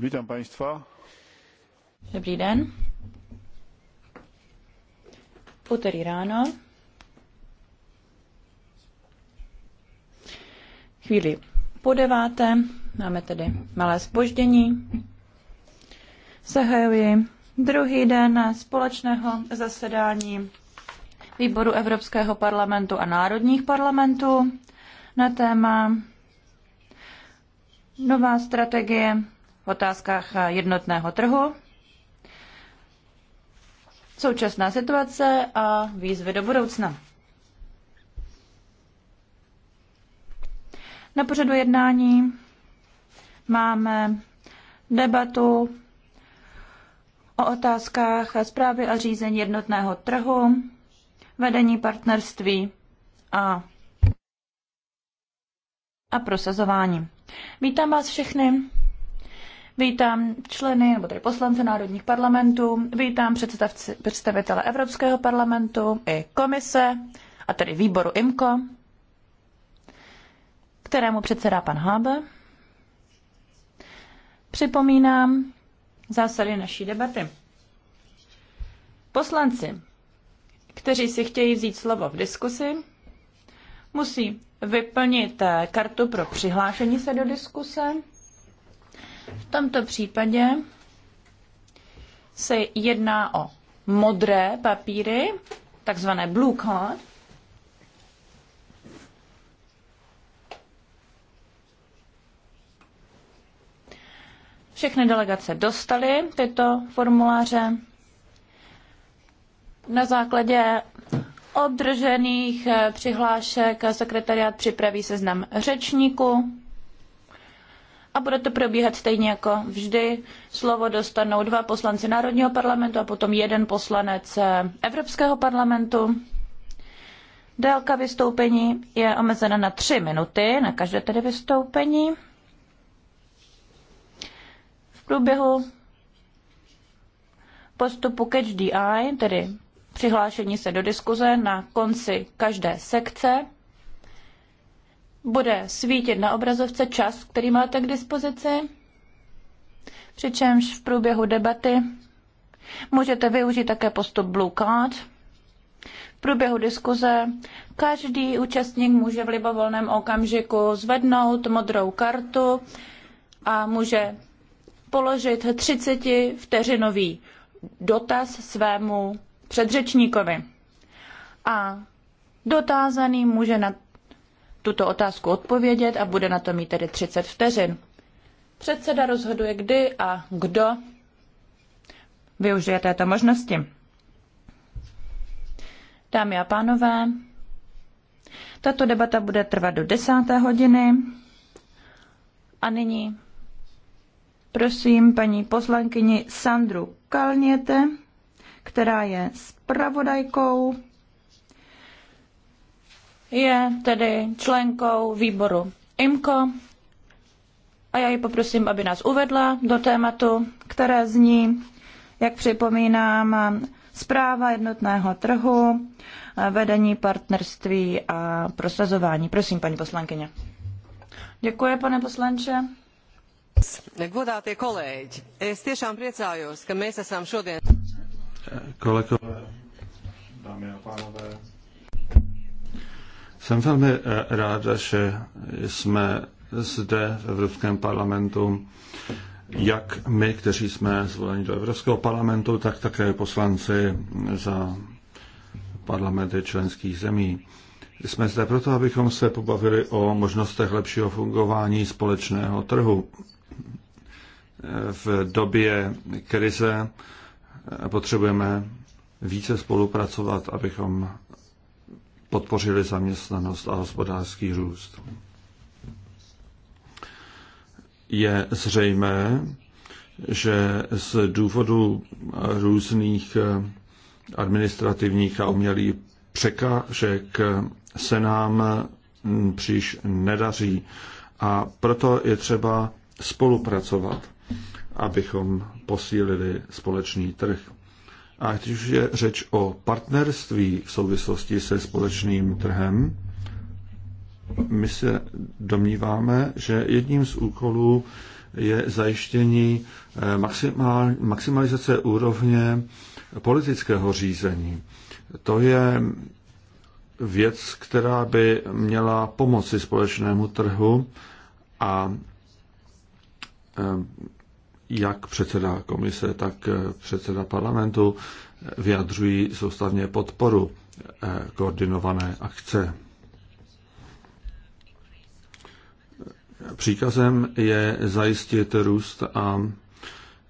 Vítám Państwa. Dobrý den. Úterý ráno. Chvíli po deváté. Máme tedy malé spoždění. Zahajuji druhý den společného zasedání výboru Evropského parlamentu a národních parlamentů na téma nová strategie otázkách eh, jednotného trhu, současná situace a výzvy do budoucna. Na pořadu jednání máme debatu o otázkách zprávy a řízení jednotného trhu, vedení partnerství a, a prosazování. Vítám vás všechny Vítám členy, nebo tedy poslance národních parlamentů, vítám představitele Evropského parlamentu i komise, a tedy výboru IMCO, kterému předsedá pan Hábe. Připomínám zásady naší debaty. Poslanci, kteří si chtějí vzít slovo v diskusi, musí vyplnit kartu pro přihlášení se do diskuse v tomto případě se jedná o modré papíry, takzvané blue card. Všechny delegace dostaly tyto formuláře. Na základě obdržených eh, přihlášek sekretariát připraví seznam řečníků a bude to probíhat stejně jako vždy. Slovo dostanou dva poslanci Národního parlamentu a potom jeden poslanec eh, Evropského parlamentu. Délka vystoupení je omezena na tři minuty, na každé tedy vystoupení. V průběhu postupu Catch the Eye, tedy přihlášení se do diskuze na konci každé sekce, bude svítit na obrazovce čas, který máte k dispozici, přičemž v průběhu debaty můžete využít také postup Blue Card. V průběhu diskuze každý účastník může v libovolném okamžiku zvednout modrou kartu a může položit 30 vteřinový dotaz svému předřečníkovi. A dotázaný může na tuto otázku odpovědět a bude na to mít tedy 30 vteřin. Předseda rozhoduje, kdy a kdo využije této možnosti. Dámy a pánové, tato debata bude trvat do 10. hodiny. A nyní prosím paní poslankyni Sandru Kalněte, která je zpravodajkou je tedy členkou výboru IMCO a já ji poprosím, aby nás uvedla do tématu, které zní, jak připomínám, zpráva jednotného trhu, vedení partnerství a prosazování. Prosím, paní poslankyně. Děkuji, pane poslanče. Godātie kolēģi, es tiešām priecājos, ka mēs esam šodien... Kolegové, dámy a pánové, jsem velmi eh, ráda, že jsme zde v Evropském parlamentu, jak my, kteří jsme zvoleni do Evropského parlamentu, tak také poslanci za parlamenty členských zemí. Jsme zde proto, abychom se pobavili o možnostech lepšího fungování společného trhu. V době krize potřebujeme více spolupracovat, abychom podpořili zaměstnanost a hospodářský růst. Je zřejmé, že z důvodu různých administrativních a umělých překážek se nám příliš nedaří. A proto je třeba spolupracovat, abychom posílili společný trh. A když je řeč o partnerství v souvislosti se společným trhem, my se domníváme, že jedním z úkolů je zajištění eh, maximál, maximalizace úrovně politického řízení. To je věc, která by měla pomoci společnému trhu a eh, jak předseda komise, tak eh, předseda parlamentu eh, vyjadřují soustavně podporu eh, koordinované akce. Příkazem je zajistit růst a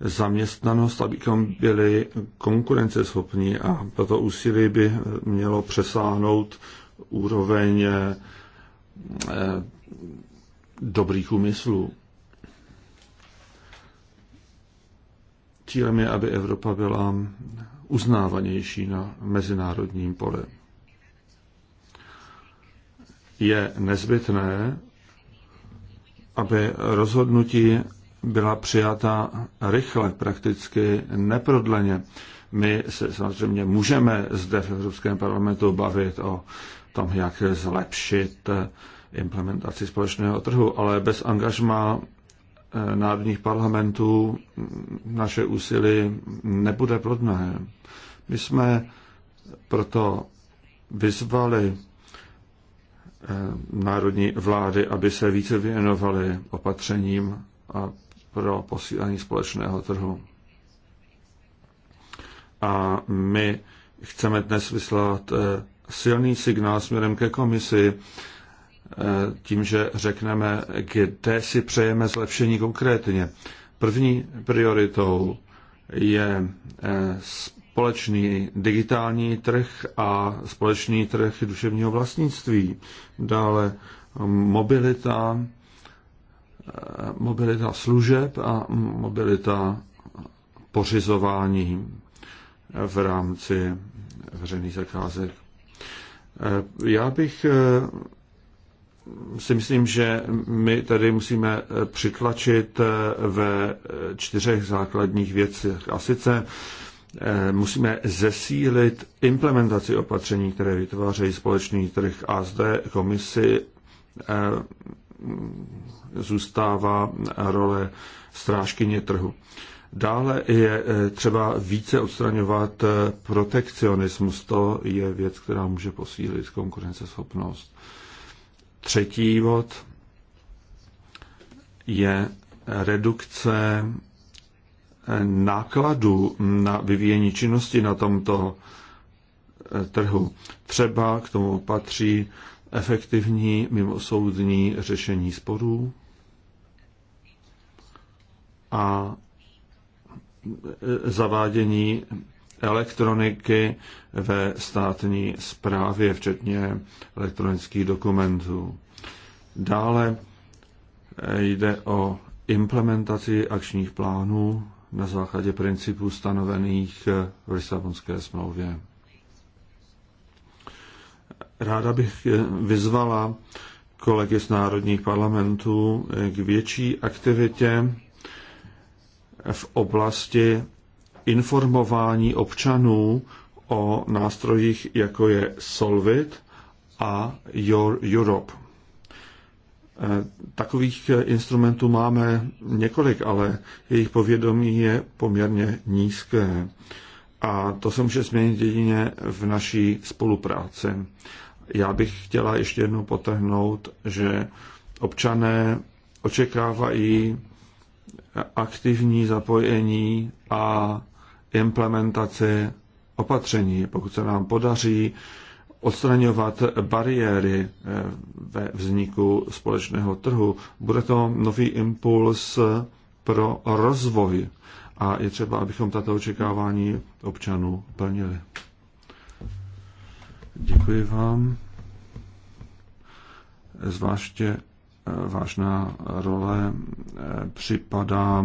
zaměstnanost, abychom byli konkurenceschopní a toto úsilí by mělo přesáhnout úroveň dobrých úmyslů. Cílem je, aby Evropa byla uznávanější na mezinárodním poli. Je nezbytné, aby rozhodnutí byla přijata rychle, prakticky neprodleně. My se samozřejmě můžeme zde v Evropském parlamentu bavit o tom, jak zlepšit implementaci společného trhu, ale bez angažma národních parlamentů naše úsilí nebude plodné. My jsme proto vyzvali eh, národní vlády, aby se více věnovaly opatřením a pro posílení společného trhu. A my chceme dnes vyslat eh, silný signál směrem ke komisi, Eh, tím, že řekneme, kde si přejeme zlepšení konkrétně. První prioritou je eh, společný digitální trh a společný trh duševního vlastnictví. Dále mobilita, eh, mobilita služeb a mobilita pořizování v rámci veřejných zakázek. Já bych si myslím, že my tady musíme eh, přitlačit eh, ve eh, čtyřech základních věcech. A sice musíme zesílit implementaci opatření, které vytvářejí společný trh a zde komisi zůstává role strážkyně trhu. Dále je třeba více odstraňovat protekcionismus. To je věc, která může posílit konkurenceschopnost. Třetí bod je redukce eh, nákladů na vyvíjení činnosti na tomto eh, trhu. Třeba k tomu patří efektivní mimosoudní řešení sporů a eh, zavádění elektroniky ve státní správě, včetně elektronických dokumentů. Dále eh, jde o implementaci akčních plánů na základě principů stanovených eh, v Lisabonské smlouvě. Ráda bych eh, vyzvala kolegy z národních parlamentů k větší aktivitě v oblasti informování občanů o nástrojích, jako je Solvit a Your Europe. Eh, takových eh, instrumentů máme několik, ale jejich povědomí je poměrně nízké. A to se může změnit jedině v naší spolupráci. Já bych chtěla ještě jednou potrhnout, že občané očekávají aktivní zapojení a implementaci opatření. Pokud se nám podaří odstraňovat bariéry eh, ve vzniku společného trhu, bude to nový impuls pro rozvoj a je třeba, abychom tato očekávání občanů plnili. Děkuji vám. Zvláště eh, vážná role eh, připadá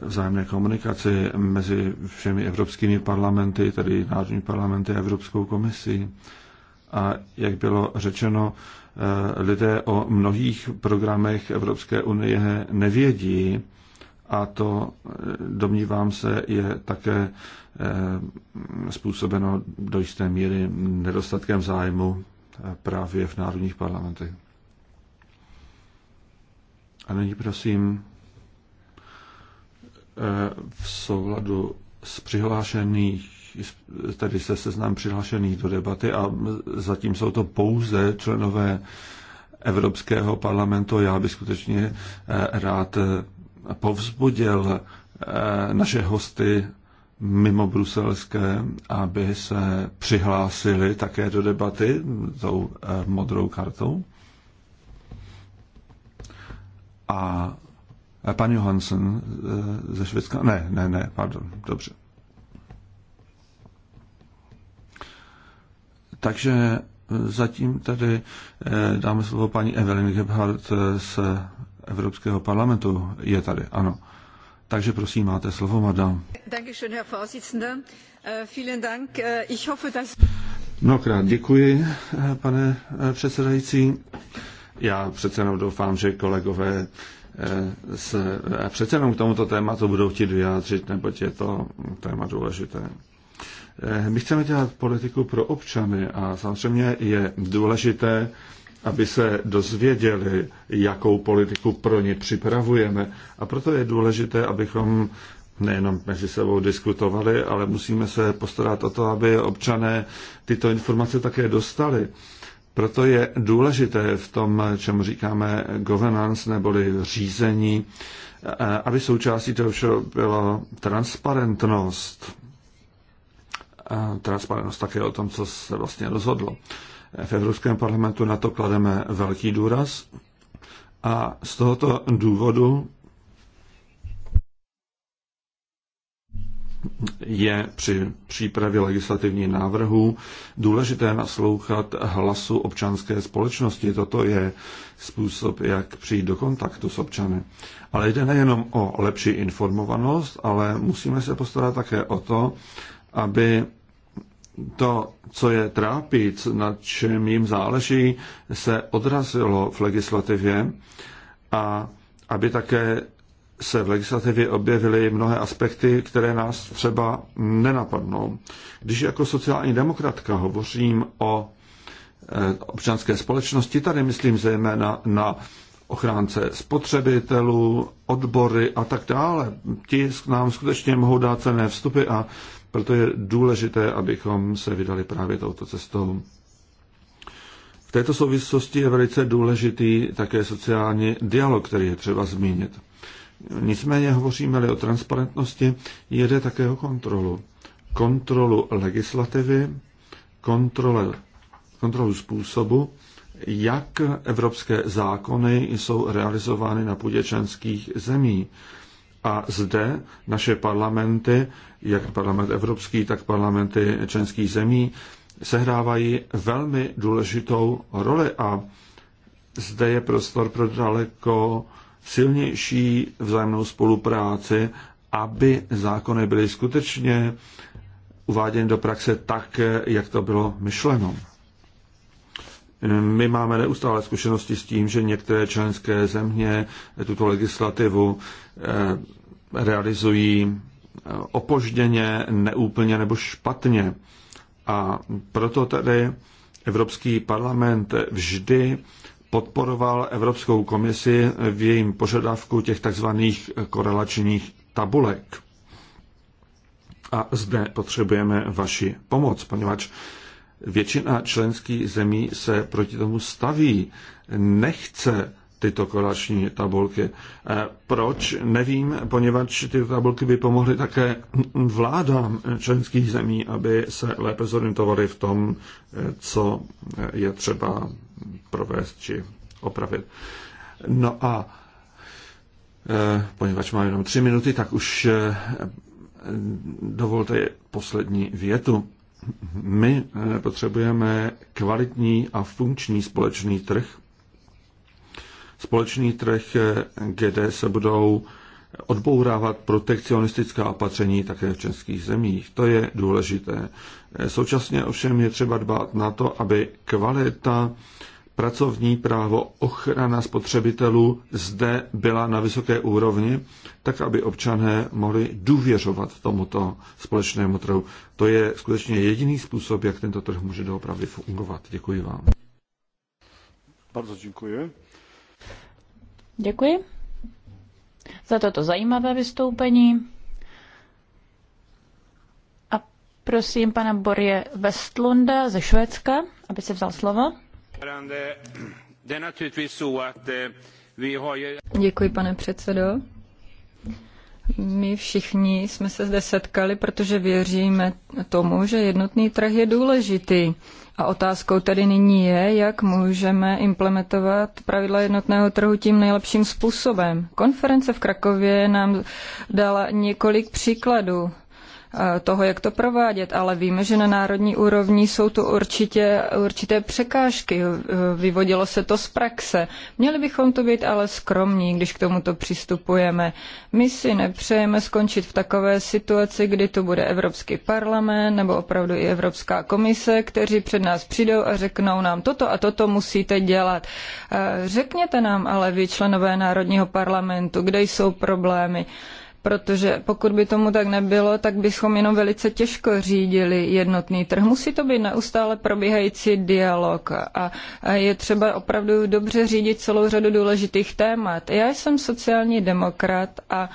vzájemné komunikaci mezi všemi evropskými parlamenty, tedy národní parlamenty a Evropskou komisí. A jak bylo řečeno, eh, lidé o mnohých programech Evropské unie nevědí a to, eh, domnívám se, je také eh, způsobeno do jisté míry nedostatkem zájmu právě v národních parlamentech. A nyní prosím v souladu s přihlášených, tedy se seznam přihlášených do debaty a zatím jsou to pouze členové Evropského parlamentu. Já bych skutečně eh, rád eh, povzbudil eh, naše hosty mimo bruselské, aby se přihlásili také do debaty tou modrou kartou. A Pan Johansson eh, ze Švédska? Ne, ne, ne, pardon, dobře. Takže eh, zatím tady eh, dáme slovo paní Evelyn Gebhardt z Evropského parlamentu. Je tady, ano. Takže prosím, máte slovo, madam. Äh, äh, Mnohokrát děkuji, pane předsedající. Já přece jenom doufám, že kolegové Eh, se přece jenom k tomuto tématu budou chtít vyjádřit, neboť je to téma důležité. Eh, my chceme dělat politiku pro občany a samozřejmě je důležité, aby se dozvěděli, jakou politiku pro ně připravujeme. A proto je důležité, abychom nejenom mezi sebou diskutovali, ale musíme se postarat o to, aby občané tyto informace také dostali. Proto je důležité v tom, čemu říkáme governance neboli řízení, eh, aby součástí toho všeho byla transparentnost. Transparentnost také o tom, co se vlastně rozhodlo. V Evropském parlamentu na to klademe velký důraz a z tohoto důvodu je při přípravě legislativních návrhů důležité naslouchat hlasu občanské společnosti. Toto je způsob, jak přijít do kontaktu s občany. Ale jde nejenom o lepší informovanost, ale musíme se postarat také o to, aby to, co je trápíc, na čem jim záleží, se odrazilo v legislativě a aby také se v legislativě objevily mnohé aspekty, které nás třeba nenapadnou. Když jako sociální demokratka hovořím o eh, občanské společnosti, tady myslím zejména na ochránce spotřebitelů, odbory a tak dále. Ti nám skutečně mohou dát cené vstupy a proto je důležité, abychom se vydali právě touto cestou. V této souvislosti je velice důležitý také sociální dialog, který je třeba zmínit. Nicméně hovoříme-li o transparentnosti, jede také o kontrolu. Kontrolu legislativy, kontrole, kontrolu způsobu, jak evropské zákony jsou realizovány na půdě členských zemí. A zde naše parlamenty, jak parlament evropský, tak parlamenty členských zemí, sehrávají velmi důležitou roli a zde je prostor pro daleko silnější vzájemnou spolupráci, aby zákony byly skutečně uváděny do praxe tak, jak to bylo myšleno. My máme neustále zkušenosti s tím, že některé členské země tuto legislativu eh, realizují eh, opožděně, neúplně nebo špatně. A proto tedy Evropský parlament vždy podporoval Evropskou komisi v jejím požadavku těch takzvaných korelačních tabulek. A zde potřebujeme vaši pomoc, poněvadž většina členských zemí se proti tomu staví, nechce tyto korelační tabulky. Eh, proč? Nevím, poněvadž tyto tabulky by pomohly také vládám členských zemí, aby se lépe zorientovali v tom, eh, co je třeba provést či opravit. No a e, poněvadž mám jenom tři minuty, tak už e, dovolte poslední větu. My e, potřebujeme kvalitní a funkční společný trh. Společný trh, kde se budou odbourávat protekcionistická opatření také v českých zemích. To je důležité. Současně ovšem je třeba dbát na to, aby kvalita pracovní právo, ochrana spotřebitelů zde byla na vysoké úrovni, tak aby občané mohli důvěřovat tomuto společnému trhu. To je skutečně jediný způsob, jak tento trh může doopravdy fungovat. Děkuji vám. Bardzo děkuji. Děkuji za toto zajímavé vystoupení. A prosím pana Borje Westlunda ze Švédska, aby se vzal slovo. Eh, Děkuji, pane předsedo. My všichni jsme se zde setkali, protože věříme tomu, že jednotný trh je důležitý. A otázkou tedy nyní je, jak můžeme implementovat pravidla jednotného trhu tím nejlepším způsobem. Konference v Krakově nám dala několik příkladů Eh, toho, jak to provádět, ale víme, že na národní úrovni jsou tu určitě, určité překážky. Eh, vyvodilo se to z praxe. Měli bychom to být ale skromní, když k tomuto přistupujeme. My si nepřejeme skončit v takové situaci, kdy tu bude Evropský parlament nebo opravdu i Evropská komise, kteří před nás přijdou a řeknou nám toto a toto musíte dělat. Eh, řekněte nám ale vy, členové Národního parlamentu, kde jsou problémy protože pokud by tomu tak nebylo, tak bychom jenom velice těžko řídili jednotný trh. Musí to být neustále probíhající dialog a je třeba opravdu dobře řídit celou řadu důležitých témat. Já jsem sociální demokrat a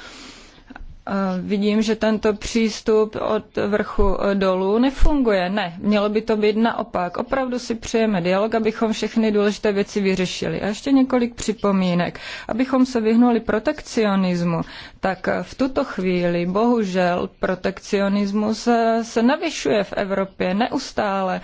Vidím, že tento přístup od vrchu e, dolů nefunguje. Ne, mělo by to být naopak. Opravdu si přejeme dialog, abychom všechny důležité věci vyřešili. A ještě několik připomínek. Abychom se vyhnuli protekcionismu, tak e, v tuto chvíli bohužel protekcionismus e, se navyšuje v Evropě neustále.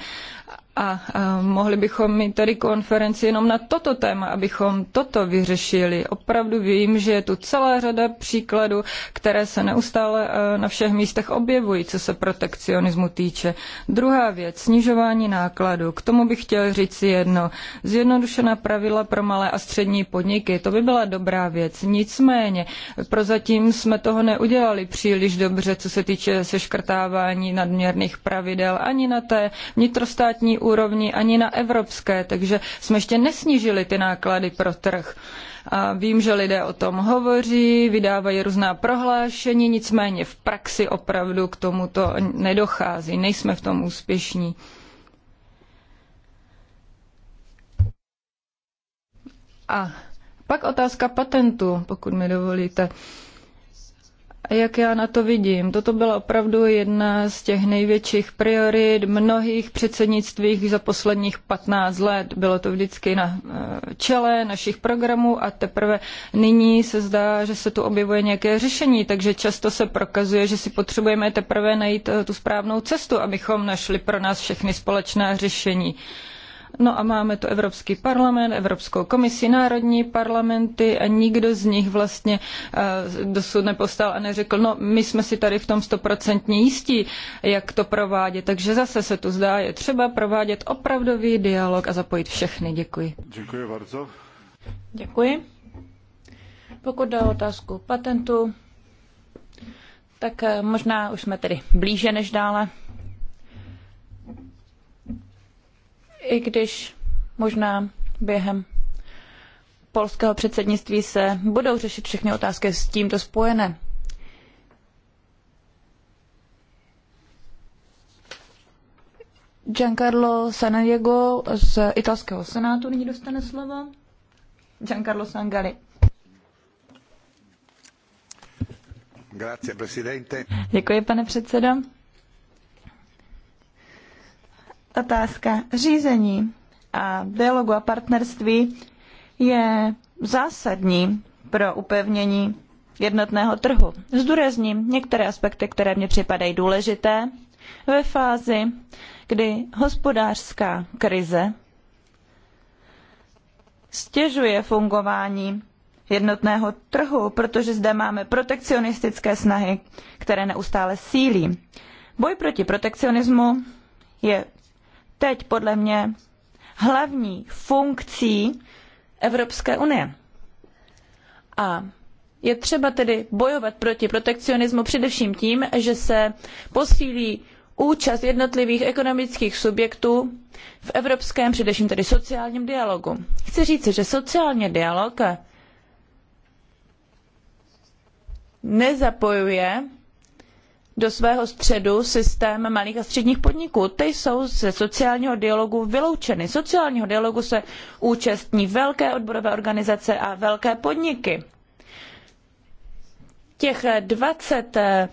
A eh, mohli bychom mít tady konferenci jenom na toto téma, abychom toto vyřešili. Opravdu vím, že je tu celá řada příkladů, které se neustále eh, na všech místech objevují, co se protekcionismu týče. Druhá věc, snižování nákladů. K tomu bych chtěl říct si jedno. Zjednodušená pravidla pro malé a střední podniky, to by byla dobrá věc. Nicméně, prozatím jsme toho neudělali příliš dobře, co se týče seškrtávání nadměrných pravidel ani na té vnitrostátní úrovni, ani na evropské, takže jsme ještě nesnížili ty náklady pro trh. A vím, že lidé o tom hovoří, vydávají různá prohlášení, nicméně v praxi opravdu k tomuto nedochází, nejsme v tom úspěšní. A pak otázka patentu, pokud mi dovolíte jak já na to vidím, toto byla opravdu jedna z těch největších priorit mnohých předsednictvích za posledních 15 let. Bylo to vždycky na eh, čele našich programů a teprve nyní se zdá, že se tu objevuje nějaké řešení, takže často se prokazuje, že si potřebujeme teprve najít eh, tu správnou cestu, abychom našli pro nás všechny společná řešení. No a máme tu Evropský parlament, Evropskou komisi, národní parlamenty a nikdo z nich vlastně eh, dosud nepostal a neřekl, no my jsme si tady v tom stoprocentně jistí, jak to provádět. Takže zase se tu zdá, je třeba provádět opravdový dialog a zapojit všechny. Děkuji. Děkuji bardzo. Děkuji. Pokud jde o otázku patentu, tak eh, možná už jsme tedy blíže než dále. i když možná během polského předsednictví se budou řešit všechny otázky s tímto spojené. Giancarlo Sanadiego z italského senátu nyní dostane slovo. Giancarlo Sangali. Grazie, Děkuji, pane předsedo otázka řízení a dialogu a partnerství je zásadní pro upevnění jednotného trhu. Zdůrazním některé aspekty, které mně připadají důležité ve fázi, kdy hospodářská krize stěžuje fungování jednotného trhu, protože zde máme protekcionistické snahy, které neustále sílí. Boj proti protekcionismu je teď podle mě hlavní funkcí Evropské unie. A je třeba tedy bojovat proti protekcionismu především tím, že se posílí účast jednotlivých ekonomických subjektů v evropském, především tedy sociálním dialogu. Chci říct, že sociální dialog nezapojuje do svého středu systém malých a středních podniků. Ty jsou ze sociálního dialogu vyloučeny. Sociálního dialogu se účastní velké odborové organizace a velké podniky. Těch 20 eh,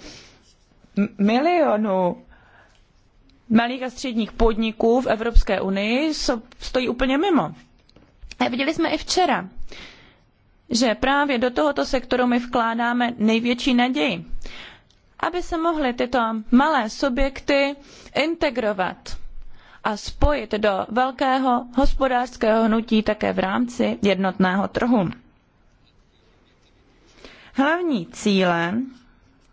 milionů malých a středních podniků v Evropské unii stojí úplně mimo. A viděli jsme i včera, že právě do tohoto sektoru my vkládáme největší naději aby se mohly tyto malé subjekty integrovat a spojit do velkého hospodářského hnutí také v rámci jednotného trhu. Hlavní cíle,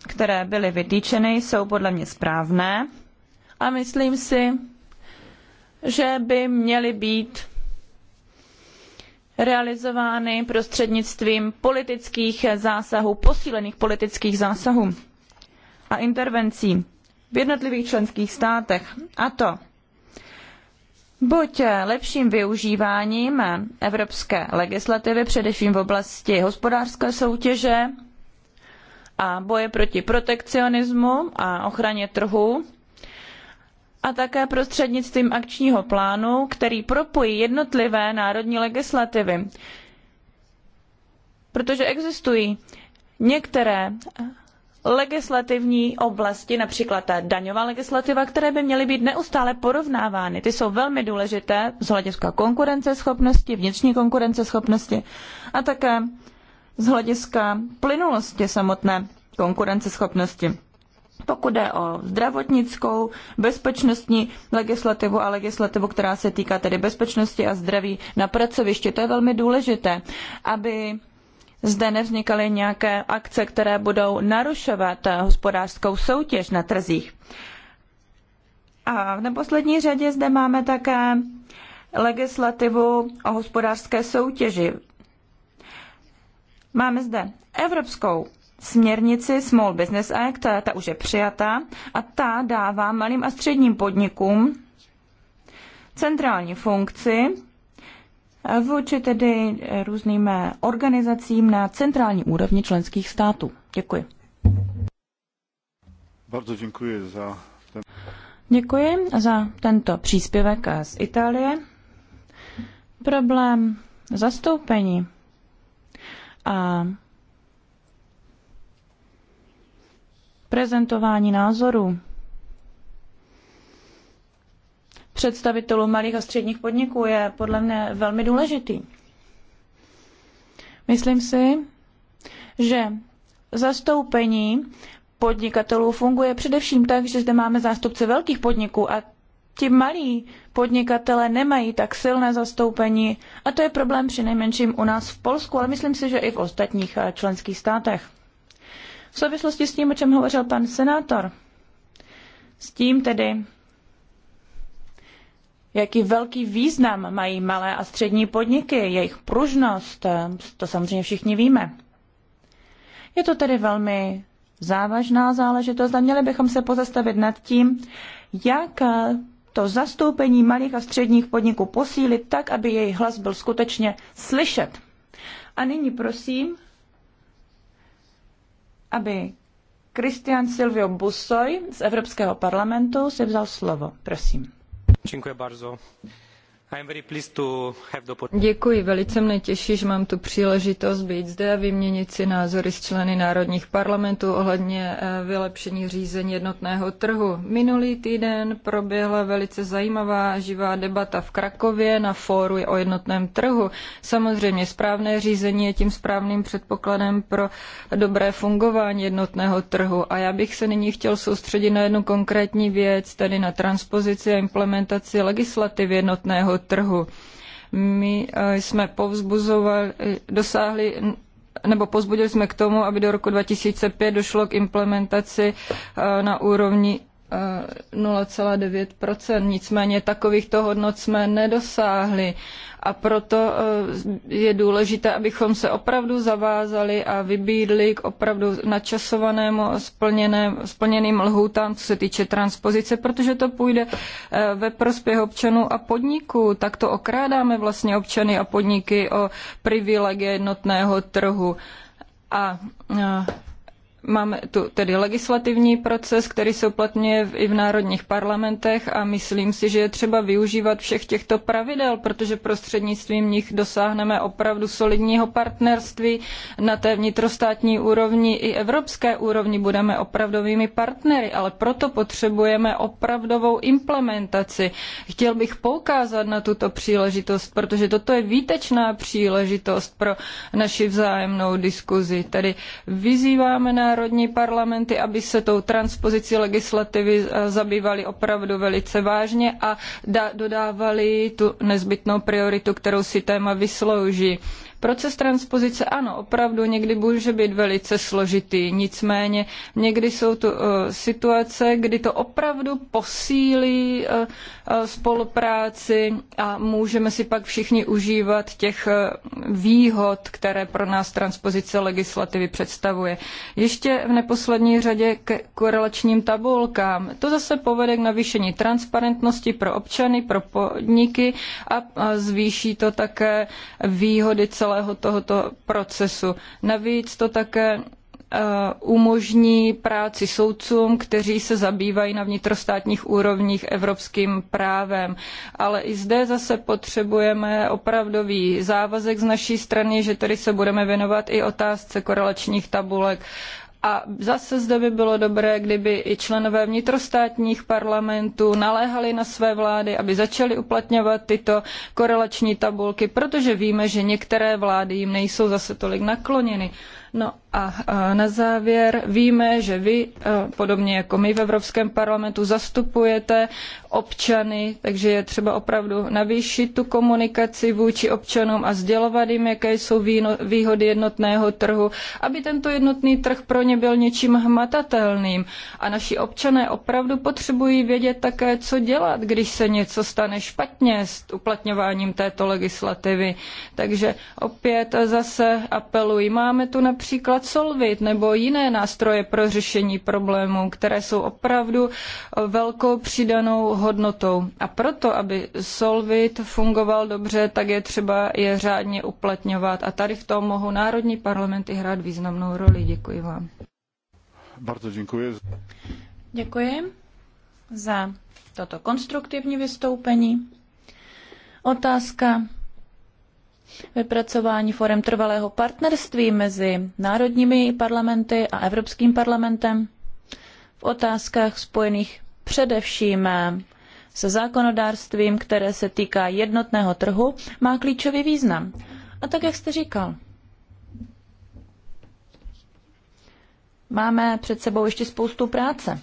které byly vytýčeny, jsou podle mě správné a myslím si, že by měly být realizovány prostřednictvím politických zásahů, posílených politických zásahů a intervencí v jednotlivých členských státech. A to buď lepším využíváním evropské legislativy, především v oblasti hospodářské soutěže a boje proti protekcionismu a ochraně trhu, a také prostřednictvím akčního plánu, který propojí jednotlivé národní legislativy. Protože existují některé legislativní oblasti, například ta daňová legislativa, které by měly být neustále porovnávány. Ty jsou velmi důležité z hlediska konkurenceschopnosti, vnitřní konkurenceschopnosti a také z hlediska plynulosti samotné konkurenceschopnosti. Pokud jde o zdravotnickou, bezpečnostní legislativu a legislativu, která se týká tedy bezpečnosti a zdraví na pracovišti, to je velmi důležité, aby zde nevznikaly nějaké akce, které budou narušovat hospodářskou soutěž na trzích. A v neposlední řadě zde máme také legislativu o hospodářské soutěži. Máme zde evropskou směrnici Small Business Act, ta už je přijatá a ta dává malým a středním podnikům centrální funkci vůči tedy různým organizacím na centrální úrovni členských států. Děkuji. Bardzo děkuji za ten... Děkuji za tento příspěvek z Itálie. Problém zastoupení a prezentování názorů představitelů malých a středních podniků je podle mě velmi důležitý. Myslím si, že zastoupení podnikatelů funguje především tak, že zde máme zástupce velkých podniků a ti malí podnikatelé nemají tak silné zastoupení a to je problém při nejmenším u nás v Polsku, ale myslím si, že i v ostatních eh, členských státech. V souvislosti s tím, o čem hovořil pan senátor, s tím tedy, jaký velký význam mají malé a střední podniky, jejich pružnost, to samozřejmě všichni víme. Je to tedy velmi závažná záležitost a měli bychom se pozastavit nad tím, jak to zastoupení malých a středních podniků posílit tak, aby jejich hlas byl skutečně slyšet. A nyní prosím, aby Christian Silvio Bussoy z Evropského parlamentu si vzal slovo. Prosím. Dziękuję bardzo. Děkuji, velice mne těší, že mám tu příležitost být zde a vyměnit si názory s členy národních parlamentů ohledně eh, vylepšení řízení jednotného trhu. Minulý týden proběhla velice zajímavá živá debata v Krakově na fóru o jednotném trhu. Samozřejmě správné řízení je tím správným předpokladem pro dobré fungování jednotného trhu a já bych se nyní chtěl soustředit na jednu konkrétní věc, tedy na transpozici a implementaci legislativy jednotného trhu. My eh, jsme povzbuzovali, dosáhli nebo pozbudili jsme k tomu, aby do roku 2005 došlo k implementaci eh, na úrovni 0,9 Nicméně takovýchto hodnot jsme nedosáhli a proto eh, je důležité, abychom se opravdu zavázali a vybídli k opravdu načasovanému splněným lhůtám, co se týče transpozice, protože to půjde eh, ve prospěch občanů a podniků. Tak to okrádáme vlastně občany a podniky o privilegie jednotného trhu. A eh, Máme tu tedy legislativní proces, který se uplatňuje i v národních parlamentech a myslím si, že je třeba využívat všech těchto pravidel, protože prostřednictvím nich dosáhneme opravdu solidního partnerství na té vnitrostátní úrovni i evropské úrovni. Budeme opravdovými partnery, ale proto potřebujeme opravdovou implementaci. Chtěl bych poukázat na tuto příležitost, protože toto je výtečná příležitost pro naši vzájemnou diskuzi. Tedy vyzýváme na národní parlamenty, aby se tou transpozicí legislativy eh, zabývali opravdu velice vážně a dodávali tu nezbytnou prioritu, kterou si téma vyslouží. Proces transpozice, ano, opravdu někdy může být velice složitý, nicméně někdy jsou to eh, situace, kdy to opravdu posílí eh, eh, spolupráci a můžeme si pak všichni užívat těch výhod, které pro nás transpozice legislativy představuje. Ještě v neposlední řadě k korelačním tabulkám. To zase povede k navýšení transparentnosti pro občany, pro podniky a zvýší to také výhody celé celého tohoto procesu. Navíc to také eh, umožní práci soudcům, kteří se zabývají na vnitrostátních úrovních evropským právem. Ale i zde zase potřebujeme opravdový závazek z naší strany, že tedy se budeme věnovat i otázce korelačních tabulek a zase zde by bylo dobré, kdyby i členové vnitrostátních parlamentů naléhali na své vlády, aby začaly uplatňovat tyto korelační tabulky, protože víme, že některé vlády jim nejsou zase tolik nakloněny. No a na závěr víme, že vy, podobně jako my v Evropském parlamentu, zastupujete občany, takže je třeba opravdu navýšit tu komunikaci vůči občanům a sdělovat jim, jaké jsou výhody jednotného trhu, aby tento jednotný trh pro ně byl něčím hmatatelným. A naši občané opravdu potřebují vědět také, co dělat, když se něco stane špatně s uplatňováním této legislativy. Takže opět zase apeluji. Máme tu například například Solvit nebo jiné nástroje pro řešení problémů, které jsou opravdu velkou přidanou hodnotou. A proto, aby Solvit fungoval dobře, tak je třeba je řádně uplatňovat. A tady v tom mohou národní parlamenty hrát významnou roli. Děkuji vám. Bardzo děkuji. Děkuji za toto konstruktivní vystoupení. Otázka vypracování forem trvalého partnerství mezi národními parlamenty a Evropským parlamentem v otázkách spojených především se zákonodárstvím, které se týká jednotného trhu, má klíčový význam. A tak, jak jste říkal, máme před sebou ještě spoustu práce.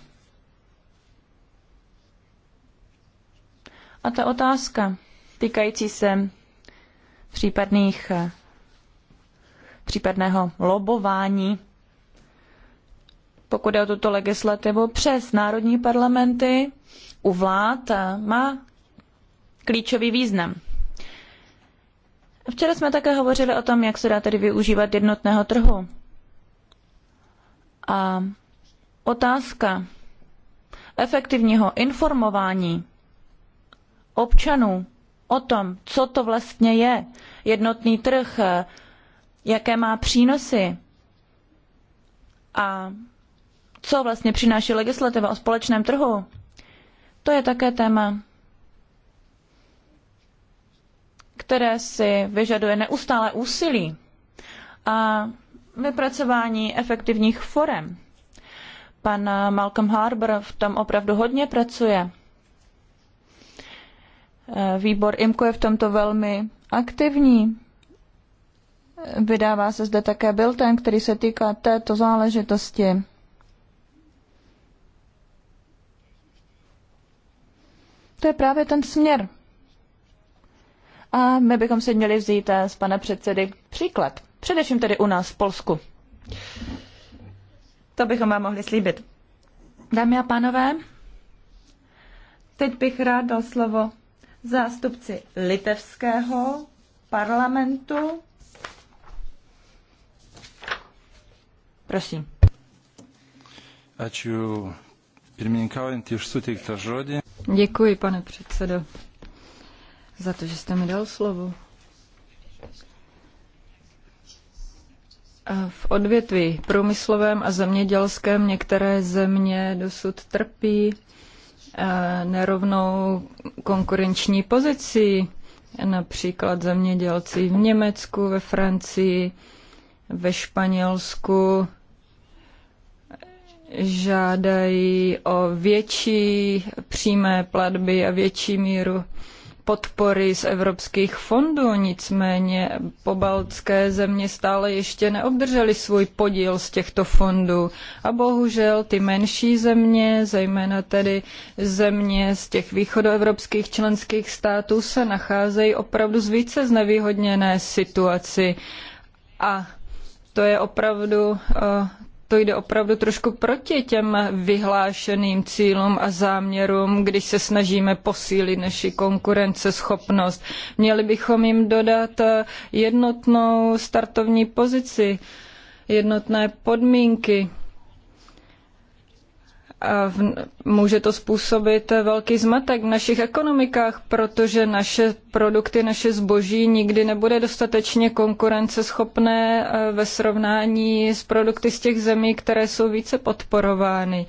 A ta otázka týkající se případných, eh, případného lobování, pokud je o tuto legislativu, přes národní parlamenty u vlád eh, má klíčový význam. Včera jsme také hovořili o tom, jak se dá tedy využívat jednotného trhu. A otázka efektivního informování občanů o tom, co to vlastně je jednotný trh, jaké má přínosy a co vlastně přináší legislativa o společném trhu, to je také téma, které si vyžaduje neustále úsilí a vypracování efektivních forem. Pan Malcolm Harbour v tom opravdu hodně pracuje. Eh, výbor IMKO je v tomto velmi aktivní. Vydává se zde také bilten, který se týká této záležitosti. To je právě ten směr. A my bychom si měli vzít eh, z pana předsedy příklad. Především tedy u nás v Polsku. To bychom vám mohli slíbit. Dámy a pánové, teď bych rád dal slovo zástupci litevského parlamentu. Prosím. Ačiū pirmininkaujant iš suteiktą žodį. Děkuji, pane předsedo, za to, že jste mi dal slovo. V odvětví průmyslovém a zemědělském některé země dosud trpí Eh, nerovnou konkurenční pozici, Například zemědělci v Německu, ve Francii, ve Španělsku žádají o větší přímé platby a větší míru podpory z evropských fondů, nicméně pobaltské země stále ještě neobdržely svůj podíl z těchto fondů. A bohužel ty menší země, zejména tedy země z těch východoevropských členských států, se nacházejí opravdu z více znevýhodněné situaci. A to je opravdu eh, to jde opravdu trošku proti těm vyhlášeným cílům a záměrům, když se snažíme posílit naši konkurenceschopnost. Měli bychom jim dodat eh, jednotnou startovní pozici, jednotné podmínky může to způsobit velký zmatek v našich ekonomikách, protože naše produkty, naše zboží nikdy nebude dostatečně konkurenceschopné eh, ve srovnání s produkty z těch zemí, které jsou více podporovány.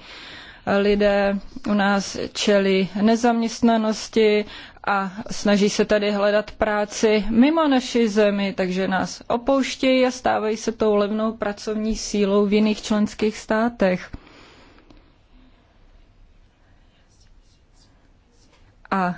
Eh, lidé u nás čelí nezaměstnanosti a snaží se tady hledat práci mimo naši zemi, takže nás opouštějí a stávají se tou levnou pracovní sílou v jiných členských státech. A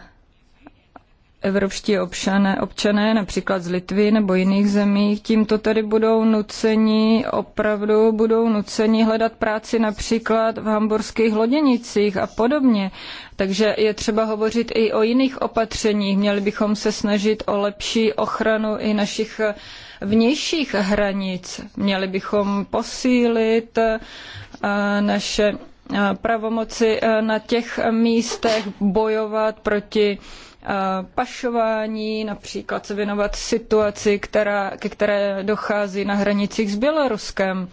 evropští občané, občané například z Litvy nebo jiných zemí, tímto tedy budou nuceni, opravdu budou nuceni hledat práci například v hamburských loděnicích a podobně. Takže je třeba hovořit i o jiných opatřeních. Měli bychom se snažit o lepší ochranu i našich vnějších hranic. Měli bychom posílit eh, naše Eh, pravomoci eh, na těch místech bojovat proti eh, pašování, například se věnovat situaci, která, ke které dochází na hranicích s Běloruskem.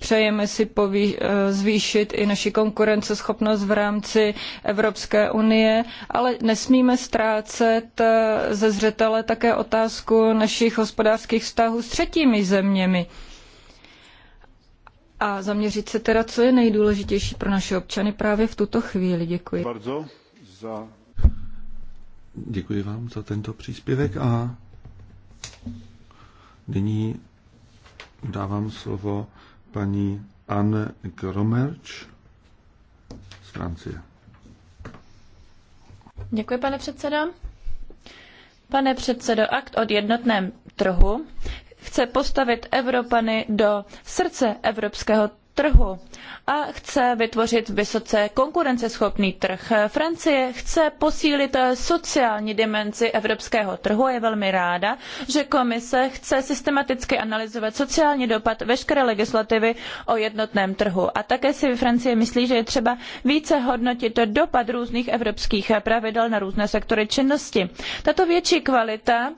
Přejeme si zvýšit i naši konkurenceschopnost v rámci Evropské unie, ale nesmíme ztrácet ze zřetele také otázku našich hospodářských vztahů s třetími zeměmi a zaměřit se teda, co je nejdůležitější pro naše občany právě v tuto chvíli. Děkuji. Bardzo za... Děkuji vám za tento příspěvek a nyní dávám slovo paní Anne Gromerč z Francie. Děkuji, pane předsedo. Pane předsedo, akt od jednotném trhu chce postavit Evropany do srdce evropského trhu a chce vytvořit vysoce konkurenceschopný trh. Francie chce posílit sociální dimenzi evropského trhu a je velmi ráda, že komise chce systematicky analyzovat sociální dopad veškeré legislativy o jednotném trhu. A také si Francie myslí, že je třeba více hodnotit dopad různých evropských pravidel na různé sektory činnosti. Tato větší kvalita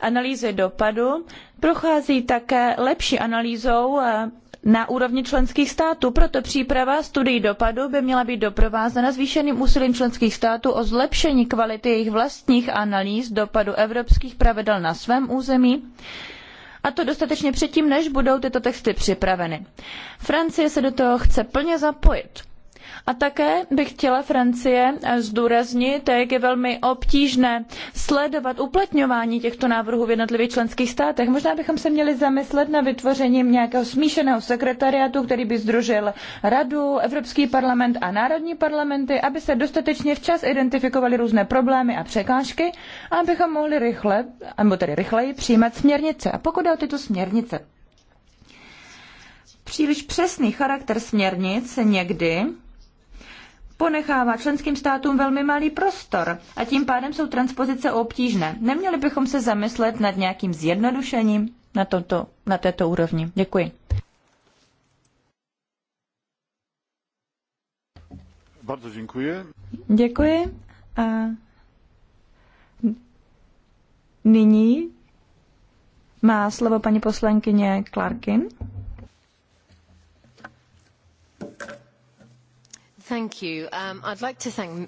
analýzy dopadu prochází také lepší analýzou eh, na úrovni členských států. Proto příprava studií dopadu by měla být doprovázena zvýšeným úsilím členských států o zlepšení kvality jejich vlastních analýz dopadu evropských pravidel na svém území a to dostatečně předtím, než budou tyto texty připraveny. Francie se do toho chce plně zapojit. A také bych chtěla Francie eh, zdůraznit, eh, jak je velmi obtížné sledovat uplatňování těchto návrhů v jednotlivých členských státech. Možná bychom se měli zamyslet na vytvořením nějakého smíšeného sekretariátu, který by združil Radu, Evropský parlament a národní parlamenty, aby se dostatečně včas identifikovaly různé problémy a překážky a abychom mohli rychle, nebo tedy rychleji přijímat směrnice. A pokud jde o tyto směrnice, Příliš přesný charakter směrnic někdy ponechává členským státům velmi malý prostor a tím pádem jsou transpozice obtížné. Neměli bychom se zamyslet nad nějakým zjednodušením na, tomto, na této úrovni. Děkuji. Bardzo Děkuji. A nyní má slovo paní poslankyně Clarkin. Um,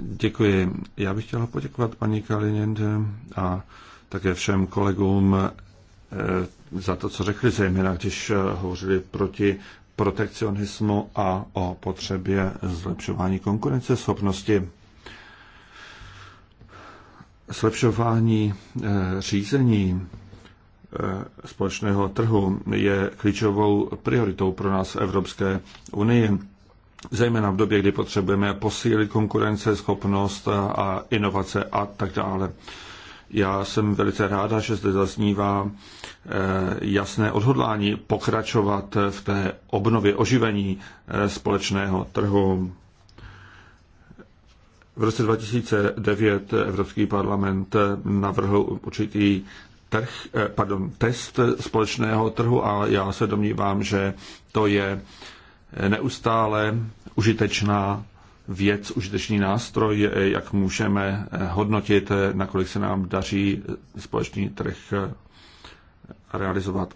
Děkuji. Já bych chtěla poděkovat paní Kalinende a také všem kolegům eh, za to, co řekli, zejména když eh, hovořili proti protekcionismu a o potřebě zlepšování konkurenceschopnosti. Zlepšování eh, řízení společného trhu je klíčovou prioritou pro nás v Evropské unii zejména v době, kdy potřebujeme posílit konkurenceschopnost a inovace a tak dále. Já jsem velice ráda, že zde zaznívá eh, jasné odhodlání pokračovat v té obnově oživení eh, společného trhu. V roce 2009 Evropský parlament eh, navrhl určitý trh, pardon, test společného trhu a já se domnívám, že to je neustále užitečná věc, užitečný nástroj, jak můžeme hodnotit, nakolik se nám daří společný trh realizovat.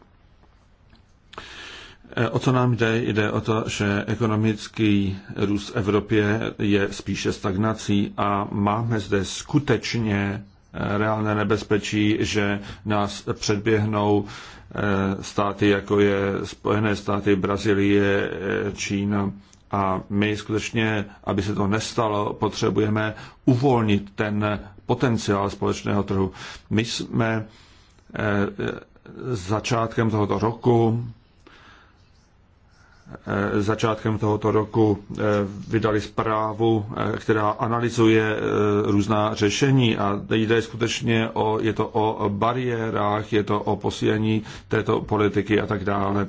O co nám jde? Jde o to, že ekonomický růst v Evropě je spíše stagnací a máme zde skutečně reálné nebezpečí, že nás předběhnou eh, státy, jako je Spojené státy, Brazílie, eh, Čína. A my skutečně, aby se to nestalo, potřebujeme uvolnit ten potenciál společného trhu. My jsme eh, začátkem tohoto roku Eh, začátkem tohoto roku eh, vydali zprávu, eh, která analyzuje různá řešení a jde skutečně o, je to o bariérách, je to o posílení této politiky a tak dále.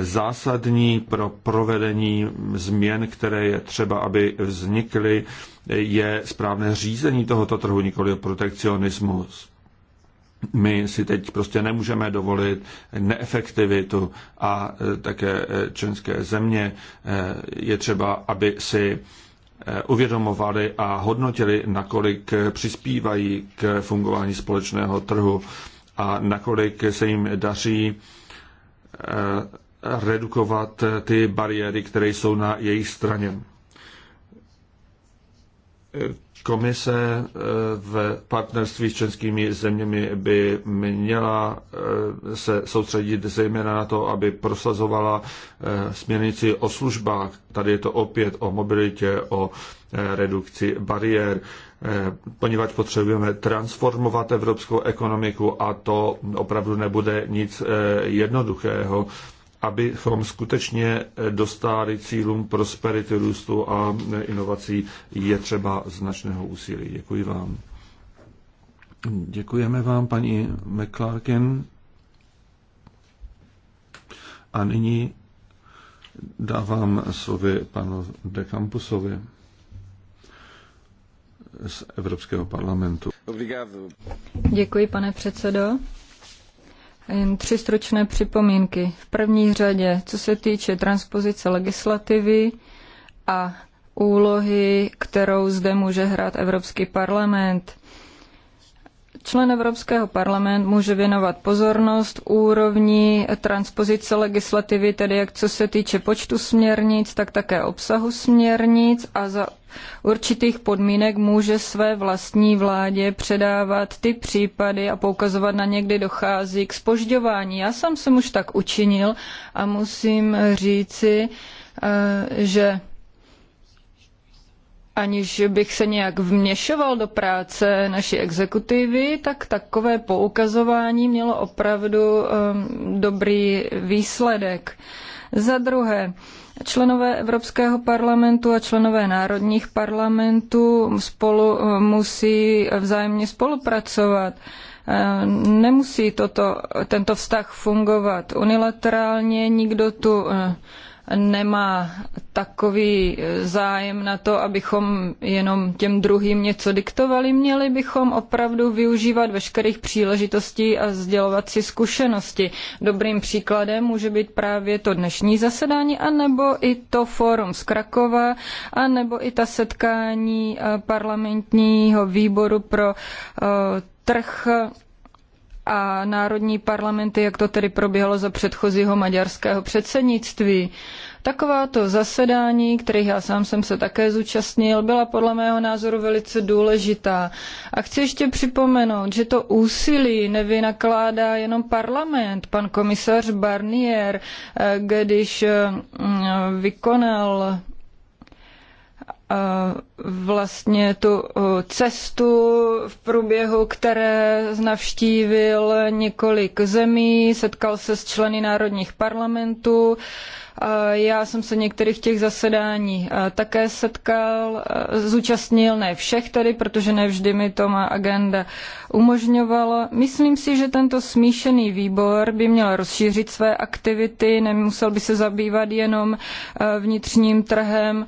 Zásadní pro provedení změn, které je třeba, aby vznikly, je správné řízení tohoto trhu, nikoli protekcionismus my si teď prostě nemůžeme dovolit neefektivitu a e, také e, členské země e, je třeba, aby si uvědomovali a hodnotili, nakolik přispívají k fungování společného trhu a nakolik se jim daří redukovat ty bariéry, které jsou na jejich straně. Komise eh, v partnerství s českými zeměmi by měla eh, se soustředit zejména na to, aby prosazovala eh, směrnici o službách. Tady je to opět o mobilitě, o redukci bariér, poněvadž potřebujeme transformovat evropskou ekonomiku a to opravdu nebude nic jednoduchého abychom skutečně dostali cílům prosperity, růstu a inovací, je třeba značného úsilí. Děkuji vám. Děkujeme vám, paní McClarken. A nyní dávám slovy panu de Campusovi z Evropského parlamentu. Děkuji, pane předsedo. Jen tři stručné připomínky. V první řadě, co se týče transpozice legislativy a úlohy, kterou zde může hrát Evropský parlament. Člen Evropského parlament může věnovat pozornost úrovni transpozice legislativy, tedy jak co se týče počtu směrnic, tak také obsahu směrnic a za určitých podmínek může své vlastní vládě předávat ty případy a poukazovat na někdy dochází k spožďování. Já sám jsem už tak učinil a musím říci, eh, že aniž bych se nějak vměšoval do práce naší exekutivy, tak takové poukazování mělo opravdu um, dobrý výsledek. Za druhé, Členové Evropského parlamentu a členové národních parlamentů spolu um, musí vzájemně spolupracovat. Um, nemusí toto, tento vztah fungovat unilaterálně, nikdo tu uh, nemá takový zájem na to, abychom jenom těm druhým něco diktovali. Měli bychom opravdu využívat veškerých příležitostí a sdělovat si zkušenosti. Dobrým příkladem může být právě to dnešní zasedání, anebo i to fórum z Krakova, anebo i ta setkání eh, parlamentního výboru pro eh, trh a národní parlamenty, jak to tedy proběhlo za předchozího maďarského předsednictví. Takováto zasedání, kterých já sám jsem se také zúčastnil, byla podle mého názoru velice důležitá. A chci ještě připomenout, že to úsilí nevynakládá jenom parlament. Pan komisař Barnier, eh, když eh, vykonal vlastně tu cestu v průběhu, které navštívil několik zemí, setkal se s členy národních parlamentů, já jsem se některých těch zasedání e, také setkal, e, zúčastnil, ne všech tedy, protože ne vždy mi to má agenda umožňovala. Myslím si, že tento smíšený výbor by měl rozšířit své aktivity, nemusel by se zabývat jenom e, vnitřním trhem.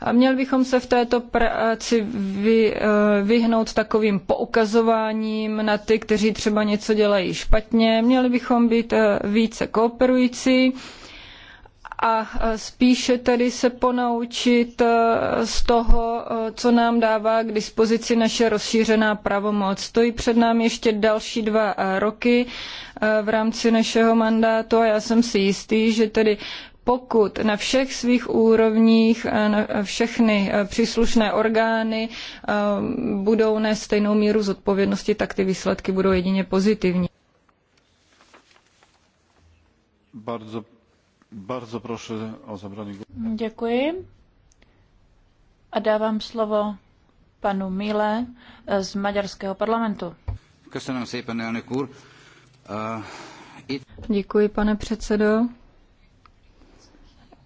A měl bychom se v této práci vy, vyhnout takovým poukazováním na ty, kteří třeba něco dělají špatně. Měli bychom být více kooperující a e, spíše tedy se ponaučit e, z toho, e, co nám dává k dispozici naše rozšířená pravomoc. Stojí před námi ještě další dva roky v rámci našeho mandátu a já jsem si jistý, že tedy pokud na všech svých úrovních na všechny příslušné orgány budou nést stejnou míru zodpovědnosti, tak ty výsledky budou jedině pozitivní. Bardzo Bardzo proszę o zabranie głosu. Děkuji. A dávám slovo panu Mile eh, z maďarského parlamentu. Eh, Děkuji, pane předsedo.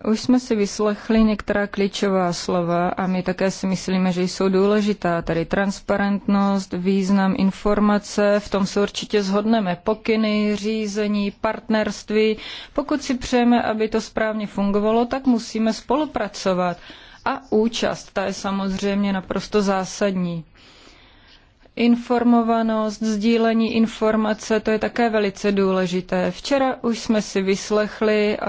Už jsme si vyslechli některá klíčová slova a my také si myslíme, že jsou důležitá. Tady transparentnost, význam informace, v tom se určitě zhodneme. Pokyny, řízení, partnerství. Pokud si přejeme, aby to správně fungovalo, tak musíme spolupracovat. A účast, ta je samozřejmě naprosto zásadní. Informovanost, sdílení informace, to je také velice důležité. Včera už jsme si vyslechli eh,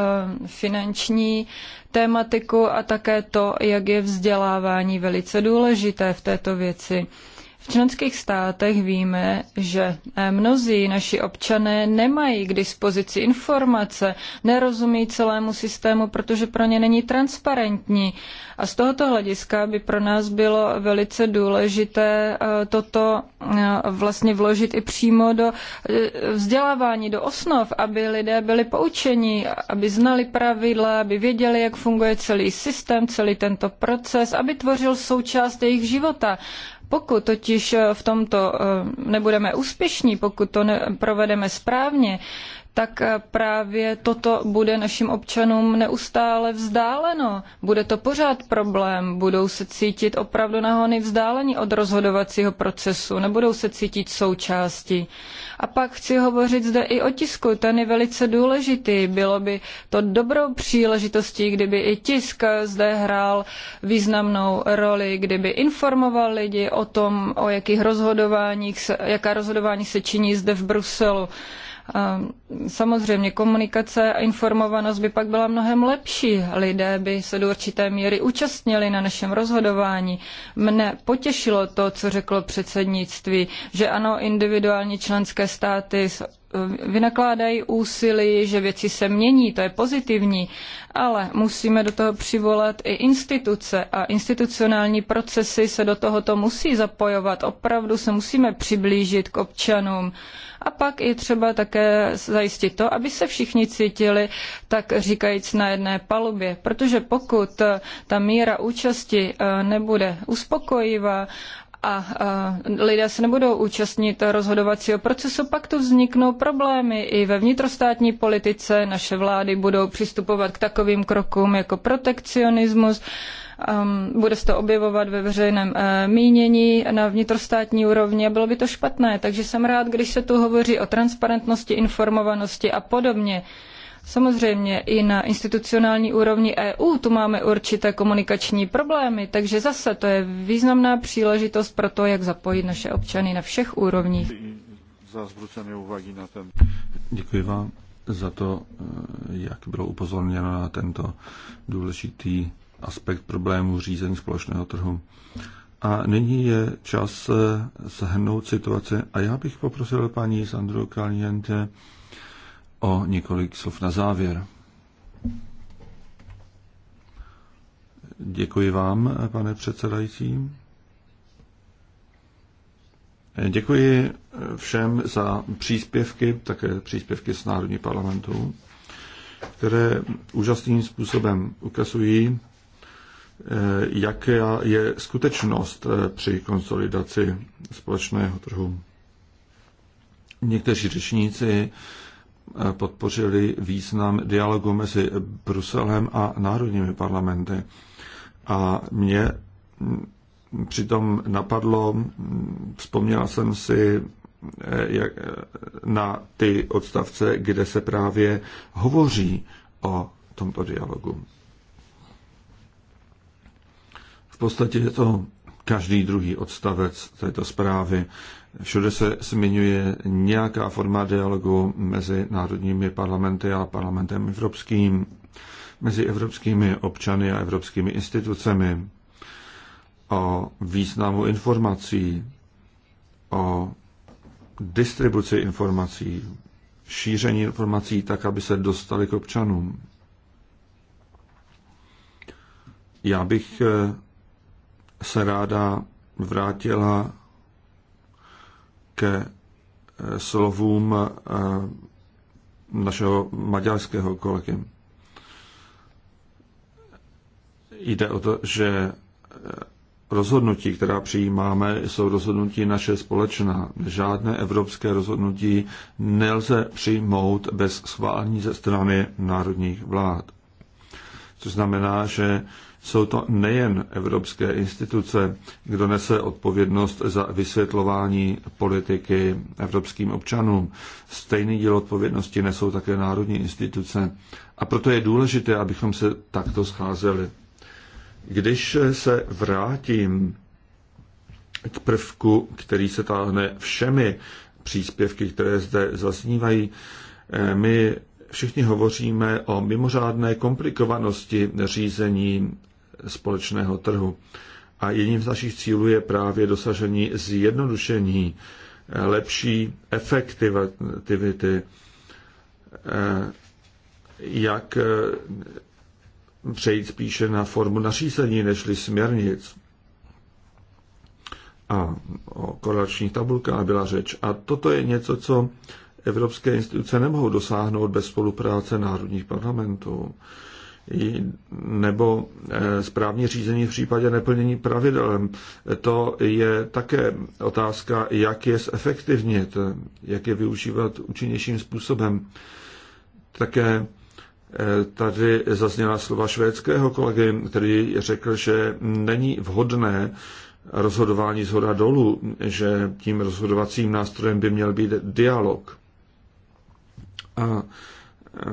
finanční tématiku a také to, jak je vzdělávání velice důležité v této věci. V členských státech víme, že eh, mnozí naši občané nemají k dispozici informace, nerozumí celému systému, protože pro ně není transparentní. A z tohoto hlediska by pro nás bylo velice důležité eh, toto eh, vlastně vložit i přímo do vzdělávání, do osnov, aby lidé byli poučeni, aby znali pravidla, aby věděli, jak funguje celý systém, celý tento proces, aby tvořil součást jejich života pokud totiž eh, v tomto eh, nebudeme úspěšní, pokud to provedeme správně, tak eh, právě toto bude našim občanům neustále vzdáleno. Bude to pořád problém, budou se cítit opravdu hony vzdálení od rozhodovacího procesu, nebudou se cítit součástí. A pak chci hovořit zde i o tisku, ten je velice důležitý. Bylo by to dobrou příležitostí, kdyby i tisk zde hrál významnou roli, kdyby informoval lidi o tom, o jakých rozhodováních, jaká rozhodování se činí zde v Bruselu. Ehm, samozřejmě komunikace a informovanost by pak byla mnohem lepší. Lidé by se do určité míry účastnili na našem rozhodování. Mne potěšilo to, co řeklo předsednictví, že ano, individuální členské státy Eh, vynakládají úsilí, že věci se mění, to je pozitivní, ale musíme do toho přivolat i instituce a institucionální procesy se do tohoto musí zapojovat. Opravdu se musíme přiblížit k občanům. A pak je třeba také zajistit to, aby se všichni cítili tak říkajíc na jedné palubě. Protože pokud ta míra účasti eh, nebude uspokojivá a, lidé se nebudou účastnit rozhodovacího procesu, pak tu vzniknou problémy. I ve vnitrostátní politice naše vlády budou přistupovat k takovým krokům jako protekcionismus, bude se to objevovat ve veřejném e, mínění na vnitrostátní úrovni a bylo by to špatné. Takže jsem rád, když se tu hovoří o transparentnosti, informovanosti a podobně. Samozřejmě i na institucionální úrovni EU tu máme určité komunikační problémy, takže zase to je významná příležitost pro to, jak zapojit naše občany na všech úrovních. Za na ten... Děkuji vám za to, eh, jak bylo upozorněno na tento důležitý aspekt problému řízení společného trhu. A nyní je čas shrnout eh, situace a já bych poprosil paní Sandru Kaliente, o několik slov na závěr. Děkuji vám, pane předsedající. Děkuji všem za příspěvky, také příspěvky z Národní parlamentu, které úžasným způsobem ukazují, eh, jaká je skutečnost eh, při konsolidaci společného trhu. Někteří řečníci Eh, podpořili význam dialogu mezi Bruselem a národními parlamenty. A mě mm, přitom napadlo, mm, vzpomněla jsem si eh, jak, eh, na ty odstavce, kde se právě hovoří o tomto dialogu. V podstatě je to každý druhý odstavec této zprávy. Všude se zmiňuje nějaká forma dialogu mezi národními parlamenty a parlamentem evropským, mezi evropskými občany a evropskými institucemi, o významu informací, o distribuci informací, šíření informací tak, aby se dostali k občanům. Já bych se ráda vrátila k eh, slovům eh, našeho maďarského kolegy. Jde o to, že eh, rozhodnutí, která přijímáme, jsou rozhodnutí naše společná. Žádné evropské rozhodnutí nelze přijmout bez schválení ze strany národních vlád. Což znamená, že jsou to nejen evropské instituce, kdo nese odpovědnost za vysvětlování politiky evropským občanům. Stejný díl odpovědnosti nesou také národní instituce. A proto je důležité, abychom se takto scházeli. Když se vrátím k prvku, který se táhne všemi příspěvky, které zde zaznívají, my všichni hovoříme o mimořádné komplikovanosti řízení společného trhu. A jedním z našich cílů je právě dosažení zjednodušení, lepší efektivity, eh, jak eh, přejít spíše na formu nařízení nežli směrnic. A o korelačních tabulkách byla řeč. A toto je něco, co evropské instituce nemohou dosáhnout bez spolupráce národních parlamentů nebo eh, správní řízení v případě neplnění pravidel. To je také otázka, jak je zefektivnit, jak je využívat účinnějším způsobem. Také eh, tady zazněla slova švédského kolegy, který řekl, že není vhodné rozhodování z hora dolů, že tím rozhodovacím nástrojem by měl být dialog. A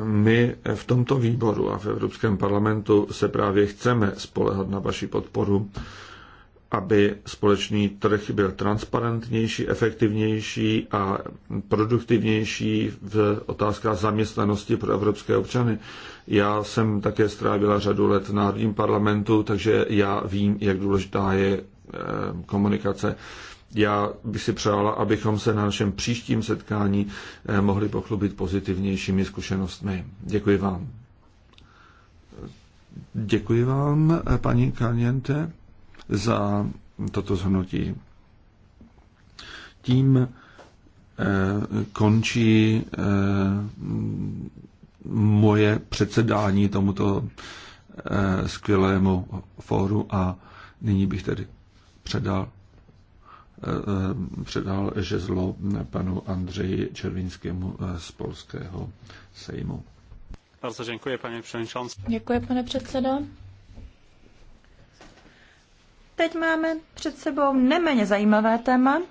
my v tomto výboru a v Evropském parlamentu se právě chceme spolehat na vaši podporu, aby společný trh byl transparentnější, efektivnější a produktivnější v otázkách zaměstnanosti pro evropské občany. Já jsem také strávila řadu let v Národním parlamentu, takže já vím, jak důležitá je eh, komunikace já bych si přála, abychom se na našem příštím setkání eh, mohli pochlubit pozitivnějšími zkušenostmi. Děkuji vám. Děkuji vám, eh, paní Kaniente, za toto zhrnutí. Tím eh, končí moje předsedání tomuto skvělému fóru a nyní bych tedy předal Eh, předal žezlo panu Andřeji Červinskému eh, z Polského sejmu. Bardzo děkuji, paní předsedající. Děkuji, pane předsedo. Teď máme před sebou neméně zajímavé téma,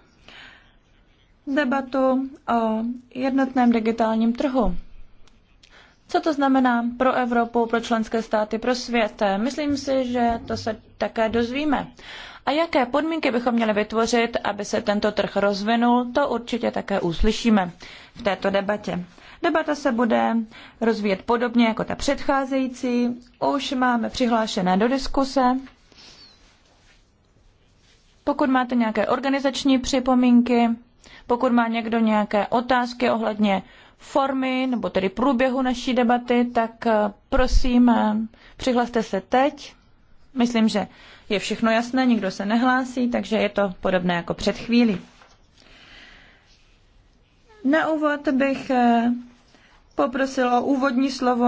debatu o jednotném digitálním trhu. Co to znamená pro Evropu, pro členské státy, pro svět? Myslím si, že to se také dozvíme. A jaké podmínky bychom měli vytvořit, aby se tento trh rozvinul, to určitě také uslyšíme v této debatě. Debata se bude rozvíjet podobně jako ta předcházející. Už máme přihlášené do diskuse. Pokud máte nějaké organizační připomínky, pokud má někdo nějaké otázky ohledně formy nebo tedy průběhu naší debaty, tak eh, prosím, eh, přihlaste se teď. Myslím, že je všechno jasné, nikdo se nehlásí, takže je to podobné jako před chvílí. Na úvod bych eh, poprosil o úvodní slovo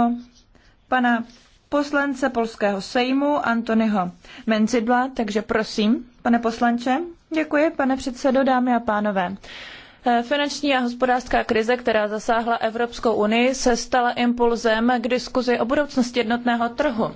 pana poslance Polského sejmu Antonyho Mencidla, takže prosím, pane poslanče. Děkuji, pane předsedo, dámy a pánové. Finanční a hospodářská krize, která zasáhla Evropskou unii, se stala impulzem k diskuzi o budoucnosti jednotného trhu.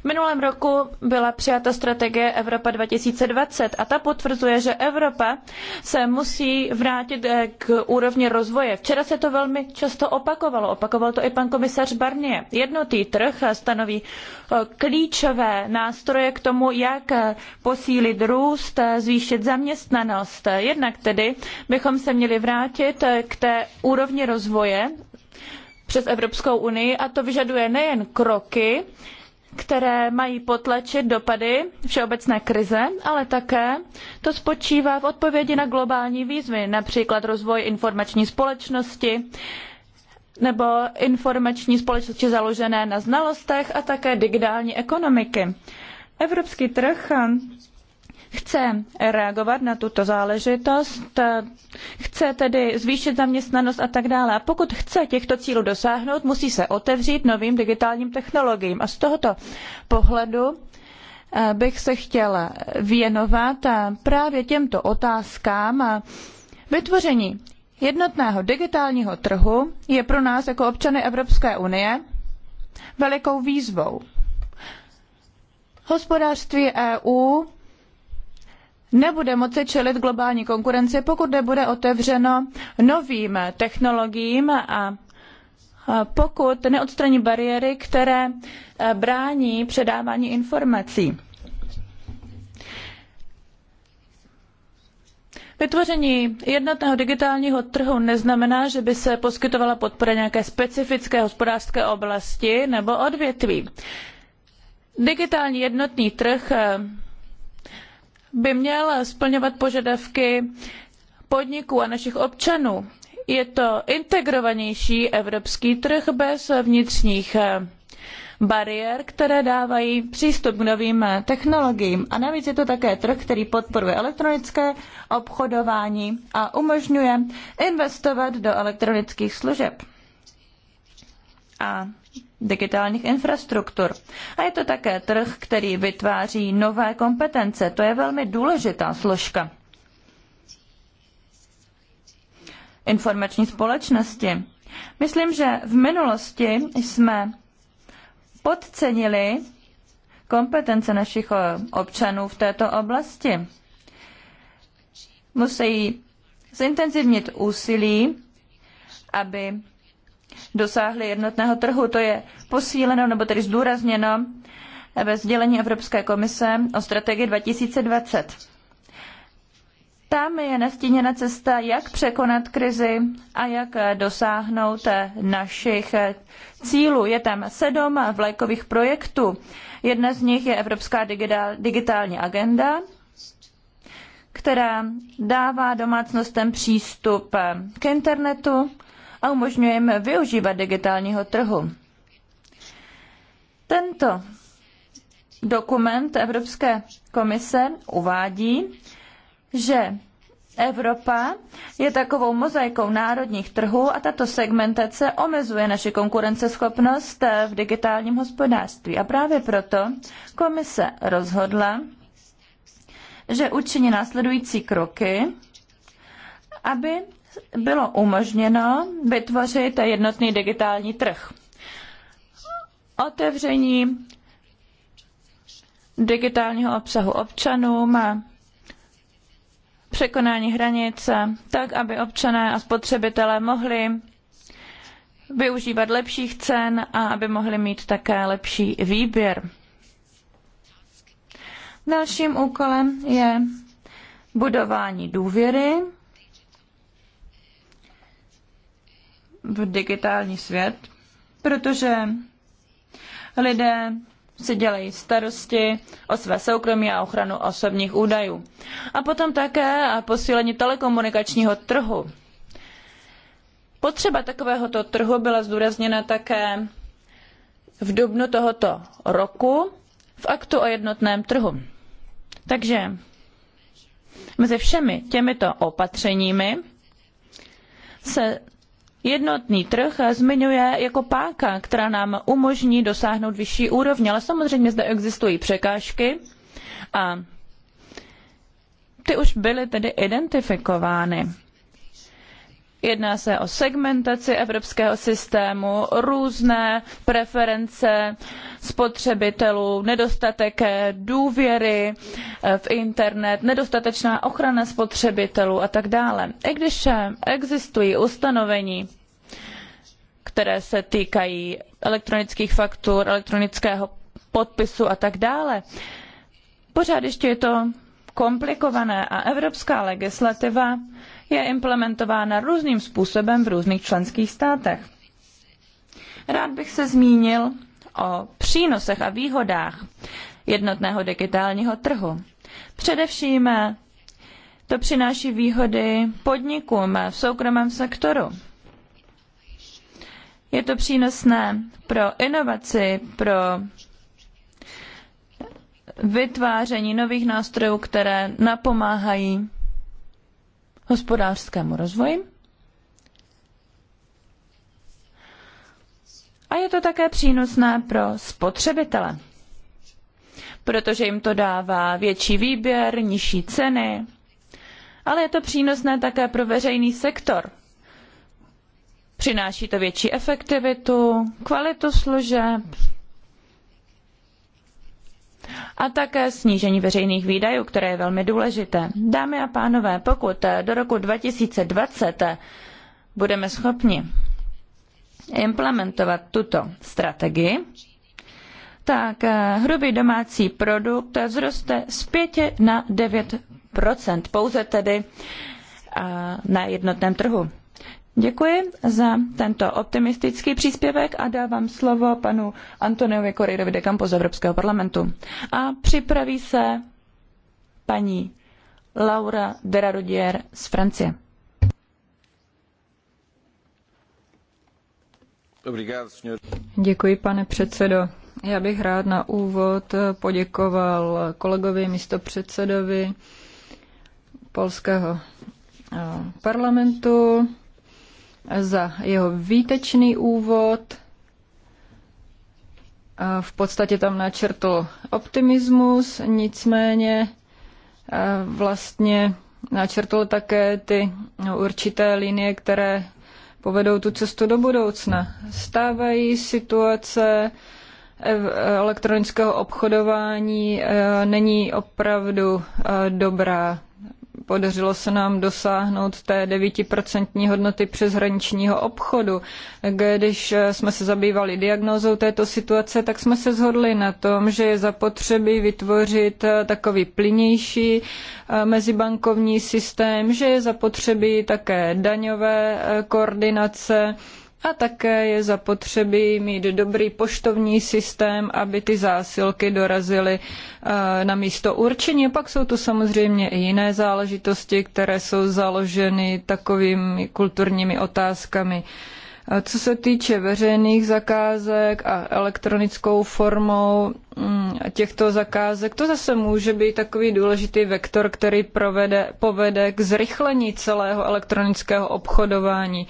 V minulém roku byla přijata strategie Evropa 2020 a ta potvrzuje, že Evropa se musí vrátit eh, k úrovni rozvoje. Včera se to velmi často opakovalo, opakoval to i pan komisař Barnier. Jednotý trh stanoví eh, klíčové nástroje k tomu, jak eh, posílit růst, zvýšit zaměstnanost. Jednak tedy bychom se měli vrátit k té úrovni rozvoje přes Evropskou unii a to vyžaduje nejen kroky, které mají potlačit dopady všeobecné krize, ale také to spočívá v odpovědi na globální výzvy, například rozvoj informační společnosti nebo informační společnosti založené na znalostech a také digitální ekonomiky. Evropský trh chce reagovat na tuto záležitost, chce tedy zvýšit zaměstnanost a tak dále. A pokud chce těchto cílů dosáhnout, musí se otevřít novým digitálním technologiím. A z tohoto pohledu eh, bych se chtěla věnovat eh, právě těmto otázkám a vytvoření jednotného digitálního trhu je pro nás jako občany Evropské unie velikou výzvou. Hospodářství EU nebude moci čelit globální konkurenci, pokud nebude otevřeno novým technologiím a pokud neodstraní bariéry, které e, brání předávání informací. Vytvoření jednotného digitálního trhu neznamená, že by se poskytovala podpora nějaké specifické hospodářské oblasti nebo odvětví. Digitální jednotný trh e, by měl splňovat požadavky podniků a našich občanů. Je to integrovanější evropský trh bez vnitřních eh, bariér, které dávají přístup k novým eh, technologiím. A navíc je to také trh, který podporuje elektronické obchodování a umožňuje investovat do elektronických služeb. A digitálních infrastruktur. A je to také trh, který vytváří nové kompetence. To je velmi důležitá složka. Informační společnosti. Myslím, že v minulosti jsme podcenili kompetence našich eh, občanů v této oblasti. Musí zintenzivnit úsilí, aby dosáhli jednotného trhu. To je posíleno nebo tedy zdůrazněno ve sdělení Evropské komise o strategii 2020. Tam je nastíněna cesta, jak překonat krizi a jak dosáhnout našich cílů. Je tam sedm vlajkových projektů. Jedna z nich je Evropská digitální agenda, která dává domácnostem přístup k internetu a umožňujeme využívat digitálního trhu. Tento dokument Evropské komise uvádí, že Evropa je takovou mozaikou národních trhů a tato segmentace omezuje naši konkurenceschopnost v digitálním hospodářství. A právě proto komise rozhodla, že učiní následující kroky, aby bylo umožněno vytvořit jednotný digitální trh. Otevření digitálního obsahu občanům a překonání hranice, tak aby občané a spotřebitelé mohli využívat lepších cen a aby mohli mít také lepší výběr. Dalším úkolem je budování důvěry v digitální svět, protože lidé si dělají starosti o své soukromí a ochranu osobních údajů. A potom také posílení telekomunikačního trhu. Potřeba takovéhoto trhu byla zdůrazněna také v dubnu tohoto roku v aktu o jednotném trhu. Takže mezi všemi těmito opatřeními se jednotný trh zmiňuje jako páka, která nám umožní dosáhnout vyšší úrovně, ale samozřejmě zde existují překážky a ty už byly tedy identifikovány. Jedná se o segmentaci evropského systému, různé preference spotřebitelů, nedostatek důvěry eh, v internet, nedostatečná ochrana spotřebitelů a tak dále. I když eh, existují ustanovení, které se týkají elektronických faktur, elektronického podpisu a tak dále, pořád ještě je to komplikované a evropská legislativa je implementována různým způsobem v různých členských státech. Rád bych se zmínil o přínosech a výhodách jednotného digitálního trhu. Především to přináší výhody podnikům v soukromém sektoru. Je to přínosné pro inovaci, pro vytváření nových nástrojů, které napomáhají hospodářskému rozvoji. A je to také přínosné pro spotřebitele, protože jim to dává větší výběr, nižší ceny, ale je to přínosné také pro veřejný sektor. Přináší to větší efektivitu, kvalitu služeb, a také snížení veřejných výdajů, které je velmi důležité. Dámy a pánové, pokud eh, do roku 2020 eh, budeme schopni implementovat tuto strategii, tak eh, hrubý domácí produkt vzroste z 5 na 9 pouze tedy na jednotném trhu. Děkuji za tento optimistický příspěvek a dávám slovo panu Antoniovi Correirovi de Campos z Evropského parlamentu. A připraví se paní Laura Derarodier z Francie. Děkuji, pane předsedo. Já bych rád na úvod poděkoval kolegovi místopředsedovi polského eh, parlamentu, za jeho výtečný úvod. V podstatě tam načrtl optimismus, nicméně vlastně načrtl také ty určité linie, které povedou tu cestu do budoucna. Stávají situace elektronického obchodování e, není opravdu e, dobrá. Podařilo se nám dosáhnout té 9% hodnoty přeshraničního obchodu. Když jsme se zabývali diagnózou této situace, tak jsme se shodli na tom, že je zapotřebí vytvořit eh, takový plynější eh, mezibankovní systém, že je zapotřebí také daňové eh, koordinace, a také je zapotřebí mít dobrý poštovní systém, aby ty zásilky dorazily eh, na místo určení. Pak jsou tu samozřejmě i jiné záležitosti, které jsou založeny takovými kulturními otázkami. Co se týče veřejných zakázek a elektronickou formou mm, těchto zakázek, to zase může být takový důležitý vektor, který provede, povede k zrychlení celého elektronického obchodování.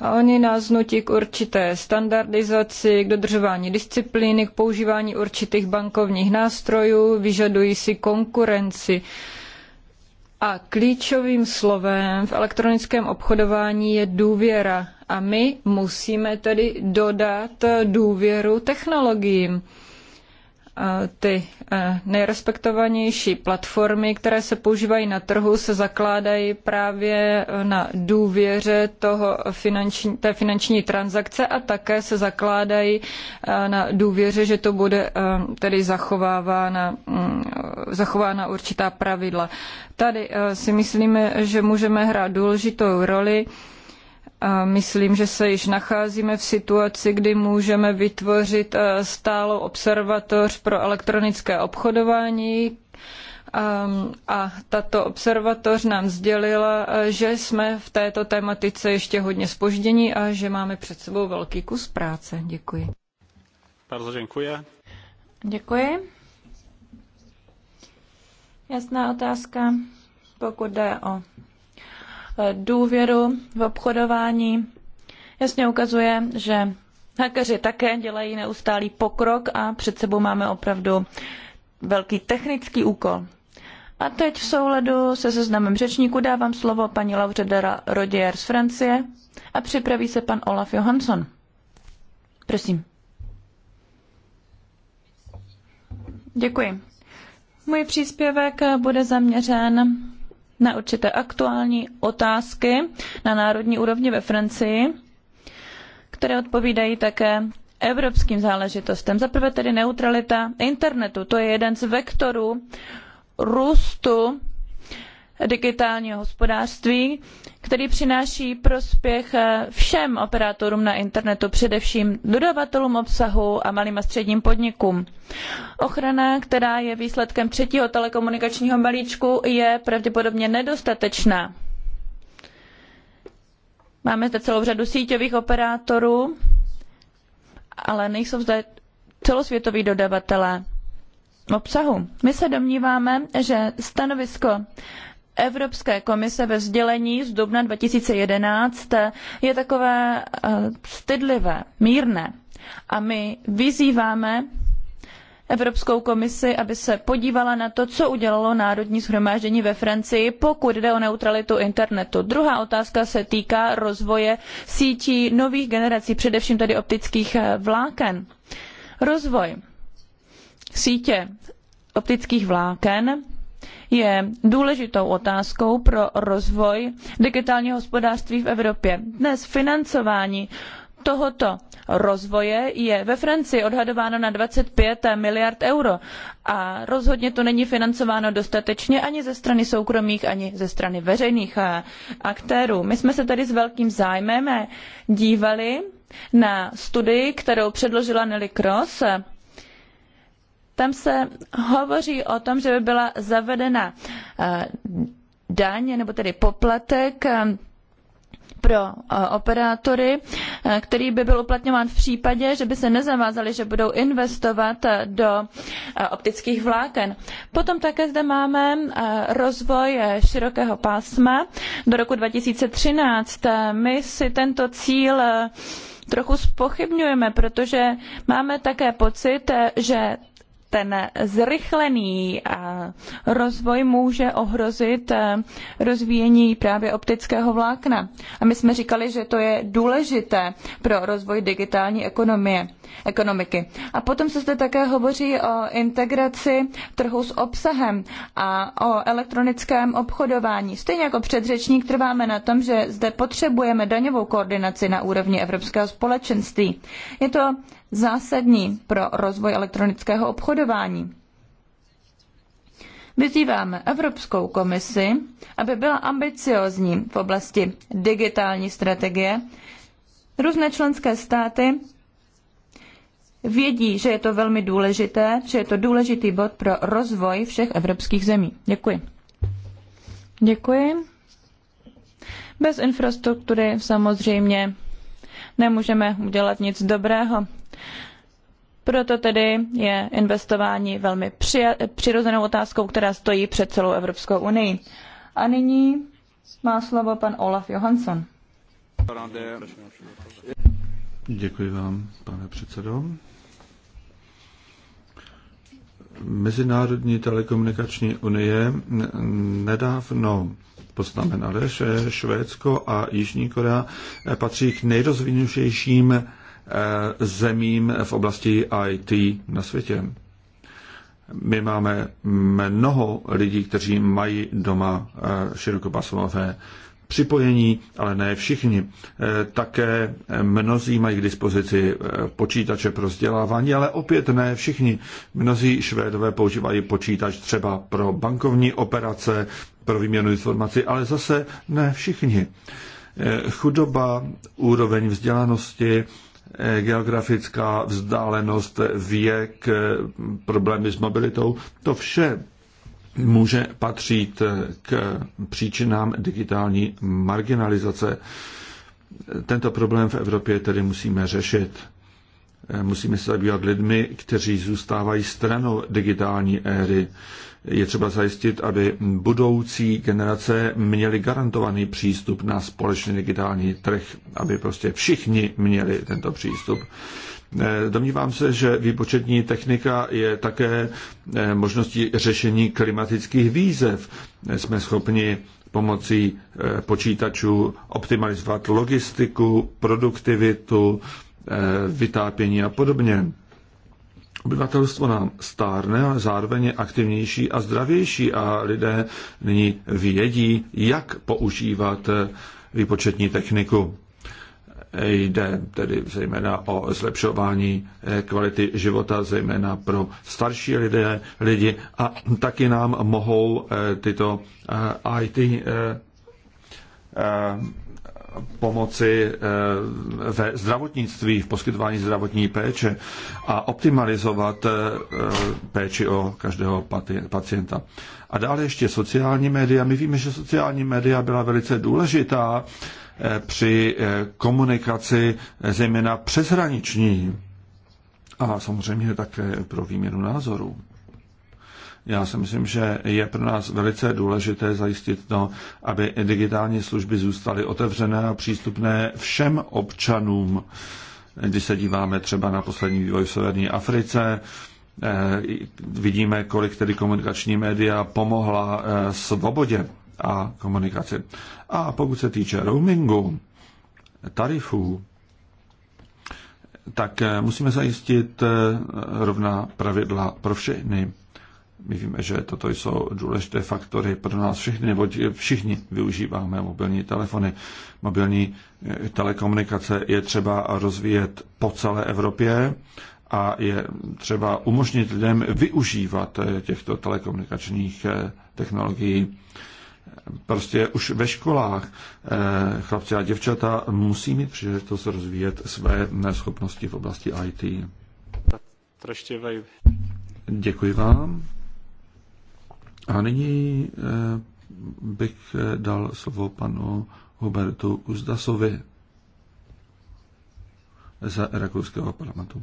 A oni nás nutí k určité standardizaci, k dodržování disciplíny, k používání určitých bankovních nástrojů, vyžadují si konkurenci. A klíčovým slovem v elektronickém obchodování je důvěra. A my musíme tedy dodat důvěru technologiím. Ty eh, nejrespektovanější platformy, které se používají na trhu, se zakládají právě na důvěře toho finanční, té finanční transakce a také se zakládají eh, na důvěře, že to bude eh, tedy zachovávána mm, zachována určitá pravidla. Tady eh, si myslíme, že můžeme hrát důležitou roli. A eh, myslím, že se již nacházíme v situaci, kdy můžeme vytvořit eh, stálou observatoř pro elektronické obchodování, ehm, a tato observatoř nám sdělila, že jsme v této tematice ještě hodně spoždění a že máme před sebou velký kus práce. Děkuji. Bardzo děkuji. Děkuji. Jasná otázka, pokud jde o e, důvěru v obchodování, jasně ukazuje, že hackeři také dělají neustálý pokrok a před sebou máme opravdu velký technický úkol. A teď v souladu se seznamem řečníků dávám slovo paní Laure de Rodier z Francie a připraví se pan Olaf Johansson. Prosím. Děkuji. Můj příspěvek bude zaměřen na určité aktuální otázky na národní úrovni ve Francii, které odpovídají také evropským záležitostem. Zaprvé tedy neutralita internetu. To je jeden z vektorů růstu digitálního hospodářství, který přináší prospěch eh, všem operátorům na internetu, především dodavatelům obsahu a malým a středním podnikům. Ochrana, která je výsledkem třetího telekomunikačního balíčku, je pravděpodobně nedostatečná. Máme zde celou řadu síťových operátorů, ale nejsou zde celosvětoví dodavatelé obsahu. My se domníváme, že stanovisko Evropské komise ve sdělení z dubna 2011 je takové eh, stydlivé, mírné. A my vyzýváme Evropskou komisi, aby se podívala na to, co udělalo Národní shromáždění ve Francii, pokud jde o neutralitu internetu. Druhá otázka se týká rozvoje sítí nových generací, především tedy optických eh, vláken. Rozvoj sítě optických vláken je důležitou otázkou pro rozvoj digitálního hospodářství v Evropě. Dnes financování tohoto rozvoje je ve Francii odhadováno na 25 miliard euro a rozhodně to není financováno dostatečně ani ze strany soukromých, ani ze strany veřejných eh, aktérů. My jsme se tady s velkým zájmem dívali na studii, kterou předložila Nelly Cross eh, tam se hovoří o tom, že by byla zavedena eh, daň, nebo tedy poplatek eh, pro eh, operátory, který by byl uplatňován v případě, že by se nezavázali, že budou investovat do optických vláken. Potom také zde máme rozvoj širokého pásma do roku 2013. My si tento cíl trochu spochybňujeme, protože máme také pocit, že ten zrychlený eh, rozvoj může ohrozit eh, rozvíjení právě optického vlákna. A my jsme říkali, že to je důležité pro rozvoj digitální ekonomie, ekonomiky. A potom se zde také hovoří o integraci trhu s obsahem a o elektronickém obchodování. Stejně jako předřečník trváme na tom, že zde potřebujeme daňovou koordinaci na úrovni Evropského společenství. Je to zásadní pro rozvoj elektronického obchodování. Vyzýváme Evropskou komisi, aby byla ambiciozní v oblasti digitální strategie. Různé členské státy vědí, že je to velmi důležité, že je to důležitý bod pro rozvoj všech evropských zemí. Děkuji. Děkuji. Bez infrastruktury samozřejmě nemůžeme udělat nic dobrého. Proto tedy je investování velmi přirozenou otázkou, která stojí před celou Evropskou unii. A nyní má slovo pan Olaf Johansson. Děkuji vám, pane předsedo. Mezinárodní telekomunikační unie nedávno poznamenala, že Švédsko a Jižní Korea patří k nejrozvinutějším Eh, zemím v oblasti IT na světě. My máme mnoho lidí, kteří mají doma eh, širokopasové připojení, ale ne všichni. Eh, také mnozí mají k dispozici počítače pro vzdělávání, ale opět ne všichni. Mnozí Švédové používají počítač třeba pro bankovní operace, pro výměnu informací, ale zase ne všichni. Chudoba, úroveň vzdělanosti, geografická vzdálenost, věk, problémy s mobilitou, to vše může patřit k příčinám digitální marginalizace. Tento problém v Evropě tedy musíme řešit. Musíme se zabývat lidmi, kteří zůstávají stranou digitální éry je třeba zajistit, aby budoucí generace měly garantovaný přístup na společný digitální trh, aby prostě všichni měli tento přístup. Eh, domnívám se, že výpočetní technika je také eh, možností řešení klimatických výzev. Jsme schopni pomocí eh, počítačů optimalizovat logistiku, produktivitu, vytápění a podobně. Obyvatelstvo nám stárne, ale zároveň je aktivnější a zdravější a lidé nyní vědí, jak používat výpočetní techniku. Jde tedy zejména o zlepšování eh, kvality života, zejména pro starší lidé, lidi a taky nám mohou eh, tyto eh, IT pomoci eh, ve zdravotnictví, v poskytování zdravotní péče a optimalizovat eh, péči o každého pacienta. A dále ještě sociální média. My víme, že sociální média byla velice důležitá eh, při komunikaci zejména přeshraniční a samozřejmě také pro výměnu názorů. Já si myslím, že je pro nás velice důležité zajistit to, aby digitální služby zůstaly otevřené a přístupné všem občanům. Když se díváme třeba na poslední vývoj v Severní Africe, eh, vidíme, kolik tedy komunikační média pomohla eh, svobodě a komunikaci. A pokud se týče roamingu, tarifů, tak eh, musíme zajistit rovná pravidla pro všechny. My víme, že toto jsou důležité faktory pro nás všechny, nebo všichni využíváme mobilní telefony. Mobilní eh, telekomunikace je třeba rozvíjet po celé Evropě a je třeba umožnit lidem využívat eh, těchto telekomunikačních eh, technologií. Prostě už ve školách chlapci a děvčata musí mít příležitost rozvíjet své schopnosti v oblasti IT. Děkuji vám. A nyní eh, bych eh, dal slovo panu Hubertu Uzdasovi z Rakouského parlamentu.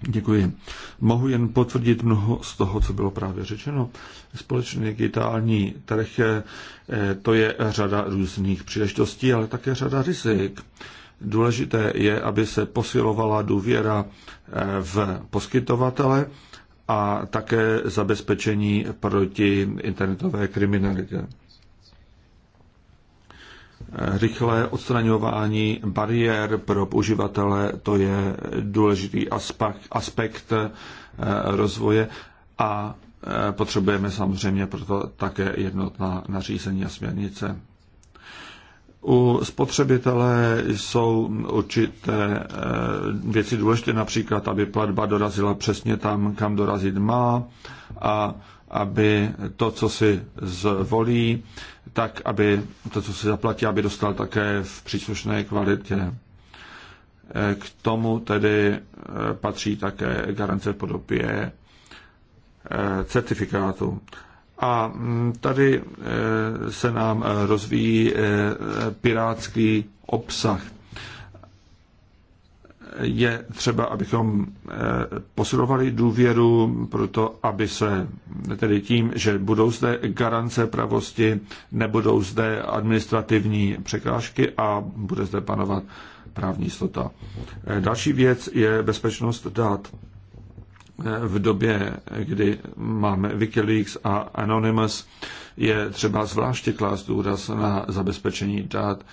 Děkuji. Mohu jen potvrdit mnoho z toho, co bylo právě řečeno. Společný digitální trh, eh, to je řada různých příležitostí, ale také řada rizik. Důležité je, aby se posilovala důvěra v poskytovatele a také zabezpečení proti internetové kriminalitě. Rychlé odstraňování bariér pro uživatele, to je důležitý aspekt, aspekt eh, rozvoje a eh, potřebujeme samozřejmě proto také jednotná nařízení a směrnice. U spotřebitele jsou určité eh, věci důležité, například, aby platba dorazila přesně tam, kam dorazit má a aby to, co si zvolí, tak aby to, co si zaplatí, aby dostal také v příslušné kvalitě. Eh, k tomu tedy eh, patří také garance v podobě certifikátu. A mm, tady eh, se nám eh, rozvíjí eh, pirátský obsah. Je třeba, abychom posilovali důvěru pro to, aby se tedy tím, že budou zde garance pravosti, nebudou zde administrativní překážky a bude zde panovat právní jistota. Další věc je bezpečnost dat v době, kdy máme Wikileaks a Anonymous, je třeba zvláště klást důraz na zabezpečení dat.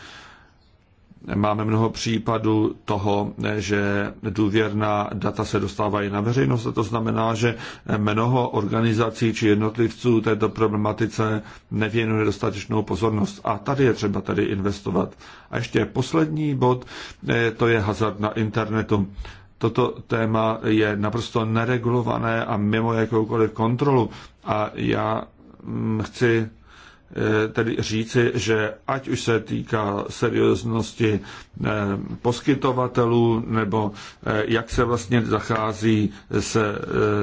Máme mnoho případů toho, že důvěrná data se dostávají na veřejnost a to znamená, že mnoho organizací či jednotlivců této problematice nevěnuje dostatečnou pozornost. A tady je třeba tady investovat. A ještě poslední bod, eh, to je hazard na internetu. Toto téma je naprosto neregulované a mimo jakoukoliv kontrolu. A já mm, chci eh, tedy říci, že ať už se týká serióznosti eh, poskytovatelů, nebo eh, jak se vlastně zachází s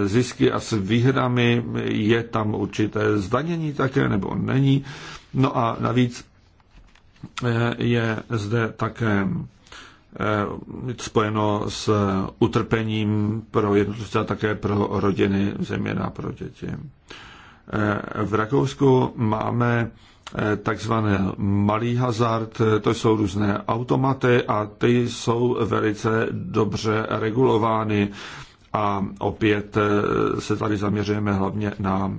zisky a s výhrami, je tam určité zdanění také, nebo není. No a navíc je zde také Eh, spojeno s utrpením pro jednotlivce a také pro rodiny, zejména pro děti. Eh, v Rakousku máme eh, takzvaný malý hazard, to jsou různé automaty a ty jsou velice dobře regulovány a opět se tady zaměřujeme hlavně na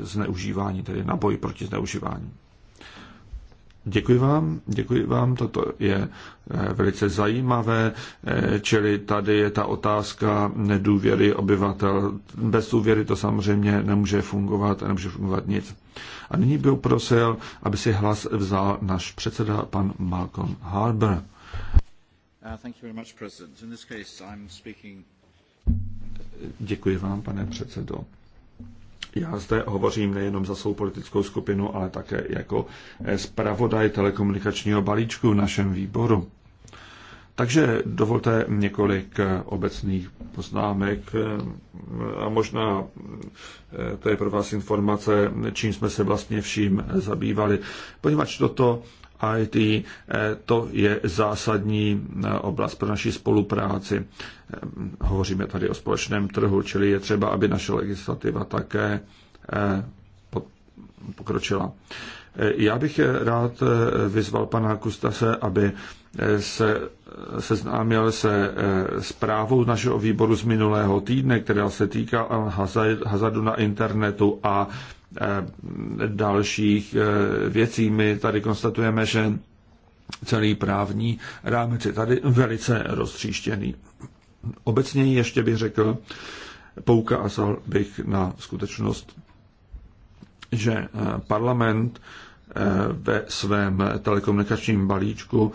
zneužívání, tedy na boj proti zneužívání. Děkuji vám, děkuji vám, toto je eh, velice zajímavé, eh, čili tady je ta otázka nedůvěry obyvatel. Bez důvěry to samozřejmě nemůže fungovat, nemůže fungovat nic. A nyní byl prosil, aby si hlas vzal náš předseda, pan Malcolm Harbour. Uh, děkuji vám, pane předsedo. Já zde hovořím nejenom za svou politickou skupinu, ale také jako eh, zpravodaj telekomunikačního balíčku v našem výboru. Takže dovolte několik eh, obecných poznámek eh, a možná to je pro vás informace, čím jsme se vlastně vším zabývali, poněvadž toto IT, eh, to je zásadní eh, oblast pro naši spolupráci. Eh, hovoříme tady o společném trhu, čili je třeba, aby naše legislativa také pokročila. Já bych rád vyzval pana Kustase, aby se seznámil se zprávou našeho výboru z minulého týdne, která se týká hazardu na internetu a Eh, dalších eh, věcí. My tady konstatujeme, že celý právní rámec je tady velice roztříštěný. Obecně ještě bych řekl, poukázal bych na skutečnost, že eh, parlament ve svém telekomunikačním balíčku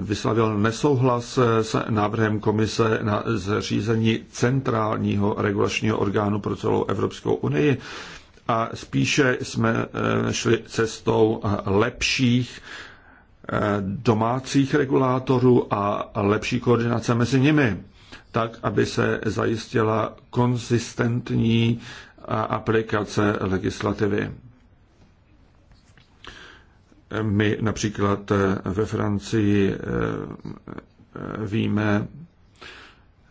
vyslavil nesouhlas s návrhem komise na zřízení centrálního regulačního orgánu pro celou Evropskou unii a spíše jsme eh, šli cestou eh, lepších eh, domácích regulátorů a lepší koordinace mezi nimi, tak, aby se zajistila konzistentní aplikace legislativy. My například ve Francii víme,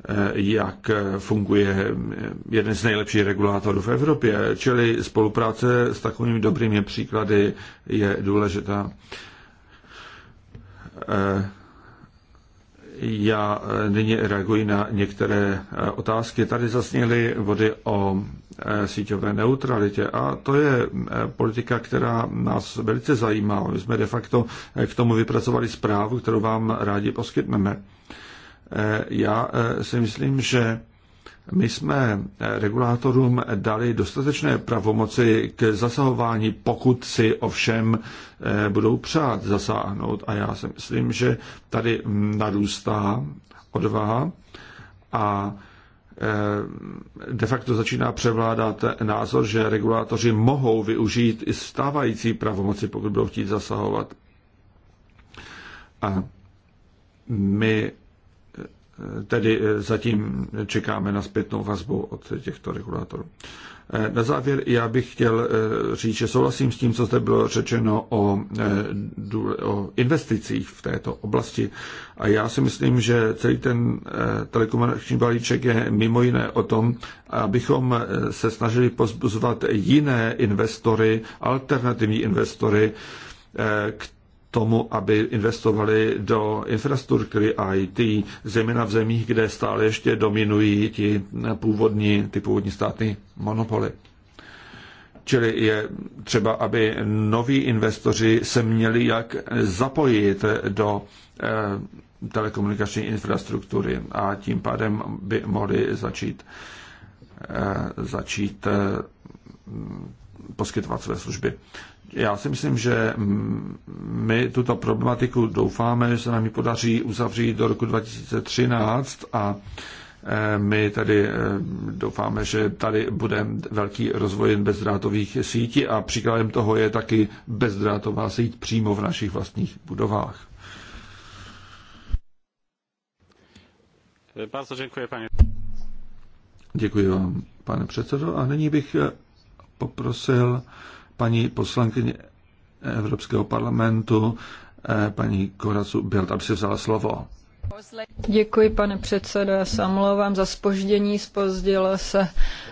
Eh, jak funguje jeden z nejlepších regulátorů v Evropě. Čili spolupráce s takovými dobrými příklady je důležitá. Eh, já nyní reaguji na některé eh, otázky. Tady zasněly vody o síťové neutralitě a to je politika, která nás velice zajímá. My jsme de facto k tomu vypracovali zprávu, kterou vám rádi poskytneme. Eh, já eh, si myslím, že my jsme eh, regulátorům dali dostatečné pravomoci k zasahování, pokud si ovšem budou přát zasáhnout. A já si myslím, že tady narůstá odvaha a de facto začíná převládat názor, že regulátoři mohou využít i stávající pravomoci, pokud budou chtít zasahovat. A my tedy eh, zatím čekáme na zpětnou vazbu od těchto regulátorů. Eh, na závěr já bych chtěl eh, říct, že souhlasím s tím, co zde bylo řečeno o, o investicích v této oblasti. A já si myslím, že celý ten telekomunikační balíček je mimo jiné o tom, abychom se snažili pozbuzovat jiné investory, alternativní investory, tomu, aby investovali do infrastruktury IT, zejména v zemích, kde stále ještě dominují ti původní, ty původní státy monopoly. Čili je třeba, aby noví investoři se měli jak zapojit do eh, telekomunikační infrastruktury a tím pádem by mohli začít, eh, začít eh, poskytovat své služby. Já si myslím, že my tuto problematiku doufáme, že se nám ji podaří uzavřít do roku 2013 a e, my tady e, doufáme, že tady bude velký rozvoj bezdrátových sítí a příkladem toho je taky bezdrátová síť přímo v našich vlastních budovách. Bardzo děkuji, pane. Děkuji vám, pane předsedo. A nyní bych e, poprosil paní poslankyně Evropského parlamentu, eh, paní Koracu Bild, aby si vzala slovo. Děkuji, pane předsedo. Já se omlouvám za spoždění. Spozdilo se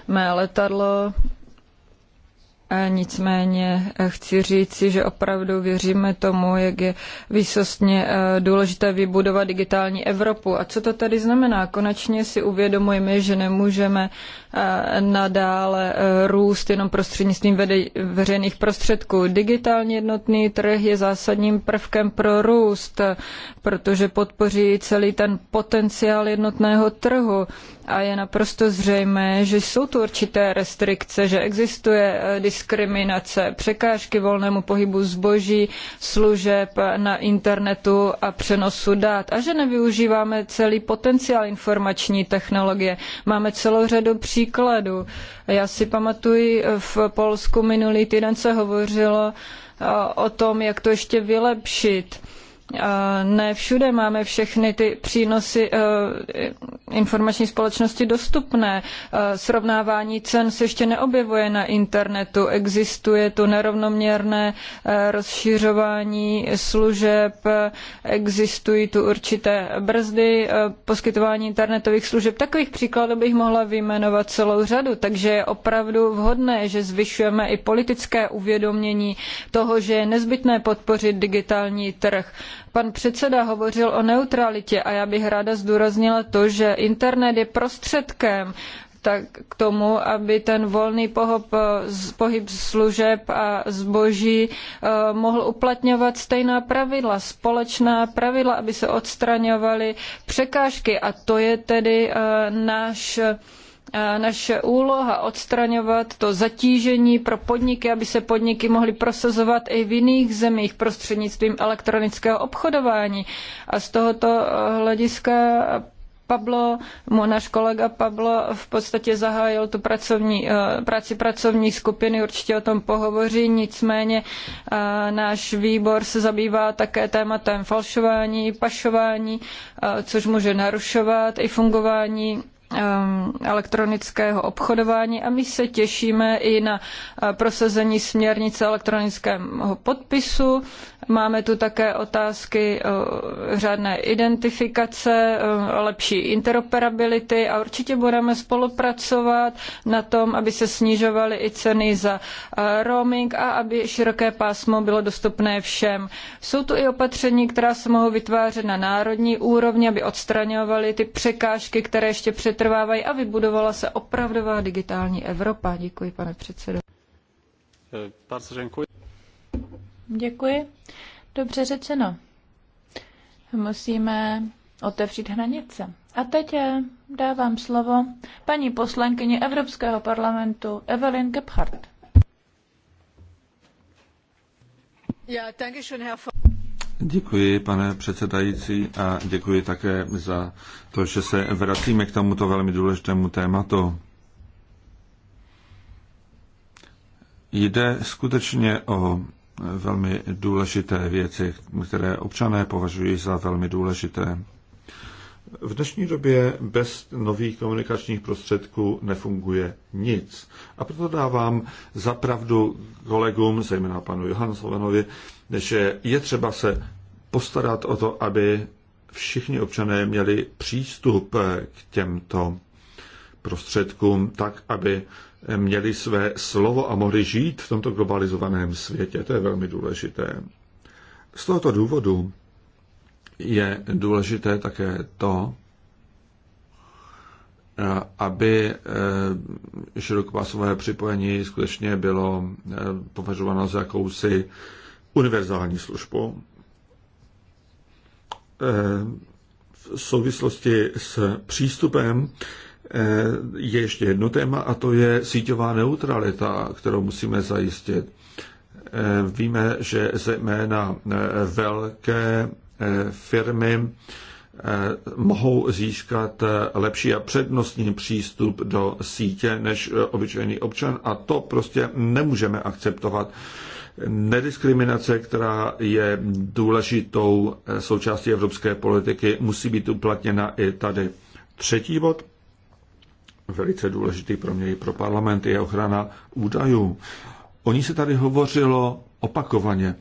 mé letadlo Nicméně eh, chci říci, že opravdu věříme tomu, jak je výsostně eh, důležité vybudovat digitální Evropu. A co to tady znamená? Konečně si uvědomujeme, že nemůžeme eh, nadále růst jenom prostřednictvím veřejných prostředků. Digitálně jednotný trh je zásadním prvkem pro růst, protože podpoří celý ten potenciál jednotného trhu a je naprosto zřejmé, že jsou tu určité restrikce, že existuje eh, diskriminace, překážky volnému pohybu zboží, služeb na internetu a přenosu dat a že nevyužíváme celý potenciál informační technologie. Máme celou řadu příkladů. Já si pamatuji, eh, v Polsku minulý týden se hovořilo eh, o tom, jak to ještě vylepšit ne všude máme všechny ty přínosy eh, informační společnosti dostupné. Eh, srovnávání cen se ještě neobjevuje na internetu. Existuje tu nerovnoměrné eh, rozšiřování služeb, existují tu určité brzdy poskytování internetových služeb. Takových příkladů bych mohla vyjmenovat celou řadu, takže je opravdu vhodné, že zvyšujeme i politické uvědomění toho, že je nezbytné podpořit digitální trh Pan předseda hovořil o neutralitě a já bych ráda zdůraznila to, že internet je prostředkem tak k tomu, aby ten volný pohyb služeb a zboží eh, mohl uplatňovat stejná pravidla, společná pravidla, aby se odstraňovaly překážky. A to je tedy eh, náš Eh, naše úloha odstraňovat to zatížení pro podniky, aby se podniky mohly prosazovat i v jiných zemích prostřednictvím elektronického obchodování. A z tohoto eh, hlediska Pablo, náš kolega Pablo v podstatě zahájil tu pracovní, eh, práci pracovní skupiny, určitě o tom pohovoří, nicméně náš výbor se zabývá také tématem falšování, pašování, což může narušovat i fungování Ehm, elektronického obchodování a my se těšíme i na eh, prosazení směrnice elektronického podpisu. Máme tu také otázky eh, řádné identifikace, eh, lepší interoperability a určitě budeme spolupracovat na tom, aby se snižovaly i ceny za roaming a aby široké pásmo bylo dostupné všem. Jsou tu i opatření, která se mohou vytvářet na národní úrovni, aby odstraňovaly ty překážky, které ještě před přetrvávají a vybudovala se opravdová digitální Evropa. Děkuji, pane předsedo. Děkuji. Dobře řečeno. Musíme otevřít hranice. A teď eh, dávám slovo paní poslankyni Evropského parlamentu Evelyn Gebhardt. Děkuji, pane předsedající, a děkuji také za to, že se vracíme k tomuto velmi důležitému tématu. Jde skutečně o velmi důležité věci, které občané považují za velmi důležité. V dnešní době bez nových komunikačních prostředků nefunguje nic. A proto dávám zapravdu kolegům, zejména panu Slovenovi, že je třeba se postarat o to, aby všichni občané měli přístup k těmto prostředkům tak, aby měli své slovo a mohli žít v tomto globalizovaném světě. To je velmi důležité. Z tohoto důvodu je důležité také to, eh, aby eh, širokopásové připojení skutečně bylo eh, považováno za jakousi univerzální službu. V souvislosti s přístupem je ještě jedno téma a to je síťová neutralita, kterou musíme zajistit. Víme, že zejména velké Eh, firmy eh, mohou získat eh, lepší a přednostní přístup do sítě než obyčejný občan a to prostě nemůžeme akceptovat. Nediskriminace, která je důležitou součástí evropské politiky, musí být uplatněna i tady. Třetí bod, velice důležitý pro mě i pro parlament, je ochrana údajů. O ní se tady hovořilo opakovaně.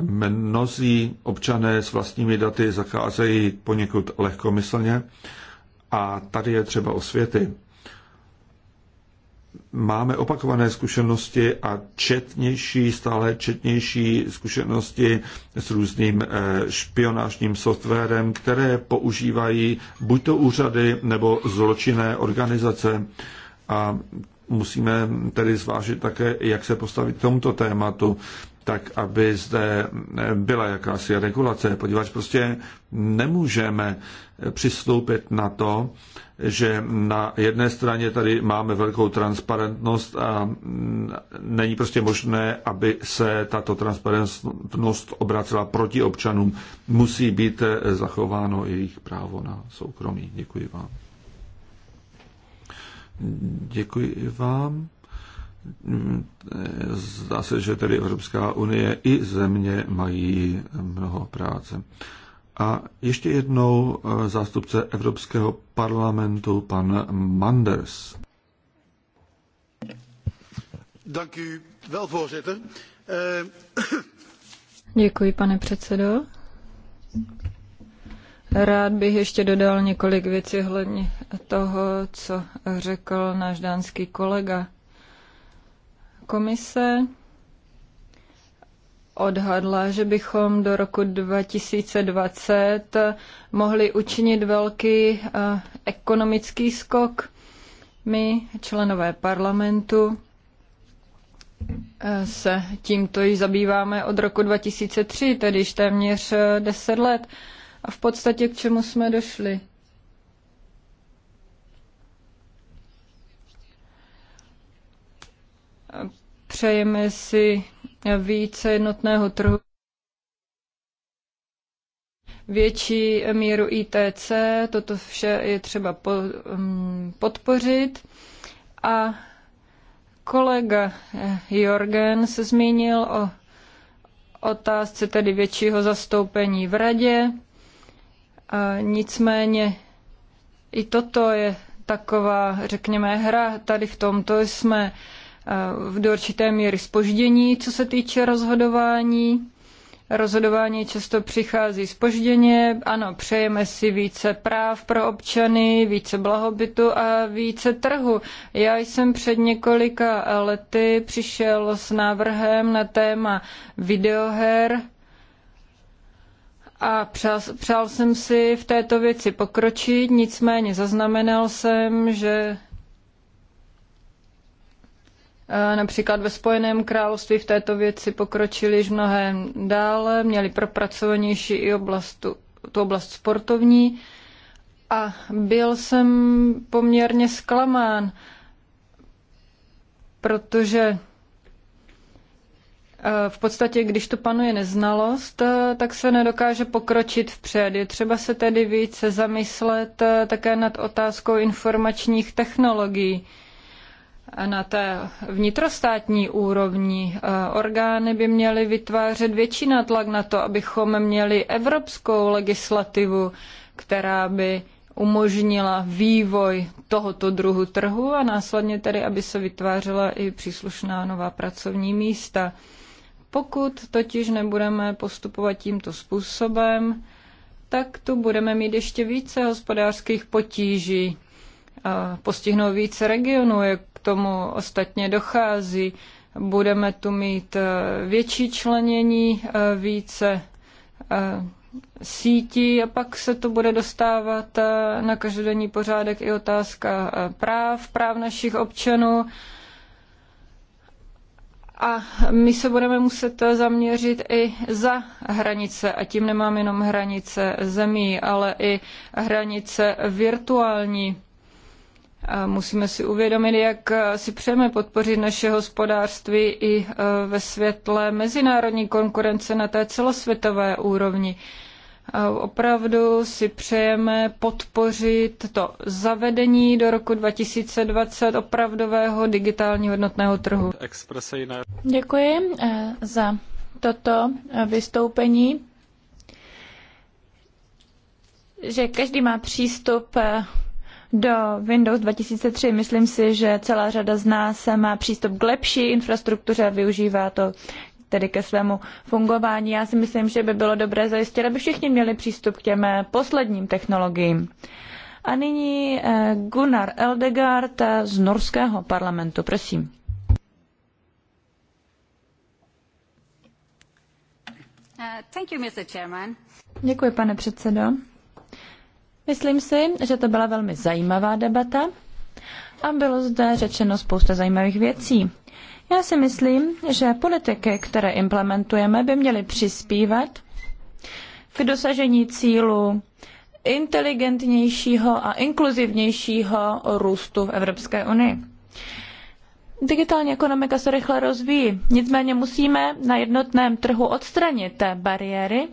Mnozí občané s vlastními daty zacházejí poněkud lehkomyslně a tady je třeba osvěty. Máme opakované zkušenosti a četnější, stále četnější zkušenosti s různým eh, špionážním softwarem, které používají buď to úřady nebo zločinné organizace. A musíme tedy zvážit také, jak se postavit k tomuto tématu tak aby zde byla jakási regulace, poněvadž prostě nemůžeme přistoupit na to, že na jedné straně tady máme velkou transparentnost a není prostě možné, aby se tato transparentnost obracela proti občanům. Musí být zachováno jejich právo na soukromí. Děkuji vám. Děkuji vám zdá se, že tedy Evropská unie i země mají mnoho práce. A ještě jednou eh, zástupce Evropského parlamentu, pan Manders. Eh, Děkuji, pane předsedo. Rád bych ještě dodal několik věcí hledně toho, co řekl náš dánský kolega. Komise odhadla, že bychom do roku 2020 mohli učinit velký eh, ekonomický skok. My, členové parlamentu, eh, se tímto již zabýváme od roku 2003, tedy již téměř 10 eh, let. A v podstatě k čemu jsme došli? Přejeme si více jednotného trhu, větší míru ITC, toto vše je třeba mm, podpořit. A kolega Jorgen se zmínil o otázce tedy většího zastoupení v radě. A nicméně i toto je taková, řekněme, hra. Tady v tomto jsme Eh, do určité míry spoždění, co se týče rozhodování. Rozhodování často přichází spožděně. Ano, přejeme si více práv pro občany, více blahobytu a více trhu. Já jsem před několika lety přišel s návrhem na téma videoher a přál, přál jsem si v této věci pokročit, nicméně zaznamenal jsem, že Eh, například ve Spojeném království v této věci pokročili již mnohem dále, měli propracovanější i oblast, tu oblast sportovní a byl jsem poměrně zklamán, protože eh, v podstatě, když tu panuje neznalost, eh, tak se nedokáže pokročit vpřed. Je třeba se tedy více zamyslet také nad otázkou informačních technologií na té vnitrostátní úrovni eh, orgány by měly vytvářet větší nátlak na to, abychom měli evropskou legislativu, která by umožnila vývoj tohoto druhu trhu a následně tedy, aby se vytvářela i příslušná nová pracovní místa. Pokud totiž nebudeme postupovat tímto způsobem, tak tu budeme mít ještě více hospodářských potíží. Postihnou více regionů, jak tomu ostatně dochází. Budeme tu mít eh, větší členění, eh, více eh, sítí a pak se to bude dostávat na každodenní pořádek i otázka práv, práv našich občanů. A my se budeme muset zaměřit i za hranice, a tím nemám jenom hranice zemí, ale i hranice virtuální. Musíme si uvědomit, jak eh, si přejeme podpořit naše hospodářství i eh, ve světle mezinárodní konkurence na té celosvětové úrovni. Opravdu si přejeme podpořit to zavedení do roku 2020 opravdového digitálního hodnotného trhu. Děkuji eh, za toto vystoupení, že každý má přístup do Windows 2003. Myslím si, že celá řada z nás má přístup k lepší infrastruktuře a využívá to tedy ke svému fungování. Já si myslím, že by bylo dobré zajistit, aby všichni měli přístup k těm eh, posledním technologiím. A nyní eh, Gunnar Eldegard eh, z norského parlamentu. Prosím. Děkuji, pane předsedo. Myslím si, že to byla velmi zajímavá debata a bylo zde řečeno spousta zajímavých věcí. Já si myslím, že politiky, které implementujeme, by měly přispívat k dosažení cílu inteligentnějšího a inkluzivnějšího růstu v Evropské unii. Digitální ekonomika se rychle rozvíjí, nicméně musíme na jednotném trhu odstranit té bariéry,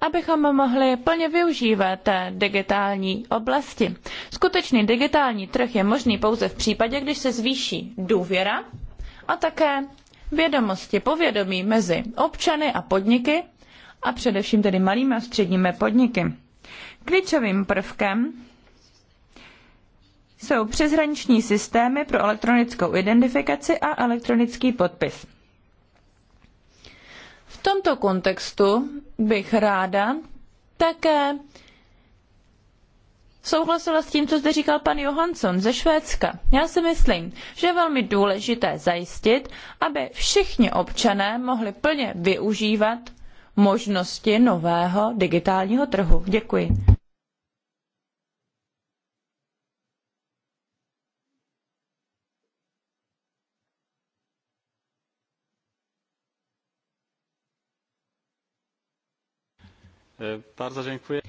abychom mohli plně využívat digitální oblasti. Skutečný digitální trh je možný pouze v případě, když se zvýší důvěra a také vědomosti, povědomí mezi občany a podniky a především tedy malými a středními podniky. Klíčovým prvkem jsou přeshraniční systémy pro elektronickou identifikaci a elektronický podpis tomto kontextu bych ráda také souhlasila s tím, co zde říkal pan Johansson ze Švédska. Já si myslím, že je velmi důležité zajistit, aby všichni občané mohli plně využívat možnosti nového digitálního trhu. Děkuji. děkuji.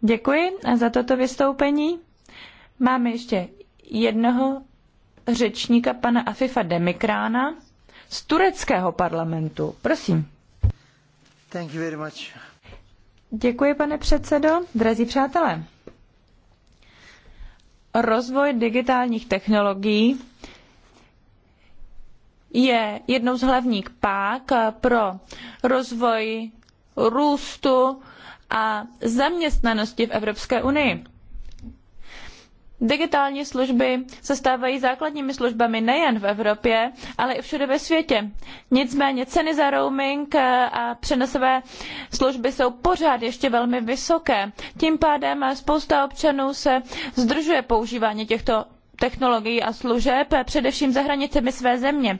Děkuji za toto vystoupení. Máme ještě jednoho řečníka, pana Afifa Demikrána z tureckého parlamentu. Prosím. Thank you very much. Děkuji, pane předsedo. Drazí přátelé, rozvoj digitálních technologií je jednou z hlavních pák pro rozvoj růstu a zaměstnanosti v Evropské unii. Digitální služby se stávají základními službami nejen v Evropě, ale i všude ve světě. Nicméně ceny za roaming a přenosové služby jsou pořád ještě velmi vysoké. Tím pádem spousta občanů se zdržuje používání těchto technologií a služeb, především za hranicemi své země.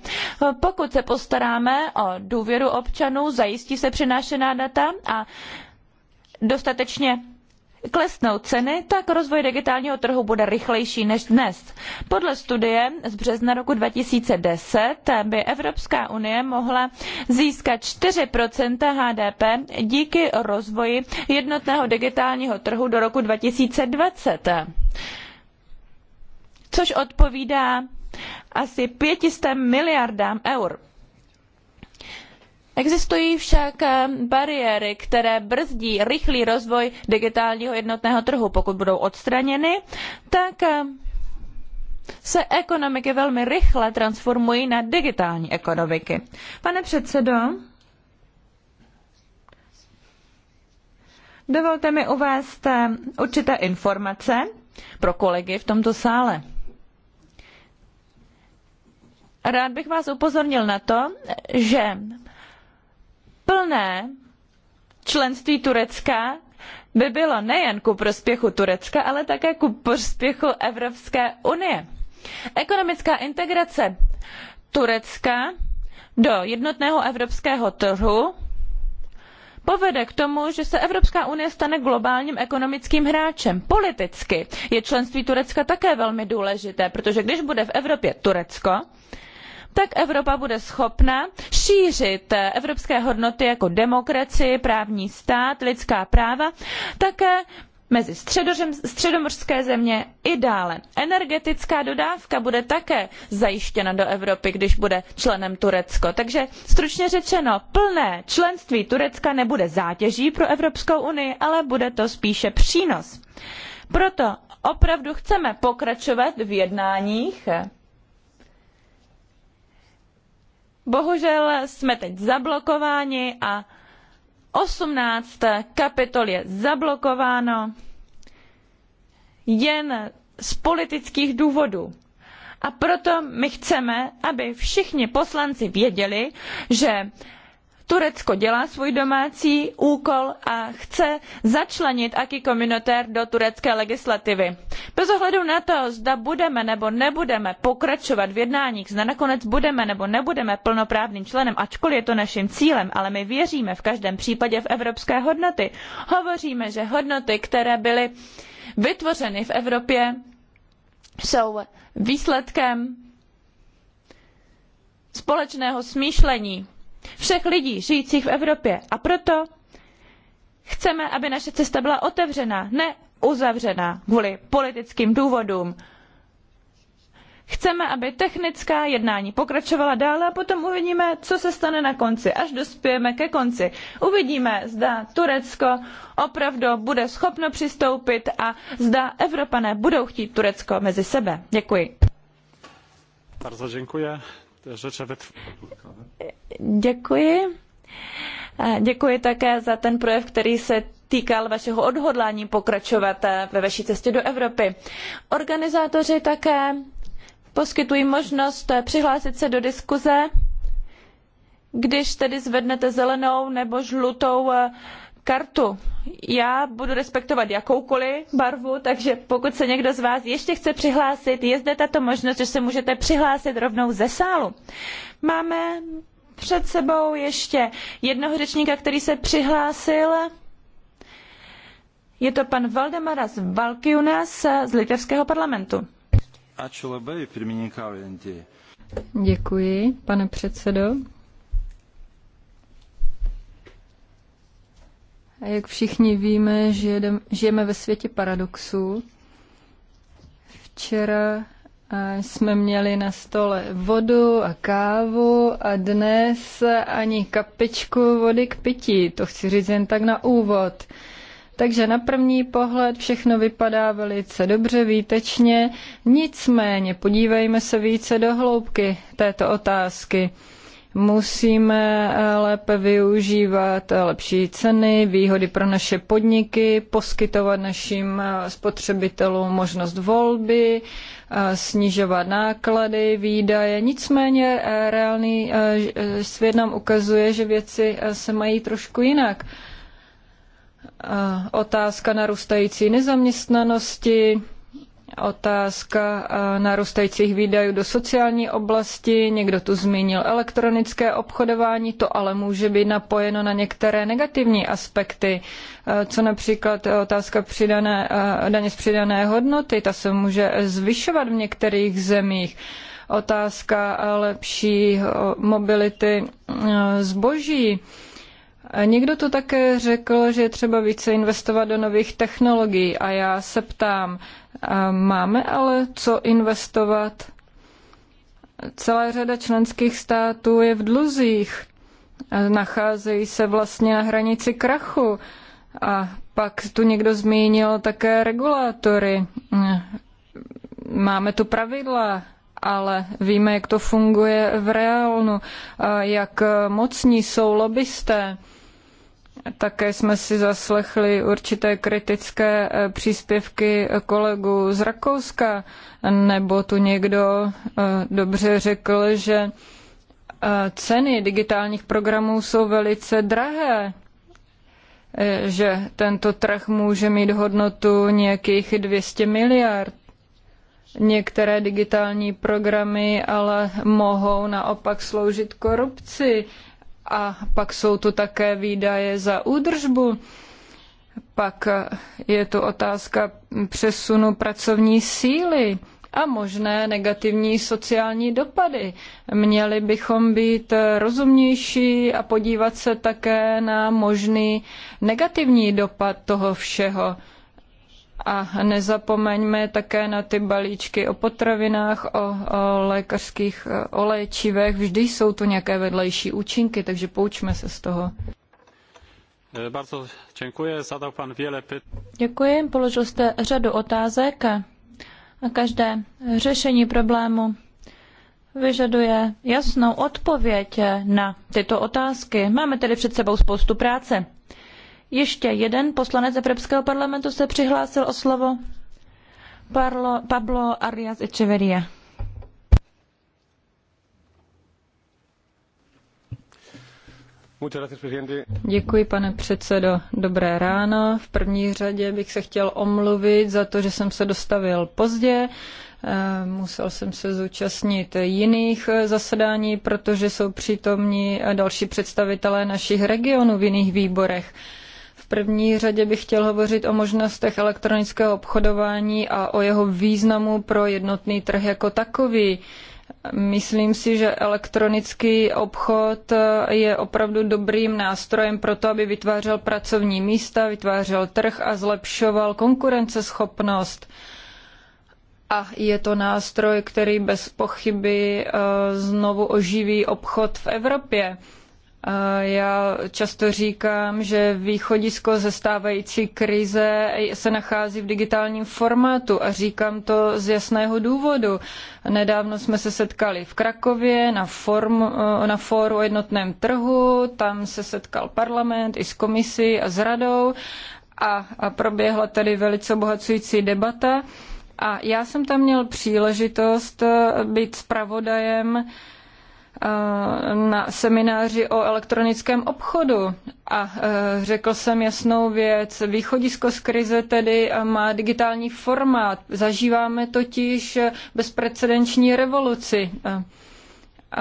Pokud se postaráme o důvěru občanů, zajistí se přinášená data a dostatečně klesnou ceny, tak rozvoj digitálního trhu bude rychlejší než dnes. Podle studie z března roku 2010 by Evropská unie mohla získat 4 HDP díky rozvoji jednotného digitálního trhu do roku 2020 což odpovídá asi 500 miliardám eur. Existují však eh, bariéry, které brzdí rychlý rozvoj digitálního jednotného trhu. Pokud budou odstraněny, tak eh, se ekonomiky velmi rychle transformují na digitální ekonomiky. Pane předsedo, dovolte mi uvést eh, určité informace pro kolegy v tomto sále. Rád bych vás upozornil na to, že plné členství Turecka by bylo nejen ku prospěchu Turecka, ale také ku prospěchu Evropské unie. Ekonomická integrace Turecka do jednotného evropského trhu povede k tomu, že se Evropská unie stane globálním ekonomickým hráčem. Politicky je členství Turecka také velmi důležité, protože když bude v Evropě Turecko, tak Evropa bude schopna šířit eh, evropské hodnoty jako demokracii, právní stát, lidská práva, také mezi středomořské země i dále. Energetická dodávka bude také zajištěna do Evropy, když bude členem Turecko. Takže stručně řečeno, plné členství Turecka nebude zátěží pro Evropskou unii, ale bude to spíše přínos. Proto opravdu chceme pokračovat v jednáních eh, Bohužel jsme teď zablokováni a 18 kapitol je zablokováno jen z politických důvodů. A proto my chceme, aby všichni poslanci věděli, že Turecko dělá svůj domácí úkol a chce začlenit acquis communautaire do turecké legislativy. Bez ohledu na to, zda budeme nebo nebudeme pokračovat v jednáních, zda nakonec budeme nebo nebudeme plnoprávným členem, ačkoliv je to naším cílem, ale my věříme v každém případě v evropské hodnoty. Hovoříme, že hodnoty, které byly vytvořeny v Evropě, jsou výsledkem společného smýšlení všech lidí žijících v Evropě. A proto chceme, aby naše cesta byla otevřená, ne uzavřená kvůli politickým důvodům. Chceme, aby technická jednání pokračovala dále a potom uvidíme, co se stane na konci, až dospějeme ke konci. Uvidíme, zda Turecko opravdu bude schopno přistoupit a zda Evropané budou chtít Turecko mezi sebe. Děkuji. Bardzo dziękuję. Děkuji. Děkuji také za ten projev, který se týkal vašeho odhodlání pokračovat eh, ve vaší cestě do Evropy. Organizátoři také poskytují možnost eh, přihlásit se do diskuze, když tedy zvednete zelenou nebo žlutou eh, kartu. Já budu respektovat jakoukoliv barvu, takže pokud se někdo z vás ještě chce přihlásit, je zde tato možnost, že se můžete přihlásit rovnou ze sálu. Máme před sebou ještě jednoho řečníka, který se přihlásil. Je to pan Valdemaras Valkiunas z Litevského parlamentu. Děkuji, pane předsedo. A Jak všichni víme, že žijeme ve světě paradoxů. Včera jsme měli na stole vodu a kávu a dnes ani kapičku vody k pití. To chci říct jen tak na úvod. Takže na první pohled všechno vypadá velice dobře, výtečně. Nicméně podívejme se více do hloubky této otázky. Musíme eh, lépe využívat eh, lepší ceny, výhody pro naše podniky, poskytovat našim eh, spotřebitelům možnost volby, snižovat náklady, výdaje. Nicméně reálný svět nám ukazuje, že věci se mají trošku jinak. Otázka narůstající nezaměstnanosti, otázka eh, narůstajících výdajů do sociální oblasti, někdo tu zmínil elektronické obchodování, to ale může být napojeno na některé negativní aspekty, eh, co například otázka přidané, eh, daně z přidané hodnoty, ta se může zvyšovat v některých zemích otázka lepší mobility zboží. Někdo to také řekl, že je třeba více investovat do nových technologií a já se ptám, Máme ale co investovat. Celá řada členských států je v dluzích. Nacházejí se vlastně na hranici krachu. A pak tu někdo zmínil také regulátory. Máme tu pravidla, ale víme, jak to funguje v reálnu, jak mocní jsou lobbysté. Také jsme si zaslechli určité kritické eh, příspěvky kolegů z Rakouska, nebo tu někdo eh, dobře řekl, že eh, ceny digitálních programů jsou velice drahé, že tento trh může mít hodnotu nějakých 200 miliard. Některé digitální programy ale mohou naopak sloužit korupci, a pak jsou tu také výdaje za údržbu. Pak je tu otázka přesunu pracovní síly a možné negativní sociální dopady. Měli bychom být rozumnější a podívat se také na možný negativní dopad toho všeho. A nezapomeňme také na ty balíčky o potravinách, o, o lékařských, o léčivech. Vždy jsou to nějaké vedlejší účinky, takže poučme se z toho. Bardzo dziękuję. Zadal pan wiele pytań. Děkuji, položil jste řadu otázek a každé řešení problému vyžaduje jasnou odpověď na tyto otázky. Máme tedy před sebou spoustu práce. Ještě jeden poslanec Evropského parlamentu se přihlásil o slovo. Parlo, Pablo Arias Echeverria. Děkuji, pane předsedo. Dobré ráno. V první řadě bych se chtěl omluvit za to, že jsem se dostavil pozdě. Eh, musel jsem se zúčastnit jiných eh, zasedání, protože jsou přítomní eh, další představitelé našich regionů v jiných výborech první řadě bych chtěl hovořit o možnostech elektronického obchodování a o jeho významu pro jednotný trh jako takový. Myslím si, že elektronický obchod je opravdu dobrým nástrojem pro to, aby vytvářel pracovní místa, vytvářel trh a zlepšoval konkurenceschopnost. A je to nástroj, který bez pochyby eh, znovu oživí obchod v Evropě. Já často říkám, že východisko ze stávající krize se nachází v digitálním formátu a říkám to z jasného důvodu. Nedávno jsme se setkali v Krakově na, form, na fóru o jednotném trhu, tam se setkal parlament i s komisí a s radou a, a proběhla tady velice obohacující debata. A já jsem tam měl příležitost být zpravodajem uh, Eh, na semináři o elektronickém obchodu a eh, řekl jsem jasnou věc. Východisko z krize tedy eh, má digitální formát. Zažíváme totiž bezprecedenční revoluci. A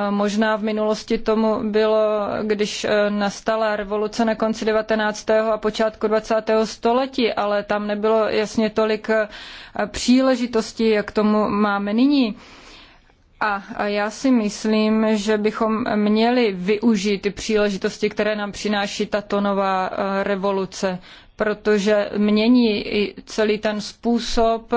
možná v minulosti tomu bylo, když nastala revoluce na konci 19. a počátku 20. století, ale tam nebylo jasně tolik příležitostí, jak tomu máme nyní. A já si myslím, že bychom měli využít ty příležitosti, které nám přináší tato nová eh, revoluce protože mění i celý ten způsob,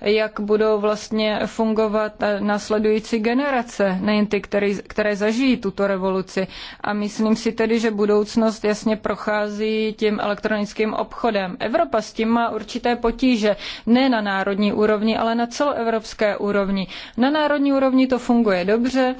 jak budou vlastně fungovat následující generace, nejen ty, které, které zažijí tuto revoluci. A myslím si tedy, že budoucnost jasně prochází tím elektronickým obchodem. Evropa s tím má určité potíže, ne na národní úrovni, ale na celoevropské úrovni. Na národní úrovni to funguje dobře,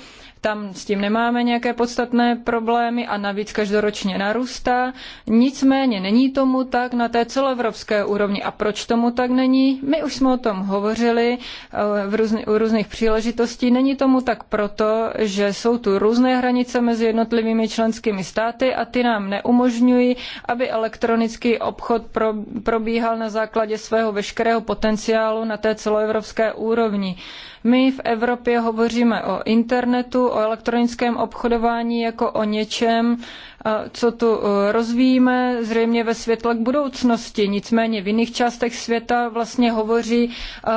tam s tím nemáme nějaké podstatné problémy a navíc každoročně narůstá. Nicméně není tomu tak na té celoevropské úrovni. A proč tomu tak není? My už jsme o tom hovořili eh, v různy, u různých příležitostí. Není tomu tak proto, že jsou tu různé hranice mezi jednotlivými členskými státy a ty nám neumožňují, aby elektronický obchod pro, probíhal na základě svého veškerého potenciálu na té celoevropské úrovni. My v Evropě hovoříme o internetu, o elektronickém obchodování jako o něčem, eh, co tu eh, rozvíjíme, zřejmě ve světle k budoucnosti. Nicméně v jiných částech světa vlastně hovoří eh,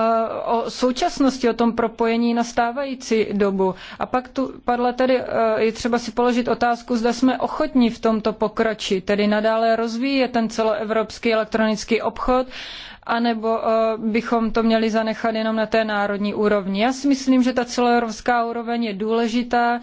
o současnosti, o tom propojení na stávající dobu. A pak tu padla tedy, je třeba si položit otázku, zda jsme ochotní v tomto pokročit, tedy nadále rozvíjet ten celoevropský elektronický obchod anebo eh, bychom to měli zanechat jenom na té národní úrovni. Já si myslím, že ta celoevropská úroveň je důležitá.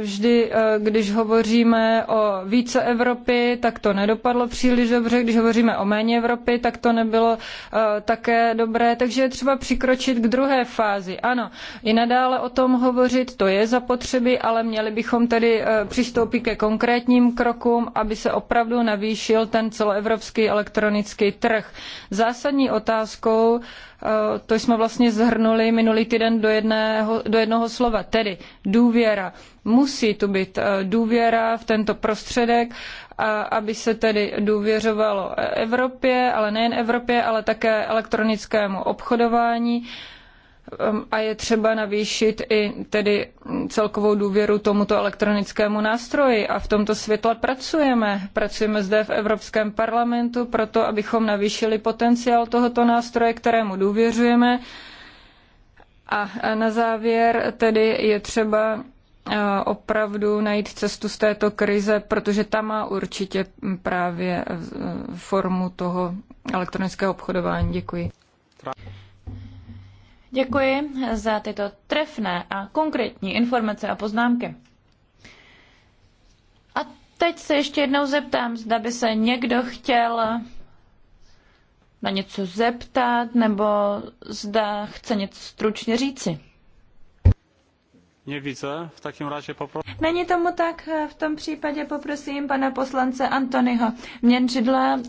Vždy, eh, když hovoříme o více Evropy, tak to nedopadlo příliš dobře. Když hovoříme o méně Evropy, tak to nebylo eh, také dobré. Takže je třeba přikročit k druhé fázi. Ano, i nadále o tom hovořit, to je zapotřebí, ale měli bychom tedy přistoupit ke konkrétním krokům, aby se opravdu navýšil ten celoevropský elektronický trh. Zás zásadní otázkou, eh, to jsme vlastně zhrnuli minulý týden do, do jednoho slova, tedy důvěra. Musí tu být eh, důvěra v tento prostředek, aby se tedy důvěřovalo Evropě, ale nejen Evropě, ale také elektronickému obchodování Um, a je třeba navýšit i tedy celkovou důvěru tomuto elektronickému nástroji a v tomto světle pracujeme. Pracujeme zde v Evropském parlamentu proto, abychom navýšili potenciál tohoto nástroje, kterému důvěřujeme. A na závěr tedy je třeba eh, opravdu najít cestu z této krize, protože ta má určitě právě eh, formu toho elektronického obchodování. Děkuji. Děkuji za tyto trefné a konkrétní informace a poznámky. A teď se ještě jednou zeptám, zda by se někdo chtěl na něco zeptat, nebo zda chce něco stručně říci. Nevíce, v takém ráže poprosím. Není tomu tak, v tom případě poprosím pana poslance Antonyho Měnřidla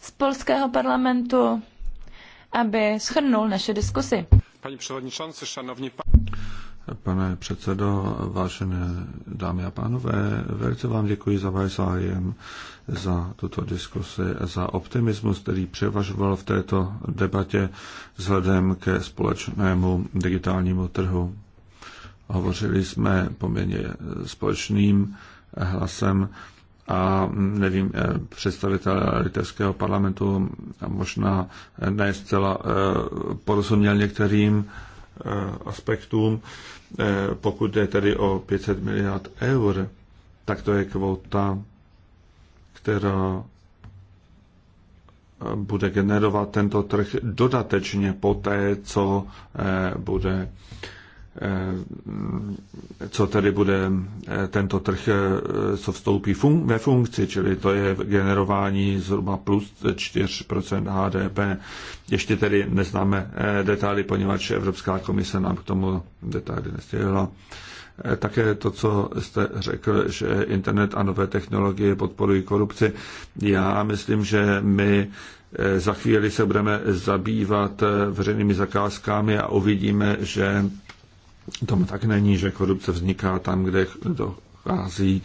z polského parlamentu aby schrnul naše diskusy. Pane předsedo, vážené dámy a pánové, velice vám děkuji za váš zájem, za tuto diskusi, za optimismus, který převažoval v této debatě vzhledem ke společnému digitálnímu trhu. Hovořili jsme poměrně společným hlasem a nevím, eh, představitel litevského parlamentu možná eh, ne zcela eh, porozuměl některým aspektům. Pokud je tedy o 500 miliard eur, tak to je kvota, která bude generovat tento trh dodatečně po té, co bude Eh, co tedy bude eh, tento trh, eh, co vstoupí fun- ve funkci, čili to je generování zhruba plus 4% HDP. Ještě tedy neznáme detaily, poněvadž Evropská komise nám k tomu detaily nestěhla. Také to, co jste řekl, že internet a nové technologie podporují korupci. Já myslím, že my za chvíli se budeme zabývat veřejnými zakázkami a uvidíme, že Tomu tak není, že korupce vzniká tam, kde dochází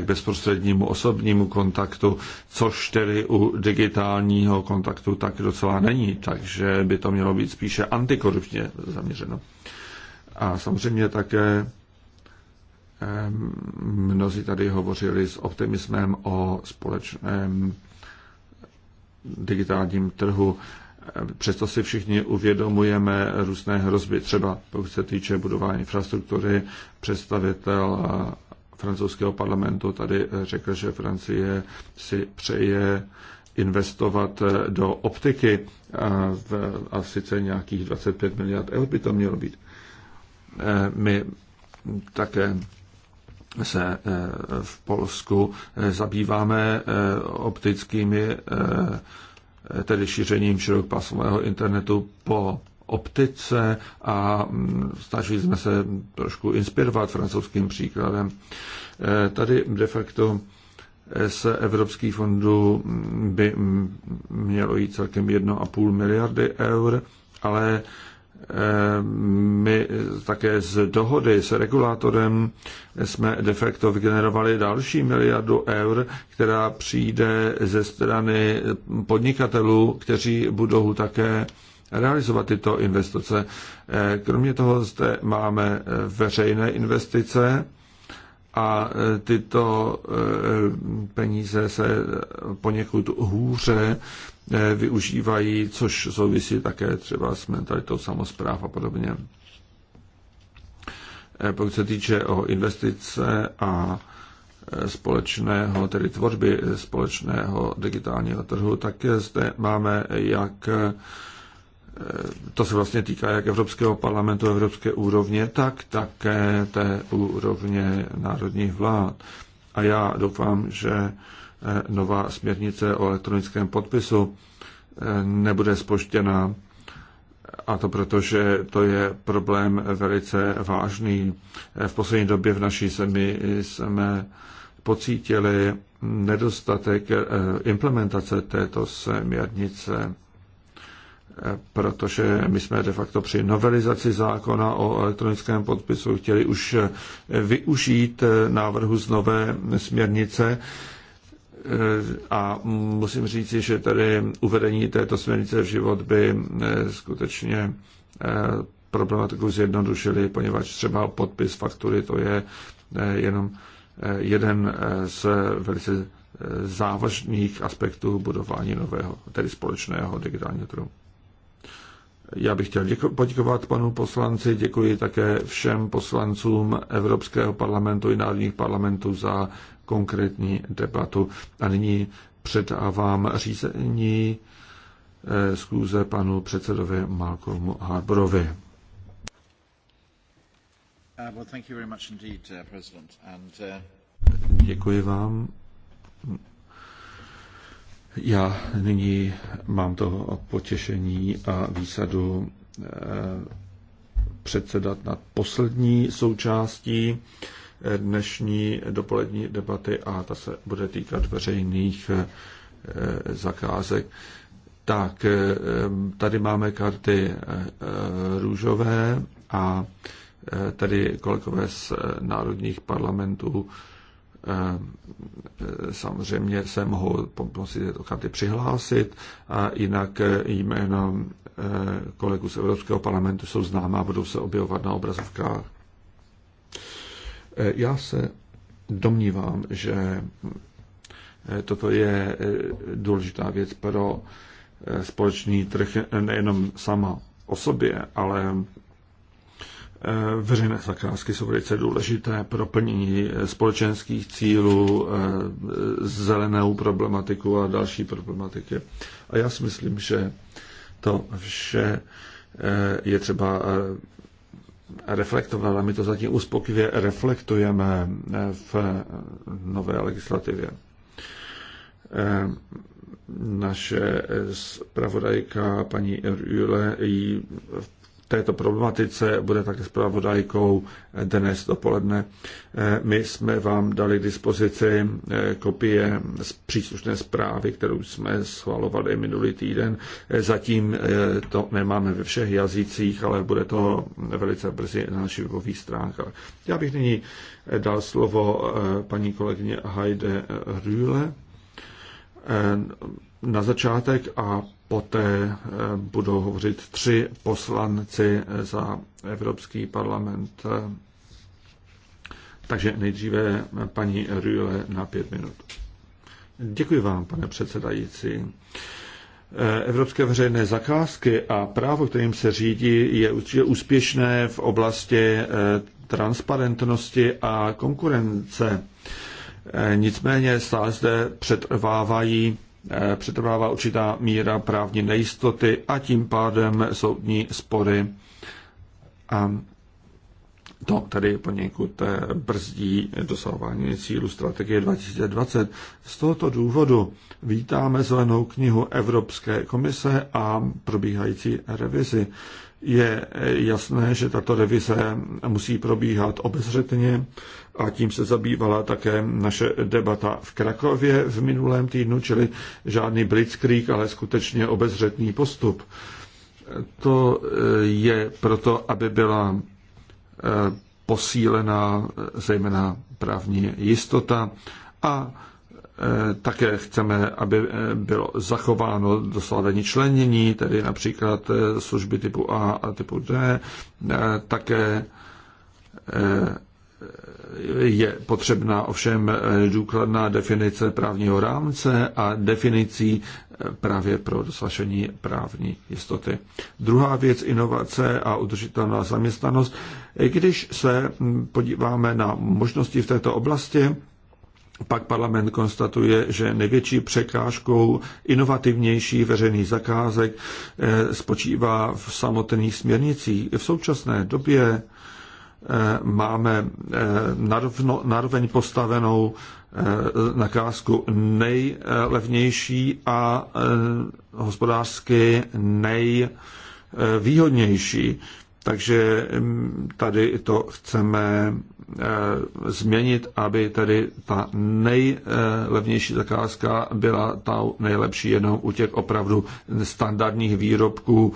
k bezprostřednímu osobnímu kontaktu, což tedy u digitálního kontaktu tak docela není, takže by to mělo být spíše antikorupčně zaměřeno. A samozřejmě také mnozí tady hovořili s optimismem o společném digitálním trhu. Přesto si všichni uvědomujeme různé hrozby, třeba pokud se týče budování infrastruktury, představitel francouzského parlamentu tady řekl, že Francie si přeje investovat do optiky a, v, a sice nějakých 25 miliard eur by to mělo být. My také se eh, v Polsku eh, zabýváme eh, optickými tedy šířením širokopásmového internetu po optice a mm, snažili jsme se trošku inspirovat francouzským příkladem. E, tady de facto z e, evropských fondů mm, by mm, mělo jít celkem 1,5 miliardy eur, ale my také z dohody s regulátorem jsme de facto vygenerovali další miliardu eur, která přijde ze strany podnikatelů, kteří budou také realizovat tyto investice. Kromě toho zde máme veřejné investice, a e, tyto e, peníze se poněkud hůře e, využívají, což souvisí také třeba s mentalitou samozpráv a podobně. Pokud se týče o investice a společného, tedy tvorby společného digitálního trhu, tak zde máme jak to se vlastně týká jak Evropského parlamentu, Evropské úrovně, tak také té úrovně národních vlád. A já doufám, že eh, nová směrnice o elektronickém podpisu eh, nebude spoštěná. A to proto, že to je problém velice vážný. Eh, v poslední době v naší zemi jsme pocítili nedostatek implementace této směrnice protože my jsme de facto při novelizaci zákona o elektronickém podpisu chtěli už využít návrhu z nové směrnice a musím říci, že tady uvedení této směrnice v život by eh, skutečně eh, problematiku zjednodušili, poněvadž třeba podpis faktury to je eh, jenom jeden z velice závažných aspektů budování nového, tedy společného digitálního trhu. Já bych chtěl děko- poděkovat panu poslanci, děkuji také všem poslancům Evropského parlamentu i národních parlamentů za konkrétní debatu. A nyní předávám řízení zkůze eh, panu předsedovi Malcolmu Harborovi. Uh, uh, uh, děkuji vám. Já nyní mám to potěšení a výsadu eh, předsedat nad poslední součástí eh, dnešní dopolední debaty a ta se bude týkat veřejných eh, zakázek. Tak, tady máme karty růžové a tady kolegové z národních parlamentů Eh, samozřejmě se mohou pomocí této karty přihlásit a jinak eh, jména eh, kolegů z Evropského parlamentu jsou známá a budou se objevovat na obrazovkách. Já se domnívám, že toto je důležitá věc pro společný trh nejenom sama o sobě, ale Veřejné zakázky jsou velice důležité pro plnění společenských cílů, eh, zelenou problematiku a další problematiky. A já si myslím, že to vše eh, je třeba eh, reflektovat, ale my to zatím uspokojivě reflektujeme v nové legislativě. Naše zpravodajka paní ji v této problematice bude také zpravodajkou dnes dopoledne. Eh, my jsme vám dali k dispozici eh, kopie z příslušné zprávy, kterou jsme schvalovali minulý týden. Eh, zatím to nemáme ve všech jazycích, ale bude to velice brzy na našich webových stránkách. Já bych nyní dal slovo paní kolegyně Heide Rühle na začátek a poté eh, budou hovořit tři poslanci za Evropský parlament. Takže nejdříve paní Rühle na pět minut. Děkuji vám, pane předsedající. Eh, Evropské veřejné zakázky a právo, kterým se řídí, je určitě úspěšné v oblasti eh, transparentnosti a konkurence. Nicméně stále zde přetrvávají Eh, přetrvává určitá míra právní nejistoty a tím pádem soudní spory. A to tady poněkud eh, brzdí dosahování cílu strategie 2020. Z tohoto důvodu vítáme zelenou knihu Evropské komise a probíhající revizi je jasné, že tato revize musí probíhat obezřetně a tím se zabývala také naše debata v Krakově v minulém týdnu, čili žádný blitzkrieg, ale skutečně obezřetný postup. To je proto, aby byla eh, posílena zejména právní jistota a Eh, také chceme, aby eh, bylo zachováno dosávání členění, tedy například eh, služby typu A a typu D. Také je potřebná ovšem důkladná definice právního rámce a definicí právě pro dosažení právní jistoty. Druhá věc, inovace a udržitelná zaměstnanost. Když se hm, podíváme na možnosti v této oblasti, pak parlament konstatuje, že největší překážkou inovativnější veřejných zakázek eh, spočívá v samotných směrnicích. V současné době eh, máme eh, naroveň postavenou nakázku nejlevnější a hospodářsky nejvýhodnější. Takže mm, tady to chceme eh, změnit, aby tady ta nejlevnější zakázka byla ta nejlepší jenom u těch opravdu standardních výrobků,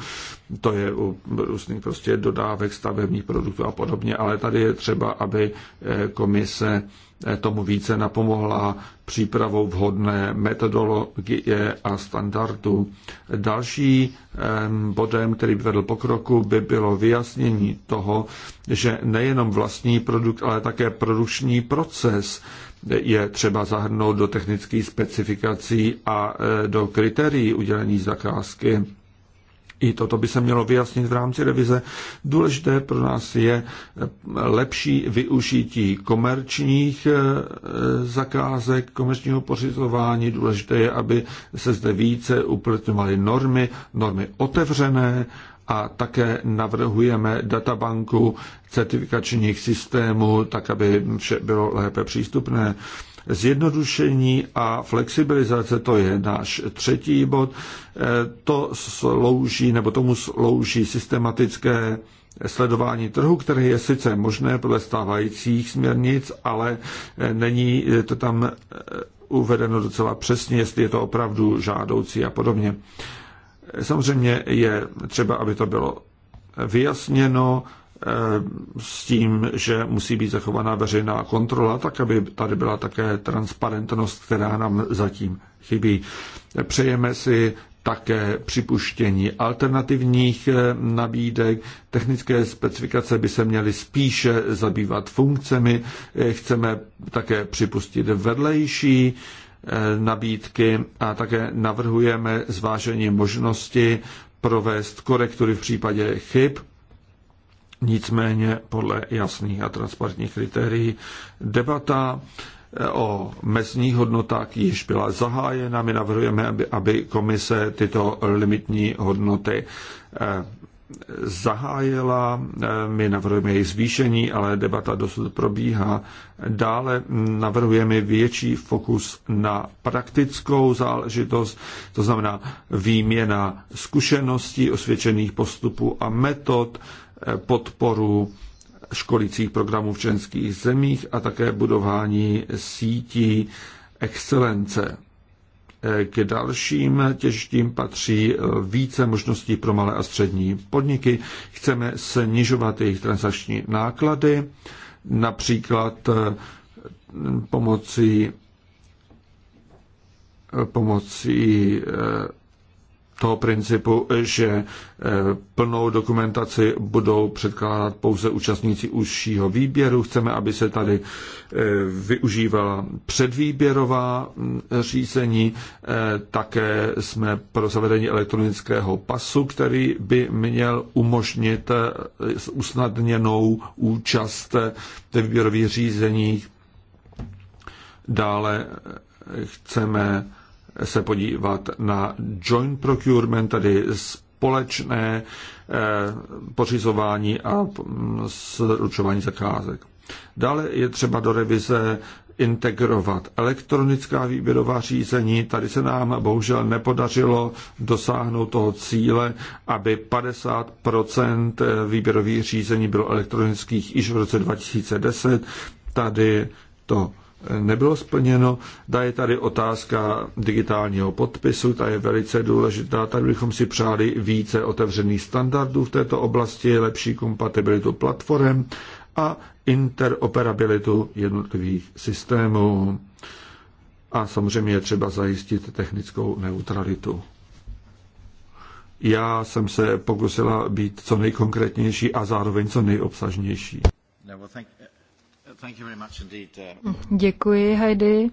to je u různých prostě dodávek stavebních produktů a podobně, ale tady je třeba, aby eh, komise Eh, tomu více napomohla přípravou vhodné metodologie a standardu. Další bodem, který by vedl pokroku, by bylo vyjasnění toho, že nejenom vlastní produkt, ale také produkční proces je třeba zahrnout do technických specifikací a eh, do kritérií udělení zakázky. I toto by se mělo vyjasnit v rámci revize. Důležité pro nás je lepší využití komerčních eh, zakázek, komerčního pořizování. Důležité je, aby se zde více uplatňovaly normy, normy otevřené a také navrhujeme databanku certifikačních systémů, tak aby vše bylo lépe přístupné. Zjednodušení a flexibilizace, to je náš třetí bod, e, to slouží, nebo tomu slouží systematické sledování trhu, které je sice možné podle stávajících směrnic, ale e, není to tam e, uvedeno docela přesně, jestli je to opravdu žádoucí a podobně. Samozřejmě je třeba, aby to bylo vyjasněno, Eh, s tím, že musí být zachována veřejná kontrola, tak aby tady byla také transparentnost, která nám zatím chybí. Přejeme si také připuštění alternativních eh, nabídek. Technické specifikace by se měly spíše zabývat funkcemi. Eh, chceme také připustit vedlejší nabídky a také navrhujeme zvážení možnosti provést korektury v případě chyb nicméně podle jasných a transparentních kritérií. Debata eh, o mezních hodnotách již byla zahájena. My navrhujeme, aby, aby komise tyto limitní hodnoty eh, zahájila. Eh, my navrhujeme její zvýšení, ale debata dosud probíhá. Dále navrhujeme větší fokus na praktickou záležitost, to znamená výměna zkušeností, osvědčených postupů a metod podporu školicích programů v členských zemích a také budování sítí excelence. K dalším těžitím patří více možností pro malé a střední podniky. Chceme snižovat jejich transakční náklady, například eh, pomocí eh, pomocí eh, toho principu, že eh, plnou dokumentaci budou předkládat pouze účastníci užšího výběru. Chceme, aby se tady eh, využívala předvýběrová mm, řízení. Eh, také jsme pro zavedení elektronického pasu, který by měl umožnit usnadněnou účast ve výběrových řízeních. Dále chceme se podívat na joint procurement, tedy společné eh, pořizování a mm, zručování zakázek. Dále je třeba do revize integrovat elektronická výběrová řízení. Tady se nám bohužel nepodařilo dosáhnout toho cíle, aby 50 výběrových řízení bylo elektronických již v roce 2010. Tady to nebylo splněno. Da je tady otázka digitálního podpisu, ta je velice důležitá. Tady bychom si přáli více otevřených standardů v této oblasti, lepší kompatibilitu platform a interoperabilitu jednotlivých systémů. A samozřejmě je třeba zajistit technickou neutralitu. Já jsem se pokusila být co nejkonkrétnější a zároveň co nejobsažnější. No, well, Uh, Děkuji, Heidi,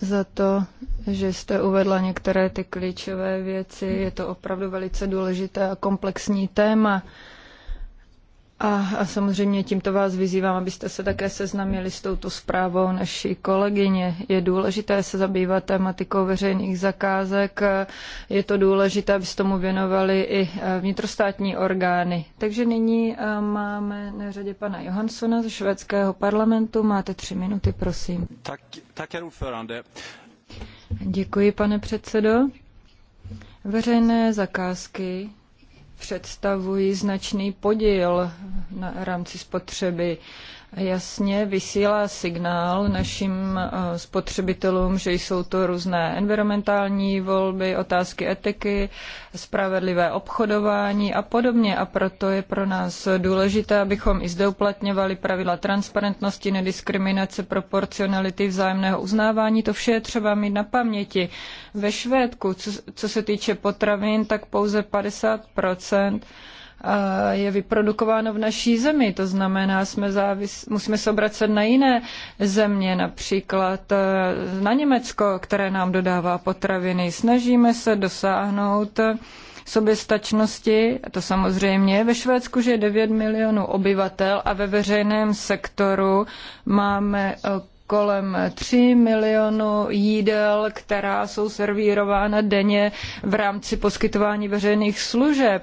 za to, že jste uvedla některé ty klíčové věci. Je to opravdu velice důležité a komplexní téma. A, a samozřejmě tímto vás vyzývám, abyste se také seznámili s touto zprávou naší kolegyně. Je důležité se zabývat tématikou veřejných zakázek, je to důležité, aby se tomu věnovali i eh, vnitrostátní orgány. Takže nyní eh, máme na řadě pana Johanssona ze švédského parlamentu. Máte tři minuty, prosím. Tak, tak Děkuji, pane předsedo. Veřejné zakázky představují značný podíl na rámci spotřeby jasně vysílá signál našim eh, spotřebitelům, že jsou to různé environmentální volby, otázky etiky, spravedlivé obchodování a podobně. A proto je pro nás důležité, abychom i zde uplatňovali pravidla transparentnosti, nediskriminace, proporcionality, vzájemného uznávání. To vše je třeba mít na paměti. Ve Švédku, co, co se týče potravin, tak pouze 50 je vyprodukováno v naší zemi. To znamená, jsme závis, musíme se obracet na jiné země, například e, na Německo, které nám dodává potraviny. Snažíme se dosáhnout soběstačnosti, to samozřejmě. Ve Švédsku je 9 milionů obyvatel a ve veřejném sektoru máme e, kolem 3 milionů jídel, která jsou servírována denně v rámci poskytování veřejných služeb.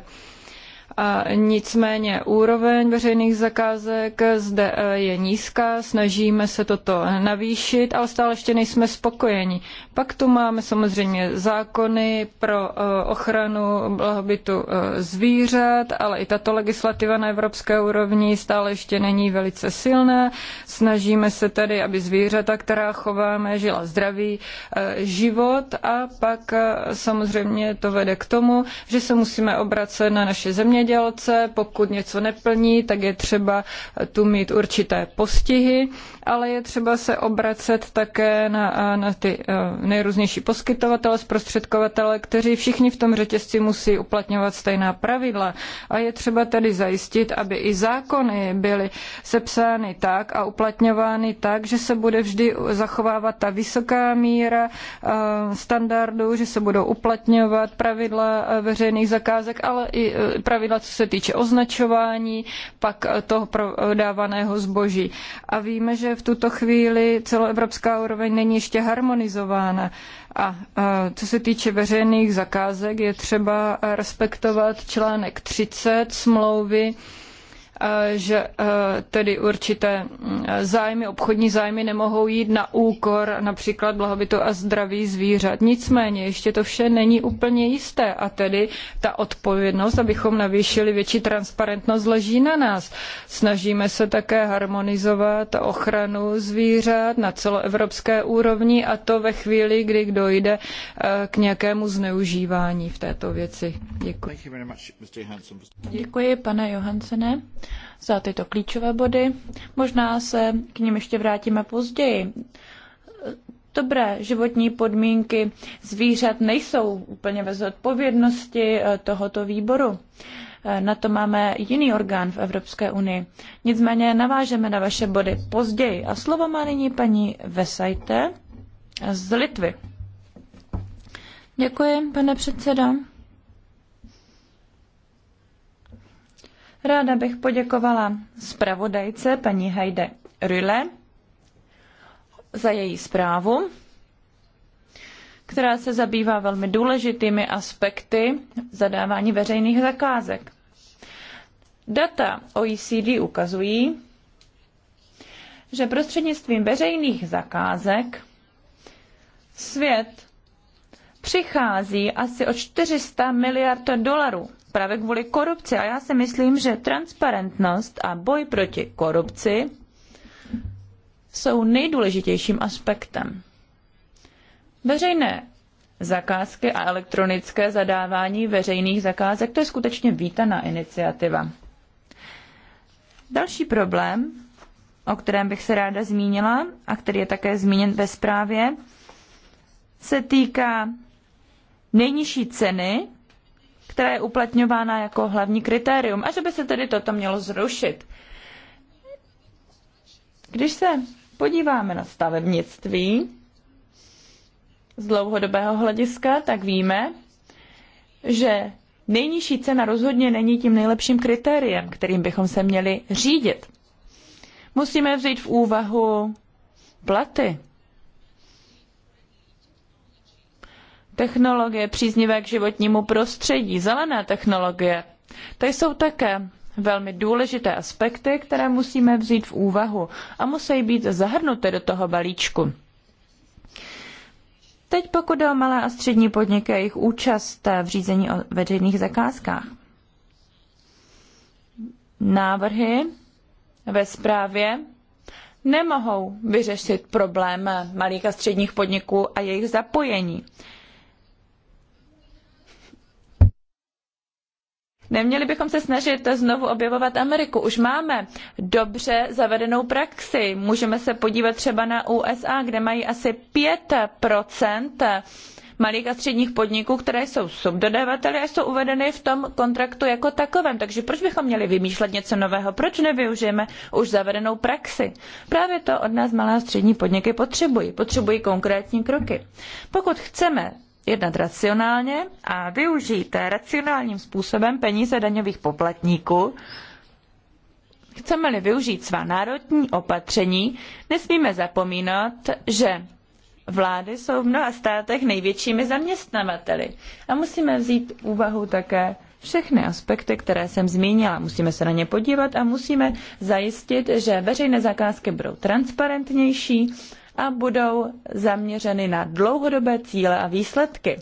Nicméně úroveň veřejných zakázek zde e, je nízká, snažíme se toto navýšit, ale stále ještě nejsme spokojeni. Pak tu máme samozřejmě zákony pro e, ochranu blahobytu e, zvířat, ale i tato legislativa na evropské úrovni stále ještě není velice silná. Snažíme se tedy, aby zvířata, která chováme, žila zdravý život a pak samozřejmě to vede k tomu, že se musíme obracet na naše zemědělce, zemědělce, pokud něco neplní, tak je třeba tu mít určité postihy, ale je třeba se obracet také na, na ty eh, nejrůznější poskytovatele, zprostředkovatele, kteří všichni v tom řetězci musí uplatňovat stejná pravidla. A je třeba tedy zajistit, aby i zákony byly sepsány tak a uplatňovány tak, že se bude vždy zachovávat ta vysoká míra eh, standardů, že se budou uplatňovat pravidla eh, veřejných zakázek, ale i pravidla pravidla, co se týče označování, pak toho prodávaného zboží. A víme, že v tuto chvíli celoevropská úroveň není ještě harmonizována. A, co se týče veřejných zakázek, je třeba respektovat článek 30 smlouvy Eh, že eh, tedy určité mm, zájmy, obchodní zájmy nemohou jít na úkor například blahobytu a zdraví zvířat. Nicméně ještě to vše není úplně jisté a tedy ta odpovědnost, abychom navýšili větší transparentnost, leží na nás. Snažíme se také harmonizovat ochranu zvířat na celoevropské úrovni a to ve chvíli, kdy dojde eh, k nějakému zneužívání v této věci. Děkuji. Děkuji, pane Johansene za tyto klíčové body. Možná se k ním ještě vrátíme později. Dobré životní podmínky zvířat nejsou úplně ve zodpovědnosti eh, tohoto výboru. Eh, na to máme jiný orgán v Evropské unii. Nicméně navážeme na vaše body později. A slovo má nyní paní Vesajte z Litvy. Děkuji, pane předsedo. Ráda bych poděkovala zpravodajce paní Heide Rüle za její zprávu, která se zabývá velmi důležitými aspekty zadávání veřejných zakázek. Data OECD ukazují, že prostřednictvím veřejných zakázek svět přichází asi o 400 miliard dolarů právě kvůli korupci. A já si myslím, že transparentnost a boj proti korupci jsou nejdůležitějším aspektem. Veřejné zakázky a elektronické zadávání veřejných zakázek, to je skutečně vítaná iniciativa. Další problém, o kterém bych se ráda zmínila a který je také zmíněn ve zprávě, se týká nejnižší ceny která je uplatňována jako hlavní kritérium a že by se tedy toto mělo zrušit. Když se podíváme na stavebnictví z dlouhodobého hlediska, tak víme, že nejnižší cena rozhodně není tím nejlepším kritériem, kterým bychom se měli řídit. Musíme vzít v úvahu platy technologie příznivé k životnímu prostředí, zelené technologie. To jsou také velmi důležité aspekty, které musíme vzít v úvahu a musí být zahrnuty do toho balíčku. Teď pokud jde o malé a střední podniky a jejich účast v řízení o veřejných zakázkách. Návrhy ve zprávě nemohou vyřešit problém malých a středních podniků a jejich zapojení. Neměli bychom se snažit znovu objevovat Ameriku. Už máme dobře zavedenou praxi. Můžeme se podívat třeba na USA, kde mají asi 5 malých a středních podniků, které jsou subdodavateli a jsou uvedeny v tom kontraktu jako takovém. Takže proč bychom měli vymýšlet něco nového? Proč nevyužijeme už zavedenou praxi? Právě to od nás malá a střední podniky potřebují. Potřebují konkrétní kroky. Pokud chceme jednat racionálně a využít racionálním způsobem peníze daňových poplatníků, chceme-li využít svá národní opatření, nesmíme zapomínat, že vlády jsou v mnoha státech největšími zaměstnavateli. A musíme vzít úvahu také všechny aspekty, které jsem zmínila. Musíme se na ně podívat a musíme zajistit, že veřejné zakázky budou transparentnější a budou zaměřeny na dlouhodobé cíle a výsledky.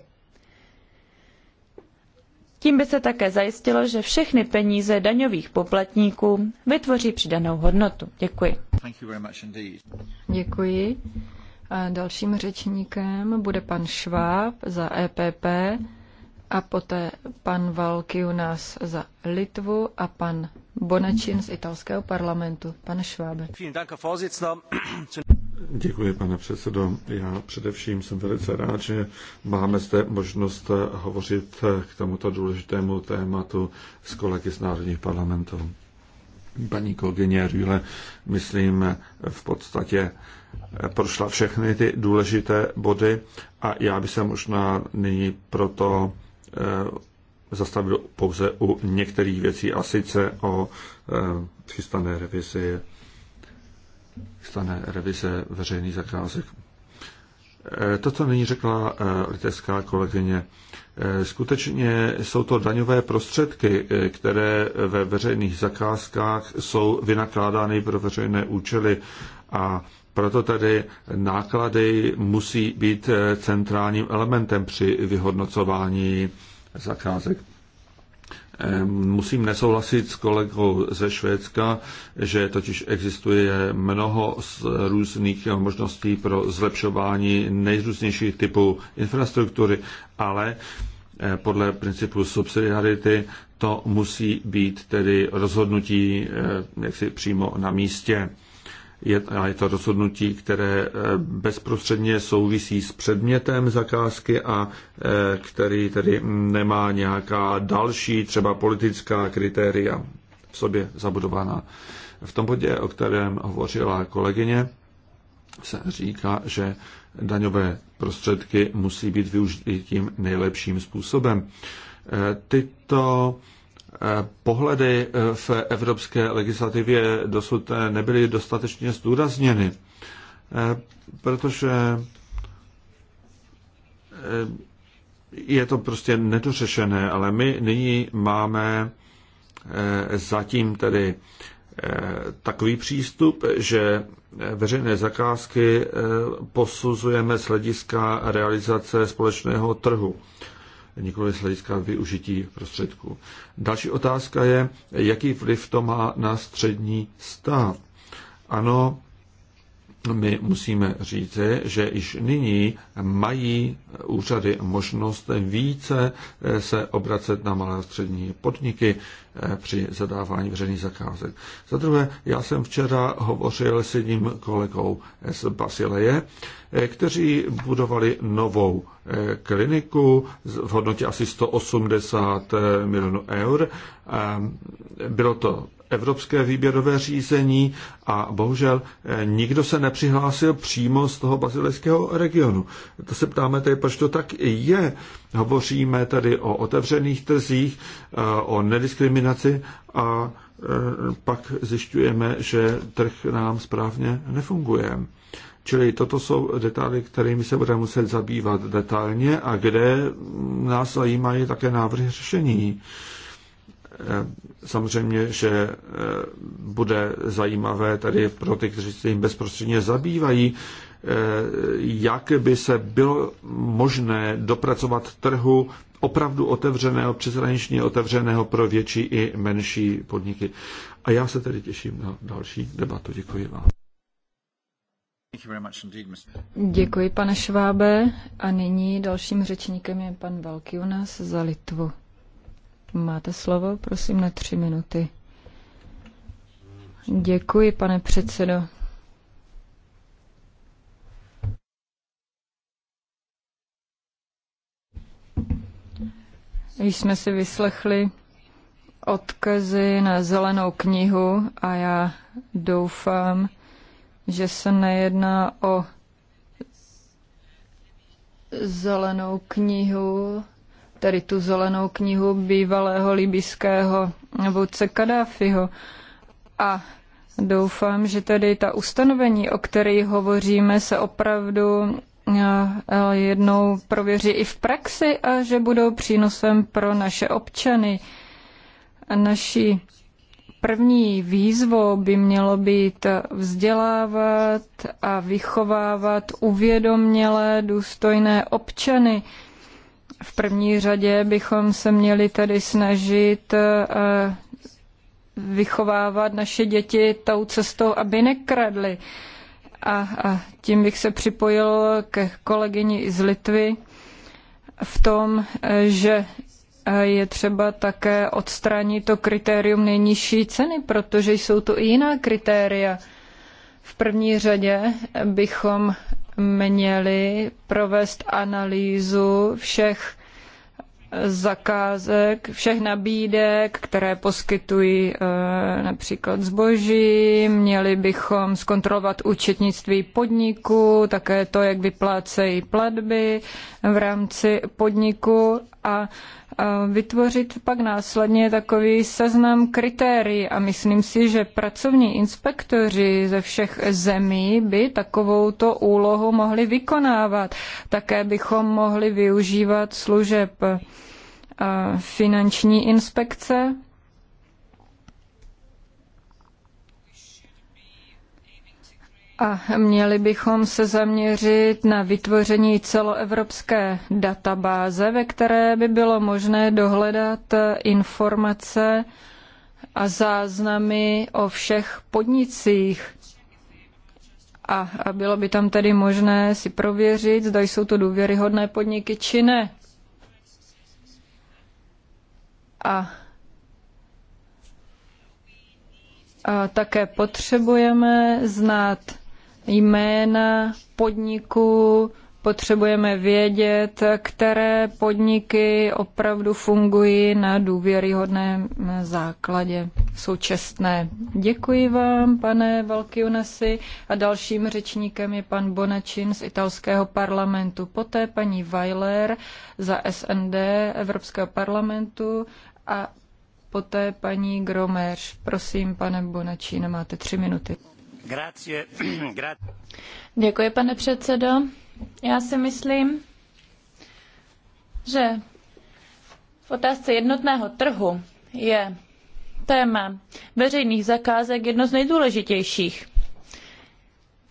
Tím by se také zajistilo, že všechny peníze daňových poplatníků vytvoří přidanou hodnotu. Děkuji. Děkuji. A dalším řečníkem bude pan Šváb za EPP a poté pan Valkiunas za Litvu a pan Bonačin z italského parlamentu. Pane Švábe. Děkuji, pane předsedo. Já především jsem velice rád, že máme zde možnost hovořit k tomuto důležitému tématu s kolegy z národních parlamentů. Paní kolegyně Rühle, myslím, v podstatě prošla všechny ty důležité body a já bych se možná nyní proto eh, zastavil pouze u některých věcí a sice o eh, chystané revizi stane revize veřejných zakázek. Eh, to, co nyní řekla eh, litevská kolegyně, eh, skutečně jsou to daňové prostředky, které ve veřejných zakázkách jsou vynakládány pro veřejné účely a proto tedy náklady musí být centrálním elementem při vyhodnocování zakázek. Musím nesouhlasit s kolegou ze Švédska, že totiž existuje mnoho různých možností pro zlepšování nejrůznějších typů infrastruktury, ale eh, podle principu subsidiarity to musí být tedy rozhodnutí eh, jaksi přímo na místě je, je to rozhodnutí, které eh, bezprostředně souvisí s předmětem zakázky a eh, který tedy nemá nějaká další, třeba politická kritéria v sobě zabudovaná. V tom bodě, o kterém hovořila kolegyně, se říká, že daňové prostředky musí být využity tím nejlepším způsobem. Eh, tyto pohledy eh, v evropské legislativě dosud eh, nebyly dostatečně zdůrazněny, eh, protože je to prostě nedořešené, ale my nyní máme zatím tedy takový přístup, že veřejné zakázky posuzujeme z hlediska realizace společného trhu nikoli z hlediska využití prostředků. Další otázka je, jaký vliv to má na střední stát. Ano, my musíme říci, že již nyní mají úřady možnost více eh, se obracet na malé a střední podniky eh, při zadávání veřejných zakázek. Za druhé, já jsem včera hovořil s jedním kolegou z Basileje, eh, kteří budovali novou kliniku v hodnotě asi 180 milionů eur. Bylo to evropské výběrové řízení a bohužel eh, nikdo se nepřihlásil přímo z toho bazilejského regionu. To se ptáme tady, proč to tak je. Hovoříme tady o otevřených trzích, eh, o nediskriminaci a eh, pak zjišťujeme, že trh nám správně nefunguje. Čili toto jsou detaily, kterými se budeme muset zabývat detailně a kde nás zajímají také návrhy řešení. Eh, samozřejmě, že eh, bude zajímavé tady pro ty, kteří se jim bezprostředně zabývají, eh, jak by se bylo možné dopracovat trhu opravdu otevřeného, přeshraničně otevřeného pro větší i menší podniky. A já se tedy těším na další debatu. Děkuji vám. Děkuji, pane Švábe. A nyní dalším řečníkem je pan Valkiunas za Litvu. Máte slovo, prosím, na tři minuty. Děkuji, pane předsedo. Již jsme si vyslechli odkazy na zelenou knihu a já doufám, že se nejedná o zelenou knihu tedy tu zelenou knihu bývalého libyského vůdce Kadáfiho. A doufám, že tedy ta ustanovení, o kterých hovoříme, se opravdu eh, eh, jednou prověří i v praxi a že budou přínosem pro naše občany. A naší první výzvou by mělo být vzdělávat a vychovávat uvědomělé, důstojné občany, v první řadě bychom se měli tedy snažit eh, vychovávat naše děti tou cestou, aby nekradly. A, a tím bych se připojil ke kolegyni z Litvy v tom, eh, že eh, je třeba také odstranit to kritérium nejnižší ceny, protože jsou to i jiná kritéria. V první řadě bychom měli provést analýzu všech zakázek, všech nabídek, které poskytují eh, například zboží. Měli bychom zkontrolovat účetnictví podniku, také to, jak vyplácejí platby v rámci podniku a vytvořit pak následně takový seznam kritérií a myslím si, že pracovní inspektoři ze všech zemí by takovouto úlohu mohli vykonávat. Také bychom mohli využívat služeb finanční inspekce, A měli bychom se zaměřit na vytvoření celoevropské databáze, ve které by bylo možné dohledat informace a záznamy o všech podnicích. A, bylo by tam tedy možné si prověřit, zda jsou to důvěryhodné podniky či ne. A také potřebujeme znát jména podniků, potřebujeme vědět, které podniky opravdu fungují na důvěryhodném základě současné. Děkuji vám, pane Valkyunasi. A dalším řečníkem je pan Bonačin z italského parlamentu. Poté paní Weiler za SND Evropského parlamentu a poté paní Gromerš. Prosím, pane Bonačin, máte tři minuty. Děkuji, pane předsedo. Já si myslím, že v otázce jednotného trhu je téma veřejných zakázek jedno z nejdůležitějších.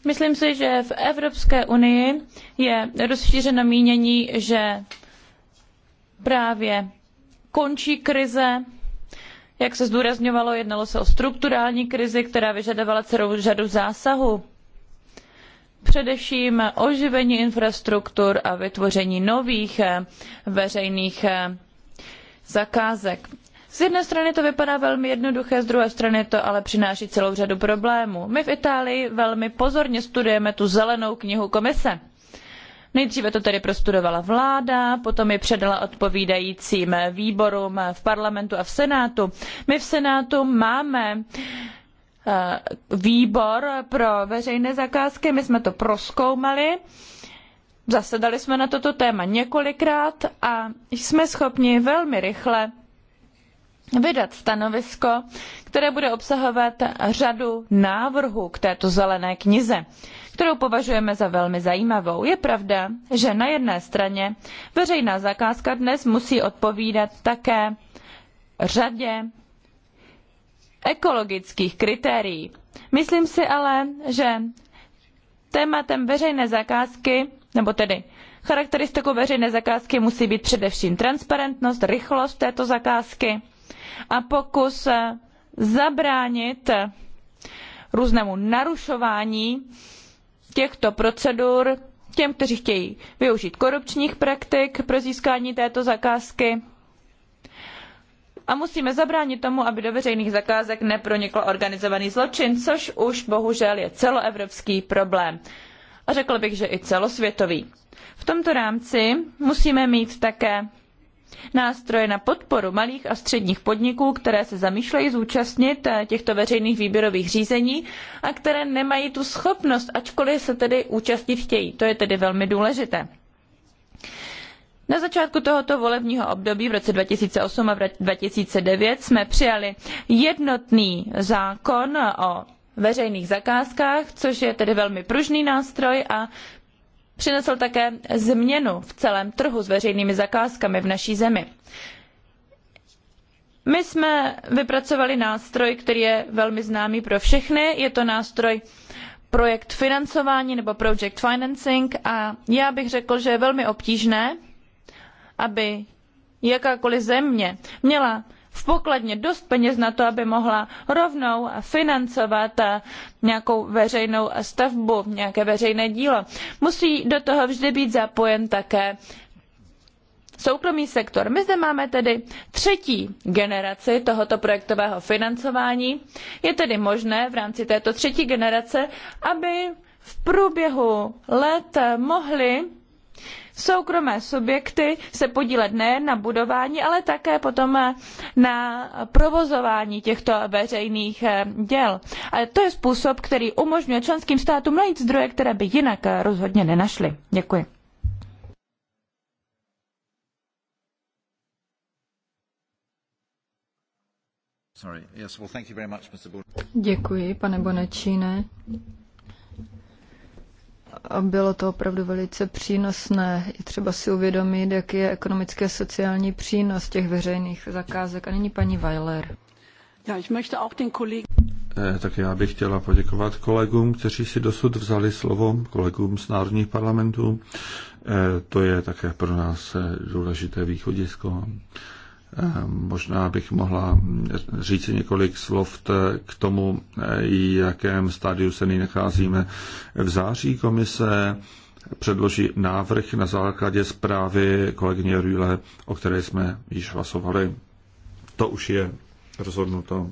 Myslím si, že v Evropské unii je rozšířeno mínění, že právě končí krize jak se zdůrazňovalo, jednalo se o strukturální krizi, která vyžadovala celou řadu zásahů. Především oživení infrastruktur a vytvoření nových eh, veřejných eh, zakázek. Z jedné strany to vypadá velmi jednoduché, z druhé strany to ale přináší celou řadu problémů. My v Itálii velmi pozorně studujeme tu zelenou knihu komise Nejdříve to tedy prostudovala vláda, potom je předala odpovídajícím výborům v parlamentu a v Senátu. My v Senátu máme eh, výbor pro veřejné zakázky, my jsme to proskoumali, zasedali jsme na toto téma několikrát a jsme schopni velmi rychle vydat stanovisko, které bude obsahovat řadu návrhů k této zelené knize kterou považujeme za velmi zajímavou. Je pravda, že na jedné straně veřejná zakázka dnes musí odpovídat také řadě ekologických kritérií. Myslím si ale, že tématem veřejné zakázky, nebo tedy charakteristikou veřejné zakázky musí být především transparentnost, rychlost této zakázky a pokus zabránit různému narušování těchto procedur těm, kteří chtějí využít korupčních praktik pro získání této zakázky. A musíme zabránit tomu, aby do veřejných zakázek nepronikl organizovaný zločin, což už bohužel je celoevropský problém. A řekl bych, že i celosvětový. V tomto rámci musíme mít také nástroje na podporu malých a středních podniků, které se zamýšlejí zúčastnit eh, těchto veřejných výběrových řízení a které nemají tu schopnost, ačkoliv se tedy účastnit chtějí. To je tedy velmi důležité. Na začátku tohoto volebního období v roce 2008 a 2009 jsme přijali jednotný zákon o veřejných zakázkách, což je tedy velmi pružný nástroj a přinesl také změnu v celém trhu s veřejnými zakázkami v naší zemi. My jsme vypracovali nástroj, který je velmi známý pro všechny. Je to nástroj projekt financování nebo project financing a já bych řekl, že je velmi obtížné, aby jakákoliv země měla v pokladně dost peněz na to, aby mohla rovnou financovat eh, nějakou veřejnou stavbu, nějaké veřejné dílo. Musí do toho vždy být zapojen také soukromý sektor. My zde máme tedy třetí generaci tohoto projektového financování. Je tedy možné v rámci této třetí generace, aby v průběhu let mohly soukromé subjekty se podílet nejen na budování, ale také potom na provozování těchto veřejných eh, děl. A to je způsob, který umožňuje členským státům najít zdroje, které by jinak eh, rozhodně nenašly. Děkuji. Děkuji, pane Bonečíne a bylo to opravdu velice přínosné. Je třeba si uvědomit, jaký je ekonomický a sociální přínos těch veřejných zakázek. A nyní paní Weiler. Já, ich möchte auch den Kollegen... Eh, tak já bych chtěla poděkovat kolegům, kteří si dosud vzali slovo, kolegům z národních parlamentů. Eh, to je také pro nás eh, důležité východisko. Možná bych mohla říct několik slov k tomu, jakém stádiu se nyní nacházíme. V září komise předloží návrh na základě zprávy kolegyně Rüle, o které jsme již hlasovali. To už je rozhodnuto.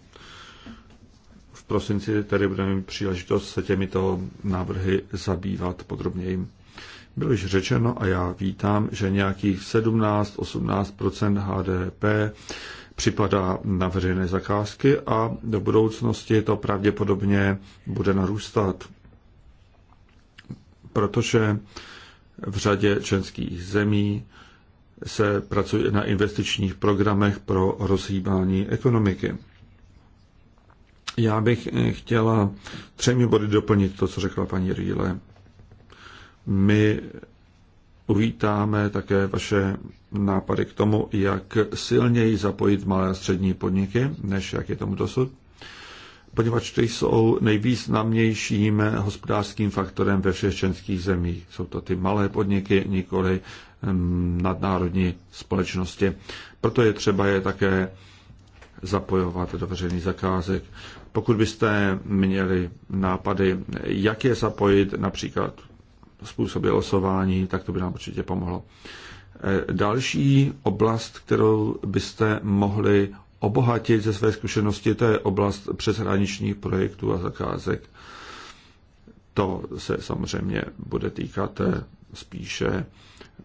V prosinci tedy budeme mít příležitost se těmito návrhy zabývat podrobněji. Bylo již řečeno a já vítám, že nějakých 17-18 HDP připadá na veřejné zakázky a do budoucnosti to pravděpodobně bude narůstat, protože v řadě členských zemí se pracuje na investičních programech pro rozhýbání ekonomiky. Já bych chtěla třemi body doplnit to, co řekla paní Rýle. My uvítáme také vaše nápady k tomu, jak silněji zapojit malé a střední podniky, než jak je tomu dosud, poněvadž ty jsou nejvýznamnějším hospodářským faktorem ve všech členských zemích. Jsou to ty malé podniky, nikoli mm, nadnárodní společnosti. Proto je třeba je také zapojovat do veřejných zakázek. Pokud byste měli nápady, jak je zapojit například způsoby losování, tak to by nám určitě pomohlo. E, další oblast, kterou byste mohli obohatit ze své zkušenosti, to je oblast přeshraničních projektů a zakázek. To se samozřejmě bude týkat e, spíše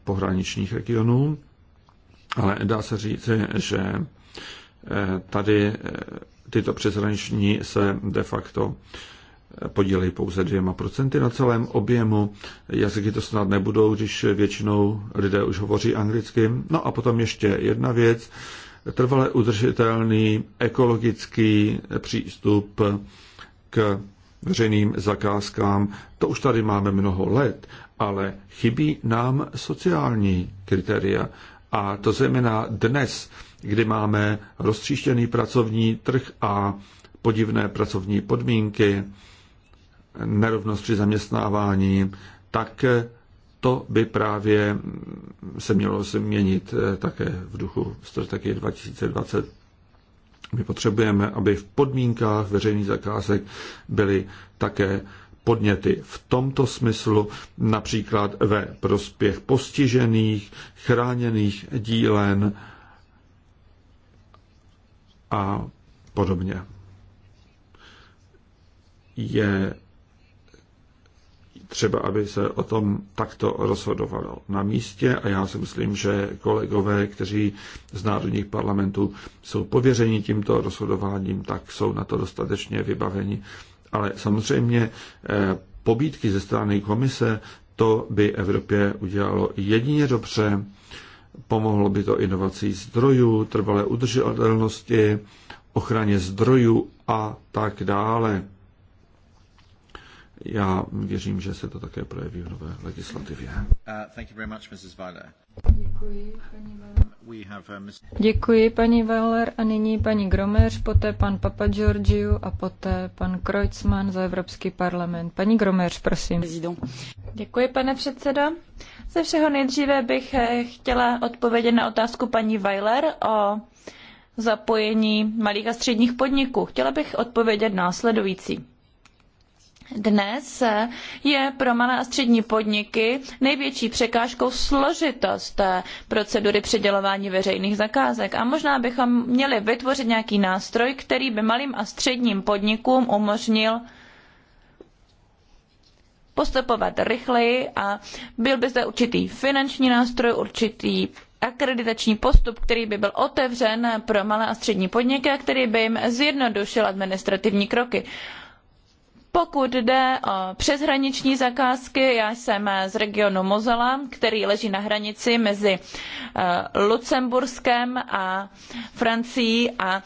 pohraničních regionů, ale dá se říci, že e, tady tyto přeshraniční se de facto podílejí pouze dvěma procenty na celém objemu. Jazyky to snad nebudou, když většinou lidé už hovoří anglicky. No a potom ještě jedna věc. Trvale udržitelný ekologický přístup k veřejným zakázkám. To už tady máme mnoho let, ale chybí nám sociální kritéria. A to zejména dnes, kdy máme roztříštěný pracovní trh a podivné pracovní podmínky, nerovnost při zaměstnávání, tak to by právě se mělo změnit eh, také v duchu strategie 2020. My potřebujeme, aby v podmínkách veřejných zakázek byly také podněty v tomto smyslu, například ve prospěch postižených, chráněných dílen a podobně. Je třeba, aby se o tom takto rozhodovalo na místě a já si myslím, že kolegové, kteří z národních parlamentů jsou pověřeni tímto rozhodováním, tak jsou na to dostatečně vybaveni. Ale samozřejmě eh, pobídky ze strany komise, to by Evropě udělalo jedině dobře, pomohlo by to inovací zdrojů, trvalé udržitelnosti, ochraně zdrojů a tak dále já věřím, že se to také projeví v nové legislativě. Uh, Děkuji, paní Weller. Uh, a nyní paní Gromeř, poté pan Papa Giorgiu a poté pan Kreutzmann za Evropský parlament. Paní Gromeř, prosím. Děkuji, pane předsedo. Ze všeho nejdříve bych eh, chtěla odpovědět na otázku paní Weiler o zapojení malých a středních podniků. Chtěla bych odpovědět následující. Dnes je pro malé a střední podniky největší překážkou složitost procedury přidělování veřejných zakázek. A možná bychom měli vytvořit nějaký nástroj, který by malým a středním podnikům umožnil postupovat rychleji a byl by zde určitý finanční nástroj, určitý akreditační postup, který by byl otevřen pro malé a střední podniky a který by jim zjednodušil administrativní kroky. Pokud jde o přeshraniční zakázky, já jsem z regionu Mozela, který leží na hranici mezi eh, Lucemburskem a Francií a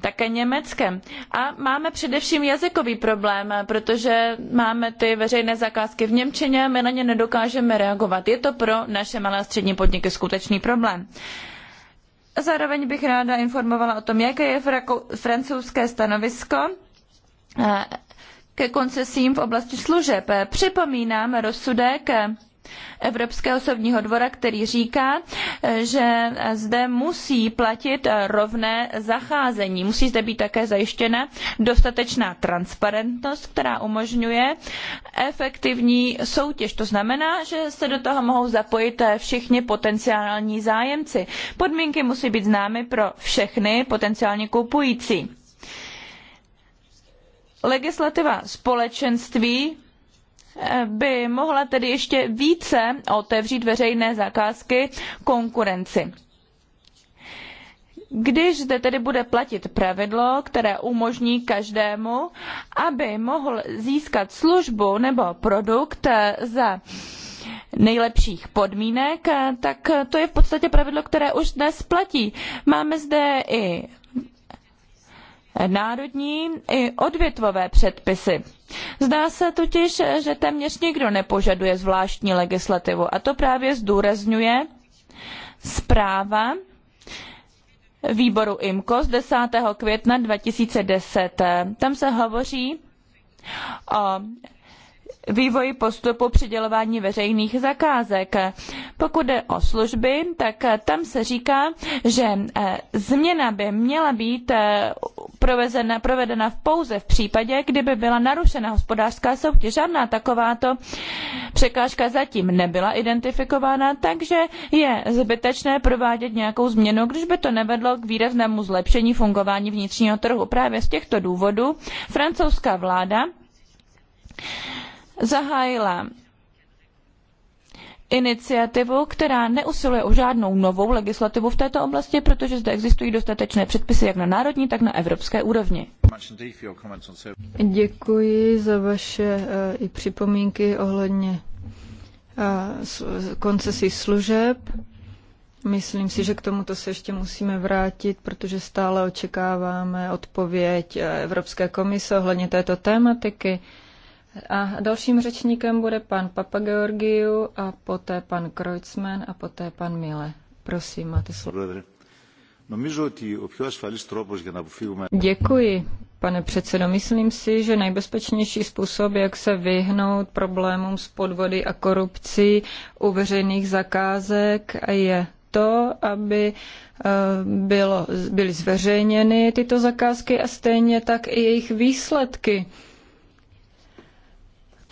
také Německem. A máme především jazykový problém, protože máme ty veřejné zakázky v Němčině, my na ně nedokážeme reagovat. Je to pro naše malé a střední podniky skutečný problém. Zároveň bych ráda informovala o tom, jaké je francouzské stanovisko eh, ke koncesím v oblasti služeb. Připomínám rozsudek Evropského soudního dvora, který říká, že zde musí platit rovné zacházení. Musí zde být také zajištěna dostatečná transparentnost, která umožňuje efektivní soutěž. To znamená, že se do toho mohou zapojit všichni potenciální zájemci. Podmínky musí být známy pro všechny potenciální kupující legislativa společenství eh, by mohla tedy ještě více otevřít veřejné zakázky konkurenci. Když zde tedy bude platit pravidlo, které umožní každému, aby mohl získat službu nebo produkt eh, za nejlepších podmínek, eh, tak to je v podstatě pravidlo, které už dnes platí. Máme zde i národní i odvětvové předpisy. Zdá se totiž, že téměř nikdo nepožaduje zvláštní legislativu a to právě zdůrazňuje zpráva výboru IMCO z 10. května 2010. Tam se hovoří o vývoji postupu přidělování veřejných zakázek. Pokud jde o služby, tak tam se říká, že eh, změna by měla být eh, provedena, provedena v pouze v případě, kdyby byla narušena hospodářská soutěž. Žádná takováto překážka zatím nebyla identifikována, takže je zbytečné provádět nějakou změnu, když by to nevedlo k výraznému zlepšení fungování vnitřního trhu. Právě z těchto důvodů francouzská vláda zahájila iniciativu, která neusiluje o žádnou novou legislativu v této oblasti, protože zde existují dostatečné předpisy jak na národní, tak na evropské úrovni. Děkuji za vaše eh, i připomínky ohledně eh, koncesí služeb. Myslím si, že k tomuto se ještě musíme vrátit, protože stále očekáváme odpověď eh, Evropské komise ohledně této tématiky. A dalším řečníkem bude pan Papageorgiou a poté pan Kreutzmann a poté pan Mile. Prosím, máte slovo. Děkuji, pane předsedo. Myslím si, že nejbezpečnější způsob, jak se vyhnout problémům s podvody a korupcí u veřejných zakázek, je to, aby eh, bylo, byly zveřejněny tyto zakázky a stejně tak i jejich výsledky.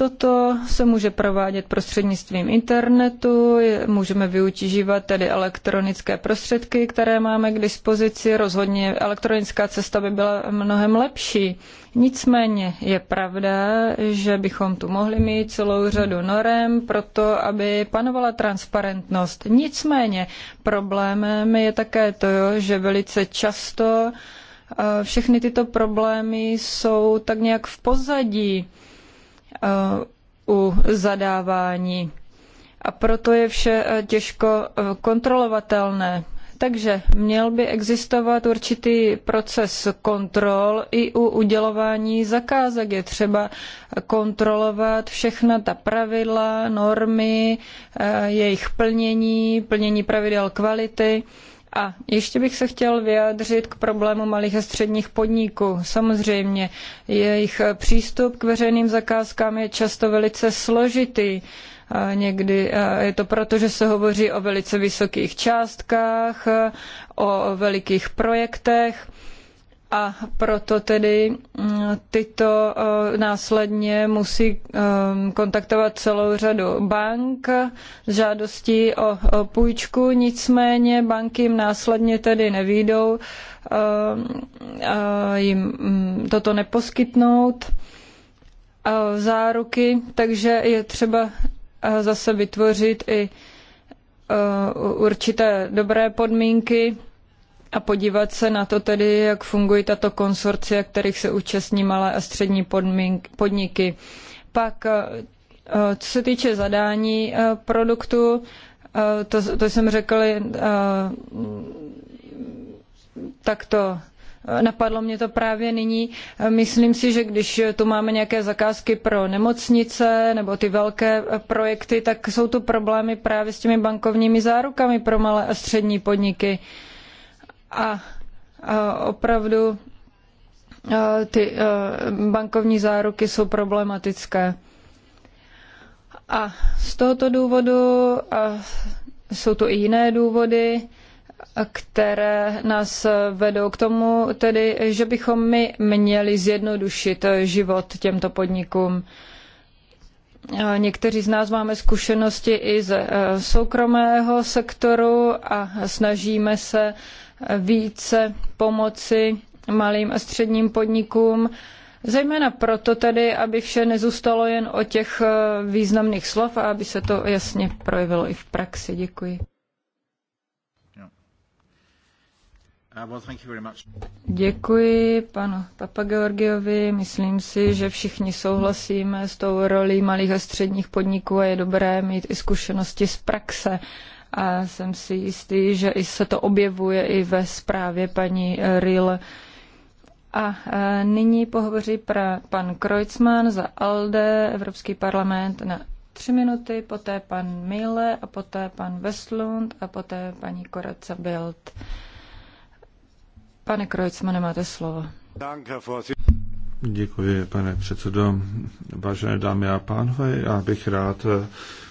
Toto se může provádět prostřednictvím internetu, můžeme využívat tedy elektronické prostředky, které máme k dispozici. Rozhodně elektronická cesta by byla mnohem lepší. Nicméně je pravda, že bychom tu mohli mít celou řadu norem pro to, aby panovala transparentnost. Nicméně problémem je také to, že velice často eh, všechny tyto problémy jsou tak nějak v pozadí u zadávání. A proto je vše eh, těžko eh, kontrolovatelné. Takže měl by existovat určitý proces kontrol i u udělování zakázek. Je třeba kontrolovat všechna ta pravidla, normy, eh, jejich plnění, plnění pravidel kvality. A ještě bych se chtěl vyjádřit k problému malých a středních podniků. Samozřejmě, jejich přístup k veřejným zakázkám je často velice složitý. A někdy je to proto, že se hovoří o velice vysokých částkách, o velikých projektech a proto tedy mm, tyto eh, následně musí eh, kontaktovat celou řadu bank s žádostí o půjčku, nicméně banky jim následně tedy nevídou, eh, jim mm, toto neposkytnout záruky, takže je třeba zase vytvořit i určité dobré podmínky a podívat se na to tedy, jak fungují tato konsorcia, kterých se účastní malé a střední podniky. Pak, eh, eh, co se týče zadání eh, produktu, to, to jsem řekl, tak to Napadlo mě to právě nyní. Myslím si, že když tu máme nějaké zakázky pro nemocnice nebo ty velké projekty, tak jsou tu problémy právě s těmi bankovními zárukami pro malé a střední podniky. Uh, a, a opravdu e, ty e, bankovní záruky jsou problematické. A z tohoto důvodu a jsou tu i jiné důvody, které nás vedou k tomu, tedy, že bychom my měli zjednodušit život těmto podnikům. Eh, někteří z nás máme zkušenosti i ze eh, soukromého sektoru a snažíme se eh, více pomoci malým a středním podnikům. Zejména proto tedy, aby vše nezůstalo jen o těch významných slov a aby se to jasně projevilo i v praxi. Děkuji. Uh, Děkuji panu Papageorgiovi. Myslím si, že všichni souhlasíme s tou rolí malých a středních podniků a je dobré mít i zkušenosti z praxe. A jsem si jistý, že i se to objevuje i ve zprávě paní Ril. A e, nyní pohovoří pra, pan Kreuzmann za ALDE, Evropský parlament na tři minuty, poté pan Mille a poté pan Westlund a poté paní Koraca Bildt. Pane Krojcmane, máte slovo. Děkuji, pane předsedo. Vážené dámy a pánové, já bych rád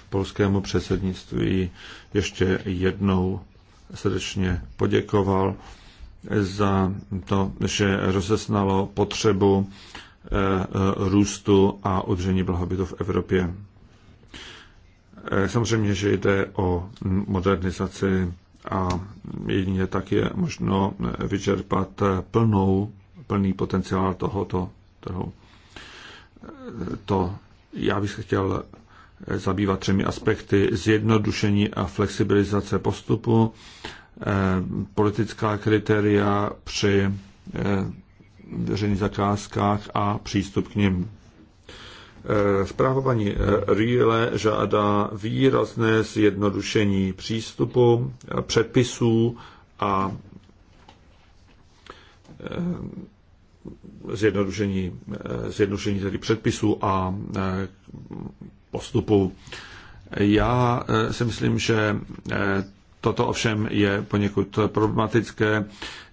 polskému předsednictví ještě jednou srdečně poděkoval za to, že rozesnalo potřebu eh, růstu a udržení blahobytu v Evropě. Eh, samozřejmě, že jde o modernizaci a jedině tak je možno vyčerpat plnou, plný potenciál tohoto trhu. To já bych se chtěl zabývat třemi aspekty. Zjednodušení a flexibilizace postupu, eh, politická kritéria při eh, veřejných zakázkách a přístup k nim. Eh, Zprávování eh, Riele žádá výrazné zjednodušení přístupu, eh, předpisů a zjednodušení, zjednodušení tedy předpisů a postupu. Já si myslím, že Toto ovšem je poněkud problematické.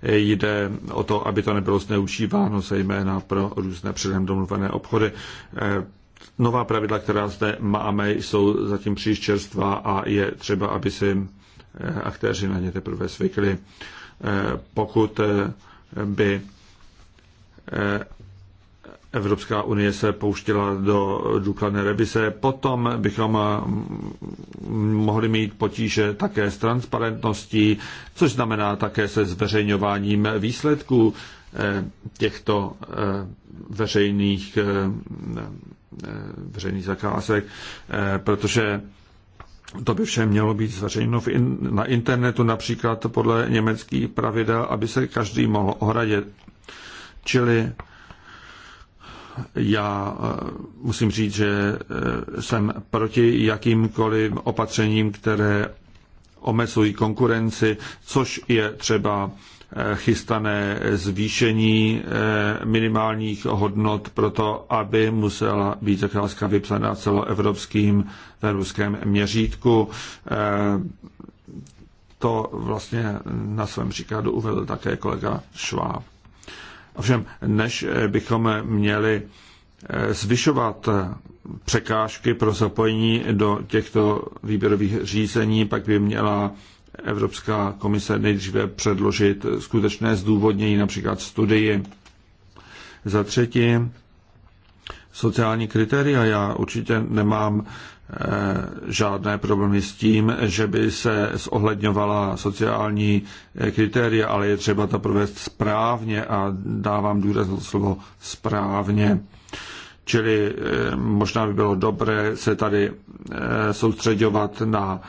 Jde o to, aby to nebylo zneužíváno, zejména pro různé předem domluvené obchody. Eh, nová pravidla, která zde máme, jsou zatím příliš čerstvá a je třeba, aby si eh, aktéři na ně teprve zvykli. Eh, pokud by Evropská unie se pouštěla do důkladné revize. Potom bychom eh, mohli mít potíže také s transparentností, což znamená také se zveřejňováním výsledků eh, těchto eh, veřejných, veřejných zakázek, protože to by vše mělo být zveřejněno na internetu, například podle německých pravidel, aby se každý mohl ohradit. Čili já eh, musím říct, že eh, jsem proti jakýmkoliv opatřením, které omezují konkurenci, což je třeba eh, chystané zvýšení minimálních hodnot pro to, aby musela být zakázka vypsaná celoevropským ve ruském měřítku. To vlastně na svém příkladu uvedl také kolega Šváb. Ovšem, než eh, bychom měli eh, zvyšovat eh, překážky pro zapojení do těchto výběrových řízení, pak by měla Evropská komise nejdříve předložit skutečné zdůvodnění, například studii. Za třetí, sociální kritéria. Já určitě nemám Eh, žádné problémy s tím, že by se zohledňovala sociální eh, kritéria, ale je třeba to provést správně a dávám důraz na slovo správně. Čili eh, možná by bylo dobré se tady soustředovat na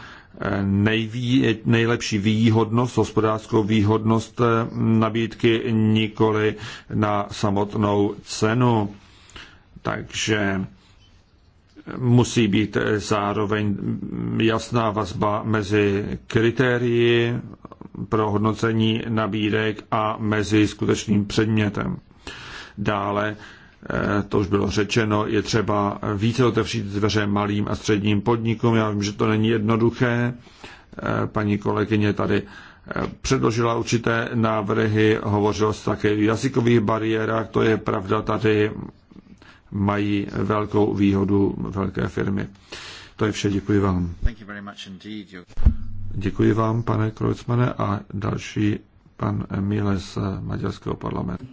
nejví, nejlepší výhodnost, hospodářskou výhodnost nabídky, nikoli na samotnou cenu. Takže musí být zároveň jasná vazba mezi kritérii pro hodnocení nabídek a mezi skutečným předmětem. Dále, eh, to už bylo řečeno, je třeba více otevřít dveře malým a středním podnikům. Já vím, že to není jednoduché. Eh, paní kolegyně tady eh, předložila určité návrhy, hovořilo se také o jazykových bariérách, to je pravda, tady mají velkou výhodu velké firmy. To je vše, děkuji vám. Děkuji vám, pane Kreutzmane, a další pan Emile z eh, Maďarského parlamentu.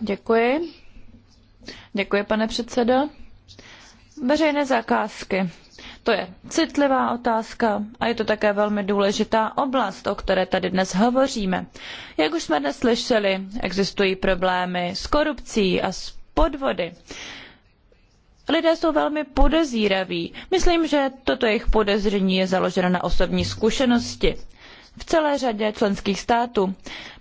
Děkuji. Děkuji, pane předsedo. Veřejné zakázky. To je citlivá otázka a je to také velmi důležitá oblast, o které tady dnes hovoříme. Jak už jsme dnes slyšeli, existují problémy s korupcí a s podvody. Lidé jsou velmi podezíraví. Myslím, že toto jejich podezření je založeno na osobní zkušenosti v celé řadě členských států.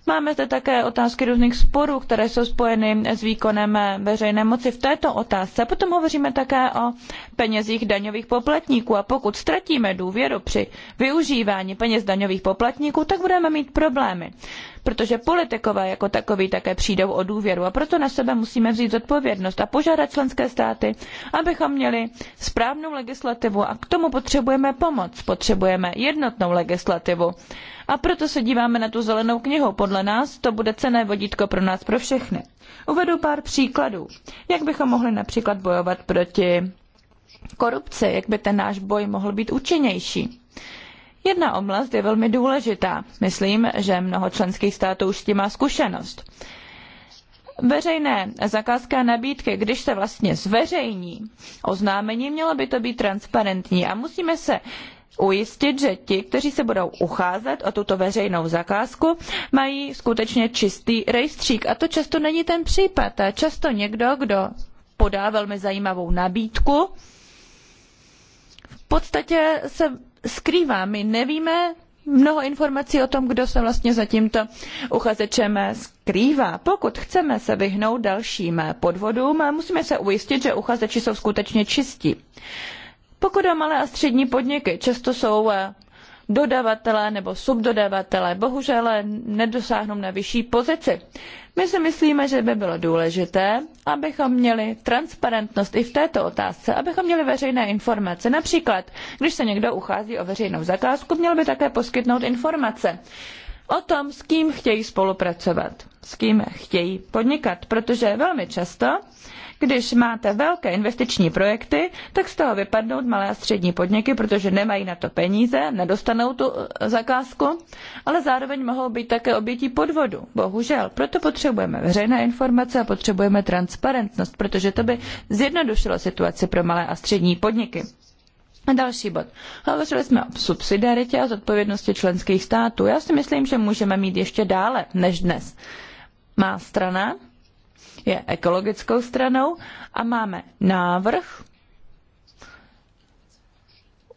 Máme zde také otázky různých sporů, které jsou spojeny s výkonem veřejné moci v této otázce. Potom hovoříme také o penězích daňových poplatníků a pokud ztratíme důvěru při využívání peněz daňových poplatníků, tak budeme mít problémy protože politikové jako takoví také přijdou o důvěru a proto na sebe musíme vzít zodpovědnost a požádat členské státy, abychom měli správnou legislativu a k tomu potřebujeme pomoc, potřebujeme jednotnou legislativu. A proto se díváme na tu zelenou knihu. Podle nás to bude cené vodítko pro nás, pro všechny. Uvedu pár příkladů. Jak bychom mohli například bojovat proti korupci, jak by ten náš boj mohl být účinnější. Jedna oblast je velmi důležitá. Myslím, že mnoho členských států už s tím má zkušenost. Veřejné zakázky a nabídky, když se vlastně zveřejní oznámení, mělo by to být transparentní a musíme se ujistit, že ti, kteří se budou ucházet o tuto veřejnou zakázku, mají skutečně čistý rejstřík. A to často není ten případ. A často někdo, kdo podá velmi zajímavou nabídku, v podstatě se skrývá. My nevíme mnoho informací o tom, kdo se vlastně za tímto uchazečem skrývá. Pokud chceme se vyhnout dalším podvodům, musíme se ujistit, že uchazeči jsou skutečně čistí. Pokud o malé a střední podniky, často jsou eh, dodavatelé nebo subdodavatelé, bohužel eh, nedosáhnou na vyšší pozici. My si myslíme, že by bylo důležité, abychom měli transparentnost i v této otázce, abychom měli veřejné informace. Například, když se někdo uchází o veřejnou zakázku, měl by také poskytnout informace o tom, s kým chtějí spolupracovat, s kým chtějí podnikat, protože velmi často když máte velké investiční projekty, tak z toho vypadnou malé a střední podniky, protože nemají na to peníze, nedostanou tu eh, zakázku, ale zároveň mohou být také obětí podvodu. Bohužel, proto potřebujeme veřejné informace a potřebujeme transparentnost, protože to by zjednodušilo situaci pro malé a střední podniky. A další bod. Hovořili jsme o subsidiaritě a zodpovědnosti členských států. Já si myslím, že můžeme mít ještě dále než dnes. Má strana je ekologickou stranou a máme návrh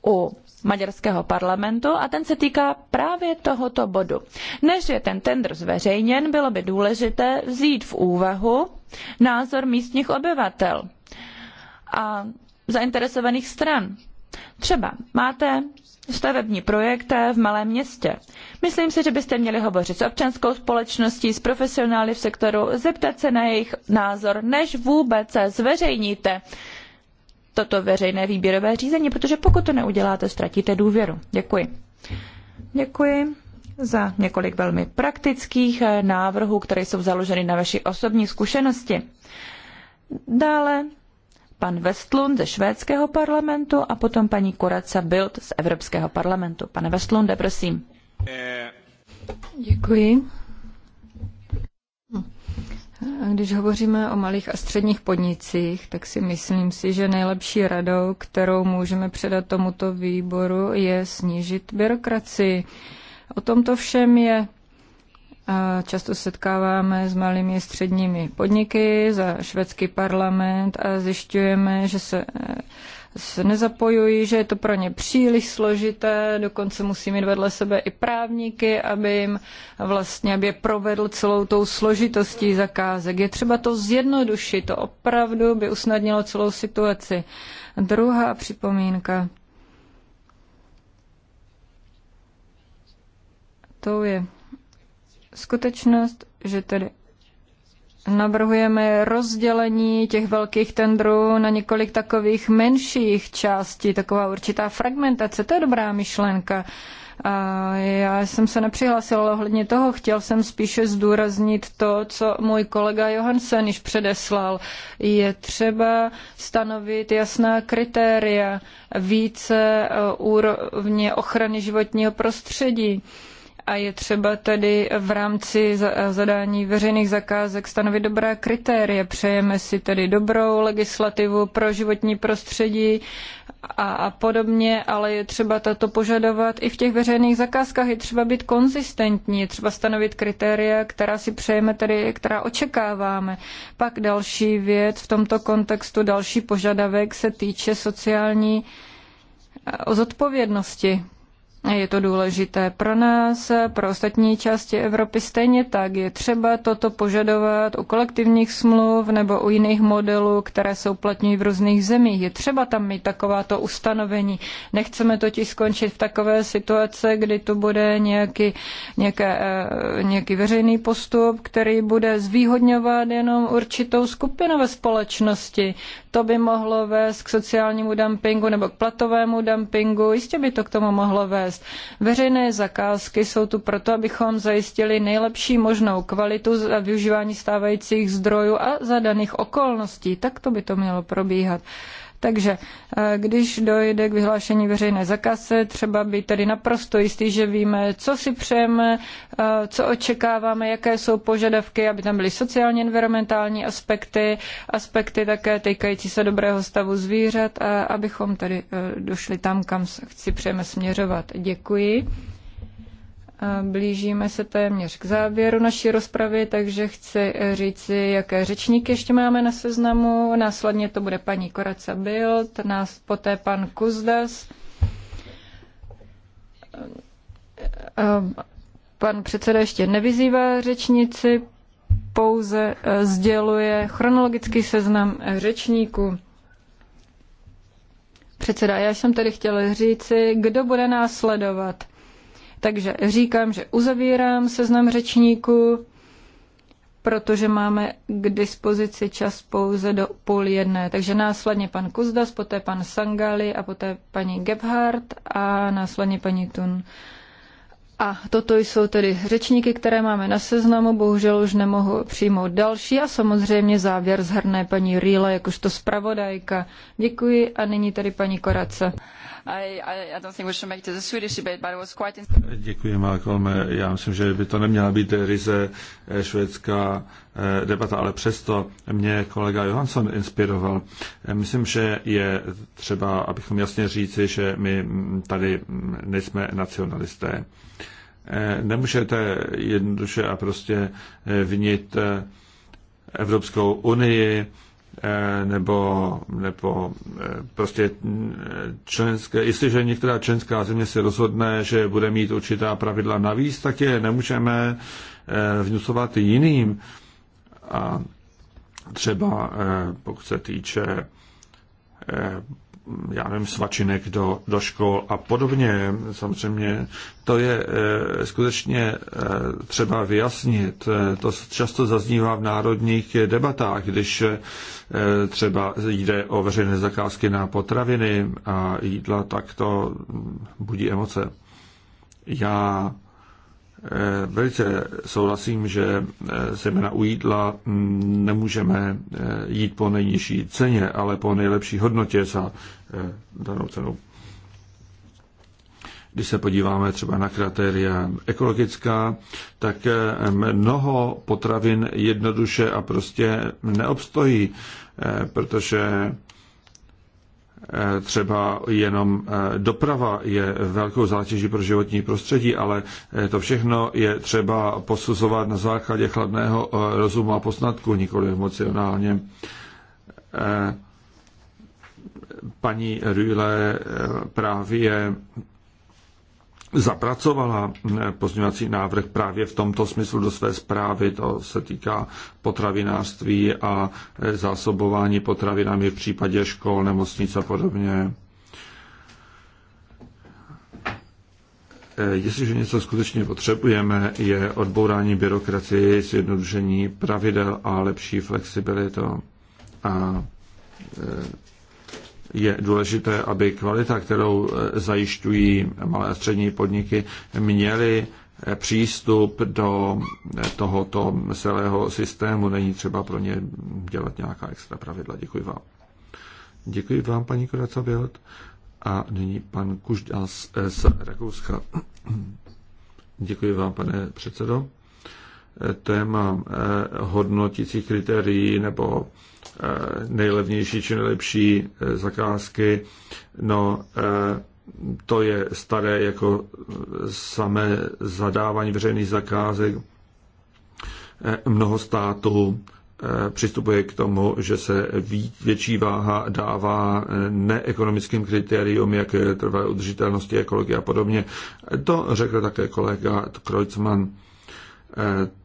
u maďarského parlamentu a ten se týká právě tohoto bodu. Než je ten tender zveřejněn, bylo by důležité vzít v úvahu názor místních obyvatel a zainteresovaných stran. Třeba máte stavební projekt v malém městě. Myslím si, že byste měli hovořit s občanskou společností, s profesionály v sektoru, zeptat se na jejich názor, než vůbec zveřejníte toto veřejné výběrové řízení, protože pokud to neuděláte, ztratíte důvěru. Děkuji. Děkuji za několik velmi praktických eh, návrhů, které jsou založeny na vaší osobní zkušenosti. Dále pan Westlund ze švédského parlamentu a potom paní Koraca Bild z Evropského parlamentu. Pane Westlunde, prosím. Děkuji. Když hovoříme o malých a středních podnicích, tak si myslím si, že nejlepší radou, kterou můžeme předat tomuto výboru, je snížit byrokracii. O tomto všem je Často setkáváme s malými středními podniky za švédský parlament a zjišťujeme, že se, eh, se nezapojují, že je to pro ně příliš složité, dokonce musí mít vedle sebe i právníky, aby jim vlastně, aby je provedl celou tou složitostí zakázek. Je třeba to zjednodušit, to opravdu by usnadnilo celou situaci. Druhá připomínka. To je skutečnost, že tedy navrhujeme rozdělení těch velkých tendrů na několik takových menších částí, taková určitá fragmentace, to je dobrá myšlenka. A já jsem se nepřihlásil, ohledně toho chtěl jsem spíše zdůraznit to, co můj kolega Johansen již předeslal. Je třeba stanovit jasná kritéria, více e, úrovně ochrany životního prostředí a je třeba tedy v rámci zadání veřejných zakázek stanovit dobrá kritéria. Přejeme si tedy dobrou legislativu pro životní prostředí a, a podobně, ale je třeba tato požadovat i v těch veřejných zakázkách. Je třeba být konzistentní, je třeba stanovit kritéria, která si přejeme, tedy která očekáváme. Pak další věc v tomto kontextu, další požadavek se týče sociální eh, o zodpovědnosti je to důležité pro nás, pro ostatní části Evropy stejně tak. Je třeba toto požadovat u kolektivních smluv nebo u jiných modelů, které se uplatňují v různých zemích. Je třeba tam mít takováto ustanovení. Nechceme totiž skončit v takové situaci, kdy tu bude nějaký, nějaké, eh, nějaký veřejný postup, který bude zvýhodňovat jenom určitou skupinu ve společnosti. To by mohlo vést k sociálnímu dumpingu nebo k platovému dumpingu. Jistě by to k tomu mohlo vést vést. Veřejné zakázky jsou tu proto, abychom zajistili nejlepší možnou kvalitu za využívání stávajících zdrojů a za daných okolností. Tak to by to mělo probíhat. Takže eh, když dojde k vyhlášení veřejné zakázky, třeba být tedy naprosto jistý, že víme, co si přejeme, eh, co očekáváme, jaké jsou požadavky, aby tam byly sociálně environmentální aspekty, aspekty také týkající se dobrého stavu zvířat, a abychom tedy eh, došli tam, kam si přejeme směřovat. Děkuji. Blížíme se téměř k závěru naší rozpravy, takže chci eh, říci, jaké řečníky ještě máme na seznamu. Následně to bude paní Koraca Bild, nás poté pan Kuzdas, eh, eh, pan předseda ještě nevyzývá řečnici, pouze sděluje chronologický seznam řečníků. Předseda, já jsem tedy chtěla říci, kdo bude následovat. Takže říkám, že uzavírám seznam řečníků, protože máme k dispozici čas pouze do půl jedné. Takže následně pan Kuzdas, poté pan Sangali a poté paní Gebhardt a následně paní Tun. A toto jsou tedy řečníky, které máme na seznamu, bohužel už nemohu přijmout další a samozřejmě závěr zhrné paní Rýla jakožto zpravodajka. Děkuji a nyní tady paní Korace. Děkuji, Malcolm. Já myslím, že by to neměla být ryze eh, švédská eh, debata, ale přesto mě kolega Johansson inspiroval. Eh, myslím, že je třeba, abychom jasně říci, že my mm, tady mm, nejsme nacionalisté. Eh, nemůžete jednoduše a prostě eh, vnit eh, Evropskou unii nebo, nebo prostě členské, jestliže některá členská země se rozhodne, že bude mít určitá pravidla navíc, tak je nemůžeme vnucovat jiným. A třeba pokud se týče já nevím, svačinek do, do škol a podobně. Samozřejmě to je e, skutečně e, třeba vyjasnit. E, to často zaznívá v národních debatách, když e, třeba jde o veřejné zakázky na potraviny a jídla, tak to budí emoce. Já Eh, velice souhlasím, že eh, zejména u jídla mm, nemůžeme eh, jít po nejnižší ceně, ale po nejlepší hodnotě za danou cenu. Když se podíváme třeba na kritéria ekologická, tak mnoho potravin jednoduše a prostě neobstojí, protože třeba jenom eh, doprava je velkou zátěží pro životní prostředí, ale eh, to všechno je třeba posuzovat na základě chladného eh, rozumu a posnatku, nikoli emocionálně. Paní Rühle právě zapracovala eh, pozměňovací návrh právě v tomto smyslu do své zprávy. To se týká potravinářství a eh, zásobování potravinami v případě škol, nemocnic a podobně. Eh, jestliže něco skutečně potřebujeme, je odbourání byrokracie, zjednodušení pravidel a lepší flexibilita. A je důležité, aby kvalita, kterou e, zajišťují malé a střední podniky, měly e, přístup do e, tohoto celého systému. Není třeba pro ně dělat nějaká extra pravidla. Děkuji vám. Děkuji vám, paní Bělt. A nyní pan Kužďa z, z Rakouska. Děkuji vám, pane předsedo. Téma hodnotících kritérií nebo Eh, nejlevnější či nejlepší eh, zakázky. No, eh, to je staré jako samé zadávání veřejných zakázek. Mnoho států přistupuje k tomu, že se větší váha dává neekonomickým kritériům, jak je trvalé udržitelnosti, ekologie a podobně. To řekl také kolega Kreuzmann.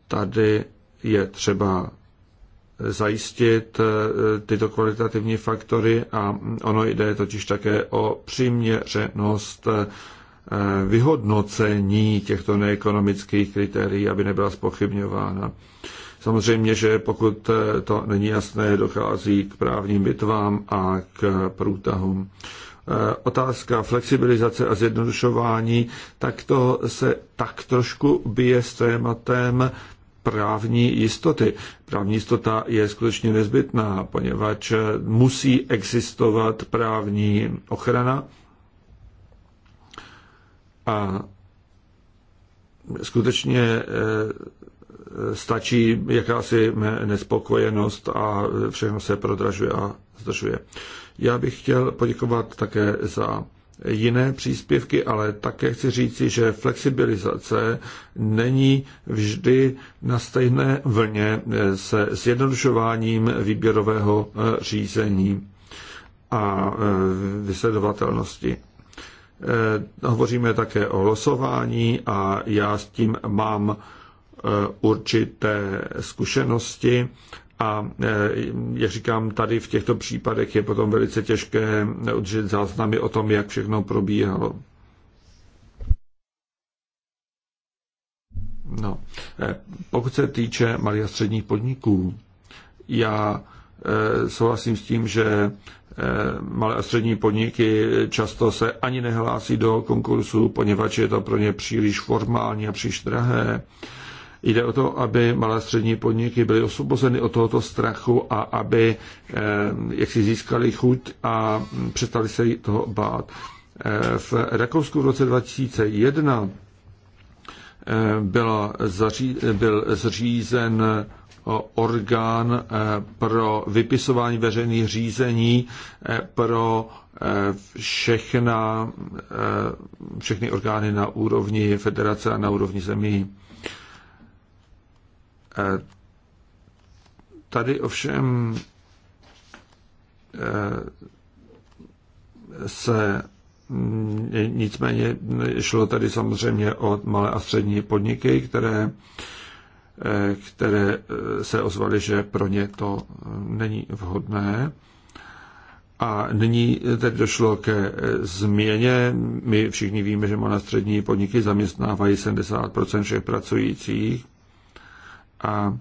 Tady je třeba zajistit eh, tyto kvalitativní faktory a ono jde totiž také o přiměřenost eh, vyhodnocení těchto neekonomických kritérií, aby nebyla spochybňována. Samozřejmě, že pokud eh, to není jasné, dochází k právním bitvám a k průtahům. Otázka flexibilizace a zjednodušování, tak to se tak trošku bije s tématem právní jistoty. Právní jistota je skutečně nezbytná, poněvadž musí existovat právní ochrana a skutečně eh, stačí jakási nespokojenost a všechno se prodražuje a zdržuje. Já bych chtěl poděkovat také za jiné příspěvky, ale také chci říci, že flexibilizace není vždy na stejné vlně eh, se zjednodušováním výběrového eh, řízení a eh, vysledovatelnosti. Hovoříme také o losování a já s tím mám určité zkušenosti a eh, jak říkám, tady v těchto případech je potom velice těžké udržet záznamy o tom, jak všechno probíhalo. No. Eh, pokud se týče malých a středních podniků, já eh, souhlasím s tím, že malé a střední podniky často se ani nehlásí do konkursu, poněvadž je to pro ně příliš formální a příliš drahé. Jde o to, aby malé a střední podniky byly osvobozeny od tohoto strachu a aby eh, jak si získali chuť a přestali se toho bát. Eh, v Rakousku v roce 2001 eh, byla zaří, byl zřízen orgán pro vypisování veřejných řízení pro všechna, všechny orgány na úrovni federace a na úrovni zemí. Eh, tady ovšem eh, se nicméně šlo tady samozřejmě o malé a střední podniky, které, eh, které se ozvaly, že pro ně to není vhodné. A nyní tedy došlo ke změně. My všichni víme, že malé střední podniky zaměstnávají 70 všech pracujících a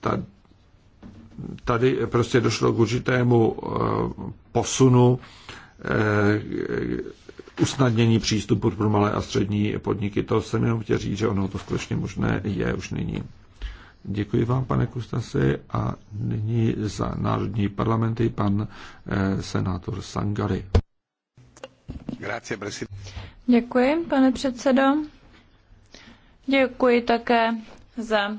ta, tady prostě došlo k určitému eh, posunu eh, usnadnění přístupu pro malé a střední podniky. To jsem jenom chtěl říct, že ono to skutečně možné je už nyní. Děkuji vám, pane Kustasi, a nyní za národní parlamenty pan eh, senátor Sangary. Děkuji, pane předsedo. Děkuji také za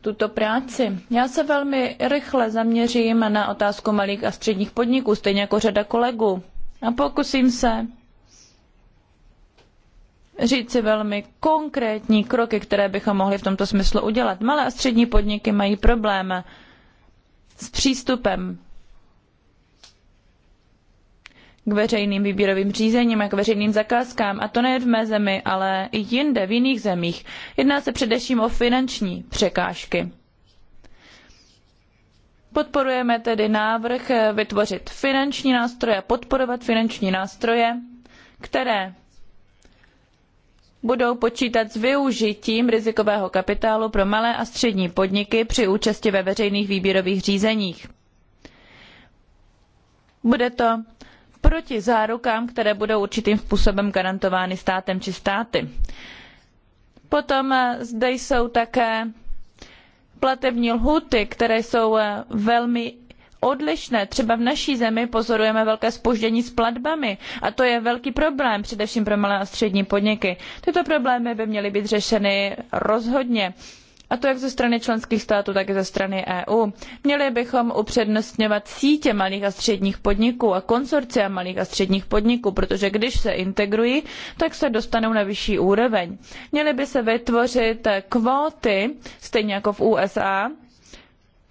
tuto práci. Já se velmi rychle zaměřím na otázku malých a středních podniků, stejně jako řada kolegů. A pokusím se říci velmi konkrétní kroky, které bychom mohli v tomto smyslu udělat. Malé a střední podniky mají problém s přístupem k veřejným výběrovým řízením a k veřejným zakázkám, a to nejen v mé zemi, ale i jinde, v jiných zemích. Jedná se především o finanční překážky. Podporujeme tedy návrh vytvořit finanční nástroje, podporovat finanční nástroje, které budou počítat s využitím rizikového kapitálu pro malé a střední podniky při účasti ve veřejných výběrových řízeních. Bude to proti zárukám, které budou určitým způsobem garantovány státem či státy. Potom eh, zde jsou také platební lhuty, které jsou eh, velmi odlišné. Třeba v naší zemi pozorujeme velké zpoždění s platbami a to je velký problém, především pro malé a střední podniky. Tyto problémy by měly být řešeny rozhodně a to jak ze strany členských států, tak i ze strany EU. Měli bychom upřednostňovat sítě malých a středních podniků a konsorcia malých a středních podniků, protože když se integrují, tak se dostanou na vyšší úroveň. Měly by se vytvořit kvóty, stejně jako v USA,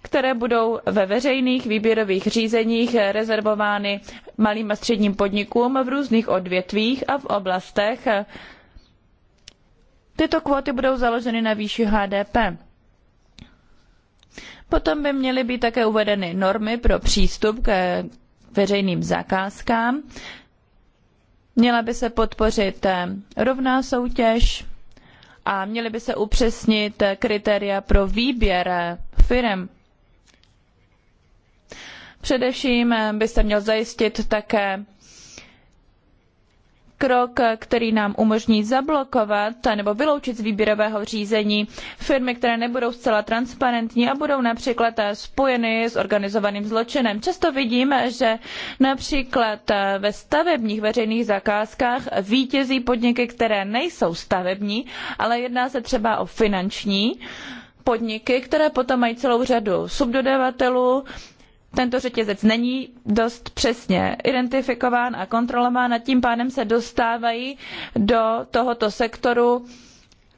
které budou ve veřejných výběrových řízeních rezervovány malým a středním podnikům v různých odvětvích a v oblastech, Tyto kvóty budou založeny na výši HDP. Potom by měly být také uvedeny normy pro přístup k veřejným zakázkám. Měla by se podpořit eh, rovná soutěž a měly by se upřesnit eh, kritéria pro výběr eh, firm. Především by se měl zajistit také krok, který nám umožní zablokovat nebo vyloučit z výběrového řízení firmy, které nebudou zcela transparentní a budou například spojeny s organizovaným zločinem. Často vidíme, že například ve stavebních veřejných zakázkách vítězí podniky, které nejsou stavební, ale jedná se třeba o finanční podniky, které potom mají celou řadu subdodavatelů, tento řetězec není dost přesně identifikován a kontrolován a tím pádem se dostávají do tohoto sektoru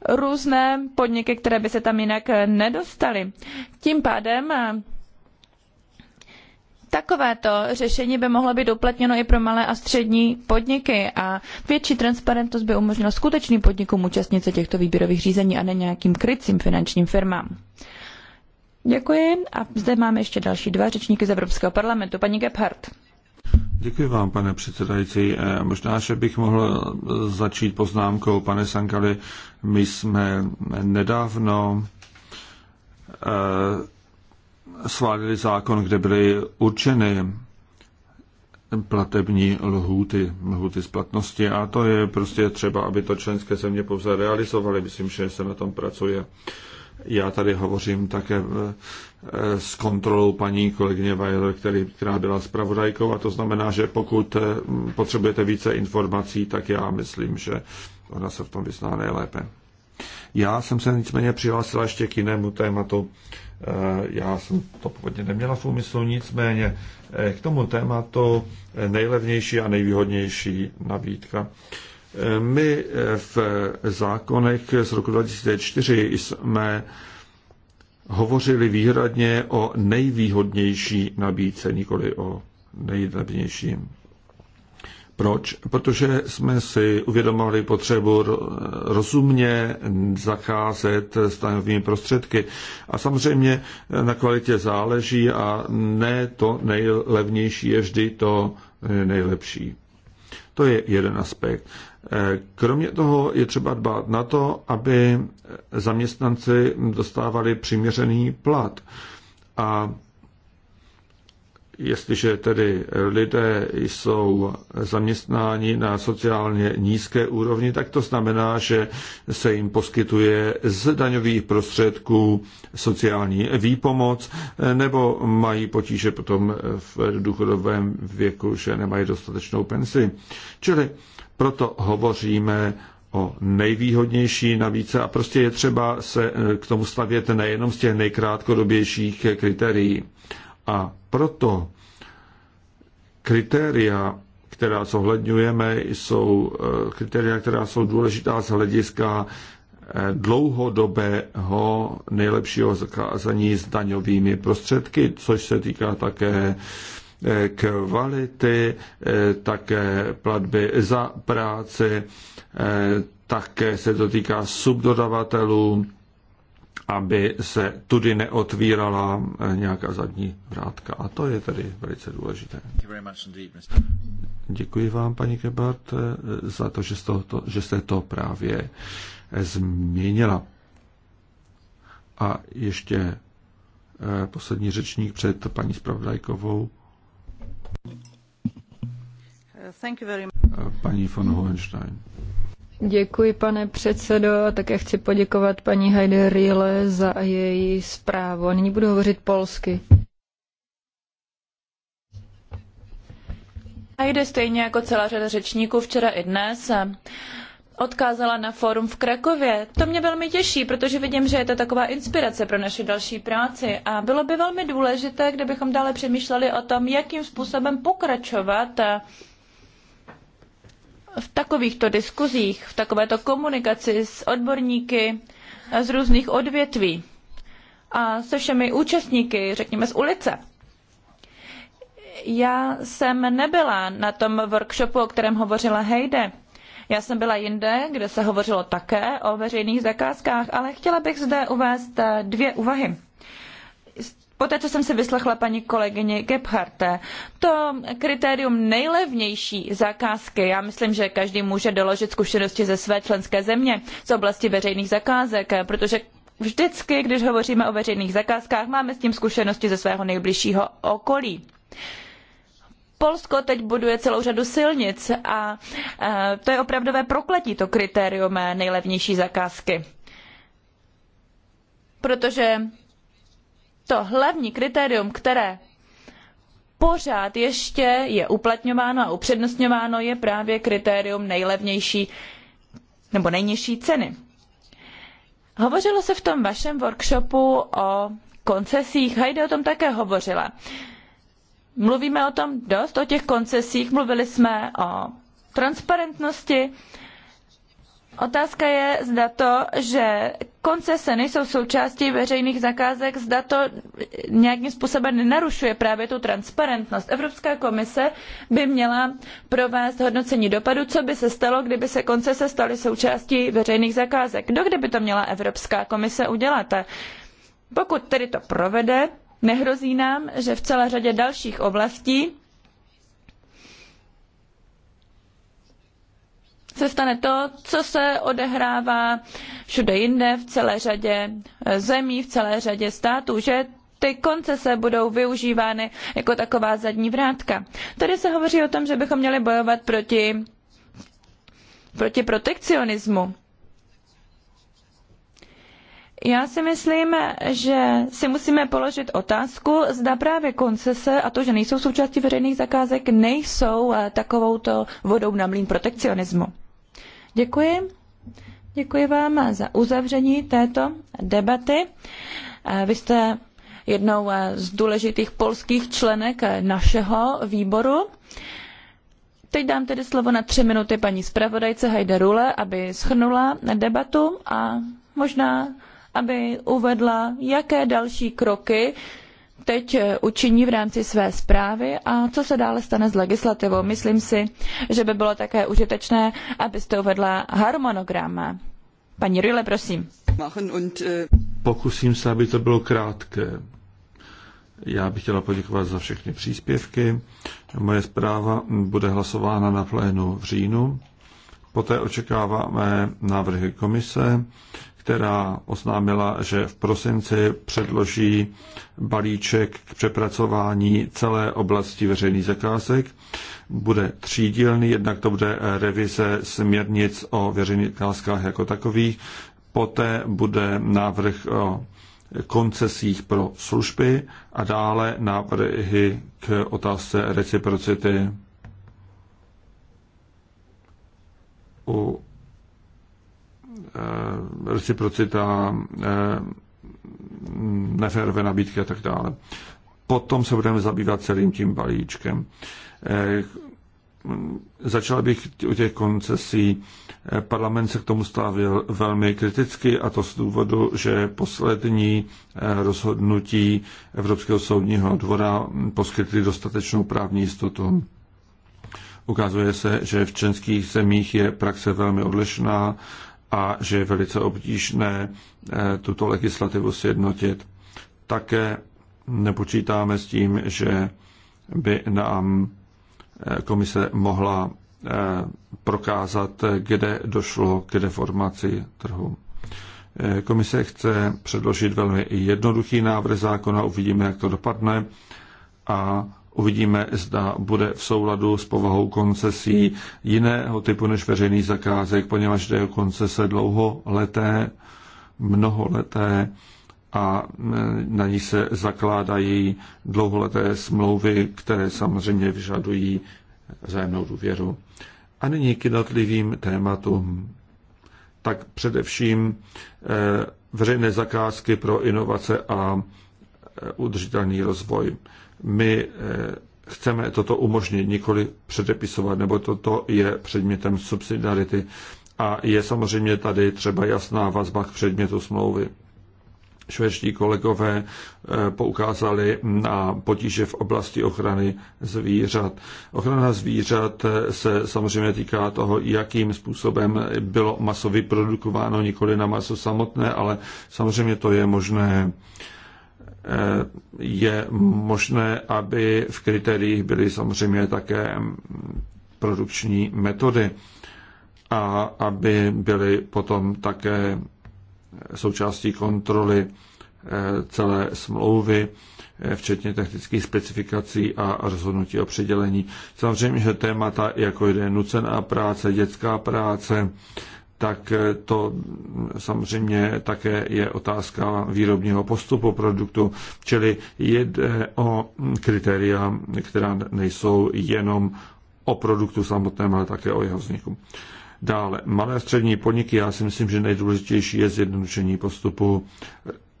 různé podniky, které by se tam jinak nedostaly. Tím pádem eh, takovéto řešení by mohlo být uplatněno i pro malé a střední podniky a větší transparentnost by umožnila skutečným podnikům účastnit se těchto výběrových řízení a ne nějakým krycím finančním firmám. Děkuji a zde máme ještě další dva řečníky z Evropského parlamentu. Paní Gebhardt. Děkuji vám, pane předsedající. Eh, možná, že bych mohl začít poznámkou, pane Sankali. My jsme nedávno eh, schválili zákon, kde byly určeny platební lhůty, lhůty splatnosti a to je prostě třeba, aby to členské země pouze realizovaly. Myslím, že se na tom pracuje. Uh, já tady hovořím také eh, s kontrolou paní kolegyně Vajer, který, která byla zpravodajkou a to znamená, že pokud eh, potřebujete více informací, tak já myslím, že ona se v tom vyzná nejlépe. Já jsem se nicméně přihlásila ještě k jinému tématu. Eh, já jsem to původně neměla v úmyslu, nicméně k tomu tématu nejlevnější a nejvýhodnější nabídka. My v zákonech z roku 2004 jsme hovořili výhradně o nejvýhodnější nabídce, nikoli o nejlevnějším. Proč? Protože jsme si uvědomovali potřebu rozumně zacházet s daňovými prostředky. A samozřejmě na kvalitě záleží a ne to nejlevnější je vždy to eh, nejlepší. To je jeden aspekt. Kromě toho je třeba dbát na to, aby zaměstnanci dostávali přiměřený plat. A jestliže tedy lidé jsou zaměstnáni na sociálně nízké úrovni, tak to znamená, že se jim poskytuje z daňových prostředků sociální výpomoc, nebo mají potíže potom v důchodovém věku, že nemají dostatečnou penzi. Čili proto hovoříme o nejvýhodnější navíce a prostě je třeba se eh, k tomu stavět nejenom z těch nejkrátkodobějších kritérií. A proto kritéria, která zohledňujeme, jsou eh, kritéria, která jsou důležitá z hlediska eh, dlouhodobého nejlepšího zakázání s daňovými prostředky, což se týká také kvality, eh, také platby za práci, eh, také se to týká subdodavatelů, aby se tudy neotvírala eh, nějaká zadní vrátka. A to je tedy velice důležité. Děkuji vám, paní Gebhardt, za to, že jste to, že jste to právě změnila. A ještě poslední řečník před paní Spravdajkovou. Thank Paní von Hohenstein. Děkuji, pane předsedo, a také chci poděkovat paní Heide Riele za její zprávu. A nyní budu hovořit polsky. Heide, stejně jako celá řada řečníků včera i dnes, odkázala na fórum v Krakově. To mě velmi těší, protože vidím, že je to taková inspirace pro naši další práci a bylo by velmi důležité, kdybychom dále přemýšleli o tom, jakým způsobem pokračovat eh, v takovýchto diskuzích, v takovéto komunikaci s odborníky z různých odvětví a se všemi účastníky, řekněme z ulice. Já jsem nebyla na tom workshopu, o kterém hovořila Hejde já jsem byla jinde, kde se hovořilo také o veřejných zakázkách, ale chtěla bych zde uvést eh, dvě úvahy. Poté, co jsem si vyslechla paní kolegyně Gebhardt, to kritérium nejlevnější zakázky, já myslím, že každý může doložit zkušenosti ze své členské země z oblasti veřejných zakázek, eh, protože vždycky, když hovoříme o veřejných zakázkách, máme s tím zkušenosti ze svého nejbližšího okolí. Polsko teď buduje celou řadu silnic a to je opravdové prokletí, to kritérium nejlevnější zakázky. Protože to hlavní kritérium, které pořád ještě je uplatňováno a upřednostňováno, je právě kritérium nejlevnější nebo nejnižší ceny. Hovořilo se v tom vašem workshopu o koncesích, Heidi o tom také hovořila. Uh, mluvíme o tom dost, o těch koncesích, mluvili jsme o transparentnosti. Otázka je, zda to, že koncese nejsou součástí veřejných zakázek, zda to nějakým způsobem nenarušuje právě tu transparentnost. Evropská komise by měla provést hodnocení dopadu, co by se stalo, kdyby se koncese staly součástí veřejných zakázek. Dokdy by to měla Evropská komise udělat? Pokud tedy to provede, Nehrozí nám, že v celé řadě dalších oblastí se stane to, co se odehrává všude jinde, v celé řadě eh, zemí, v celé řadě států, že ty koncese budou využívány jako taková zadní vrátka. Tady se hovoří o tom, že bychom měli bojovat proti, proti protekcionismu. Já si myslím, že si musíme položit otázku, zda právě koncese a to, že nejsou součástí veřejných zakázek, nejsou eh, takovouto vodou na mlín protekcionismu. Děkuji. Děkuji vám za uzavření této debaty. Eh, vy jste jednou eh, z důležitých polských členek našeho výboru. Teď dám tedy slovo na tři minuty paní zpravodajce Hajde Rule, aby schrnula debatu a možná aby uvedla, jaké další kroky teď eh, učiní v rámci své zprávy a co se dále stane s legislativou. Myslím si, že by bylo také užitečné, abyste uvedla harmonogram. Paní Rüle, prosím. Eh, Pokusím se, aby to bylo krátké. Já bych chtěla poděkovat za všechny příspěvky. Moje zpráva bude hlasována na plénu v říjnu. Poté očekáváme návrhy komise, která oznámila, že v prosinci předloží balíček k přepracování celé oblasti veřejných zakázek. Bude třídílný, jednak to bude revize směrnic o veřejných zakázkách jako takových, poté bude návrh o koncesích pro služby a dále návrhy k otázce reciprocity u Eh, reciprocita, eh, neférové nabídky a tak dále. Potom se budeme zabývat celým tím balíčkem. Eh, začal bych u těch koncesí. Parlament se k tomu stavil velmi kriticky a to z důvodu, že poslední rozhodnutí Evropského soudního dvora poskytly dostatečnou právní jistotu. Ukazuje se, že v českých zemích je praxe velmi odlišná a že je velice obtížné eh, tuto legislativu sjednotit. Také nepočítáme s tím, že by nám eh, komise mohla eh, prokázat, kde došlo k deformaci trhu. Komise chce předložit velmi jednoduchý návrh zákona, uvidíme, jak to dopadne a Uvidíme, zda bude v souladu s povahou koncesí jiného typu než veřejný zakázek, poněvadž jde o koncese dlouholeté, mnoholeté a e, na ní se zakládají dlouholeté smlouvy, které samozřejmě vyžadují vzájemnou důvěru. A nyní k jednotlivým tématům. Tak především e, veřejné zakázky pro inovace a e, udržitelný rozvoj. My eh, chceme toto umožnit, nikoli předepisovat, nebo toto je předmětem subsidiarity. A je samozřejmě tady třeba jasná vazba k předmětu smlouvy. Švédští kolegové eh, poukázali na potíže v oblasti ochrany zvířat. Ochrana zvířat eh, se samozřejmě týká toho, jakým způsobem bylo maso vyprodukováno, nikoli na maso samotné, ale samozřejmě to je možné je možné, aby v kritériích byly samozřejmě také produkční metody a aby byly potom také součástí kontroly eh, celé smlouvy, eh, včetně technických specifikací a rozhodnutí o přidělení. Samozřejmě, že témata, jako je nucená práce, dětská práce, tak eh, to samozřejmě také je otázka výrobního postupu produktu, čili jde o kritéria, která nejsou jenom o produktu samotném, ale také o jeho vzniku. Dále, malé a střední podniky, já si myslím, že nejdůležitější je zjednodušení postupu.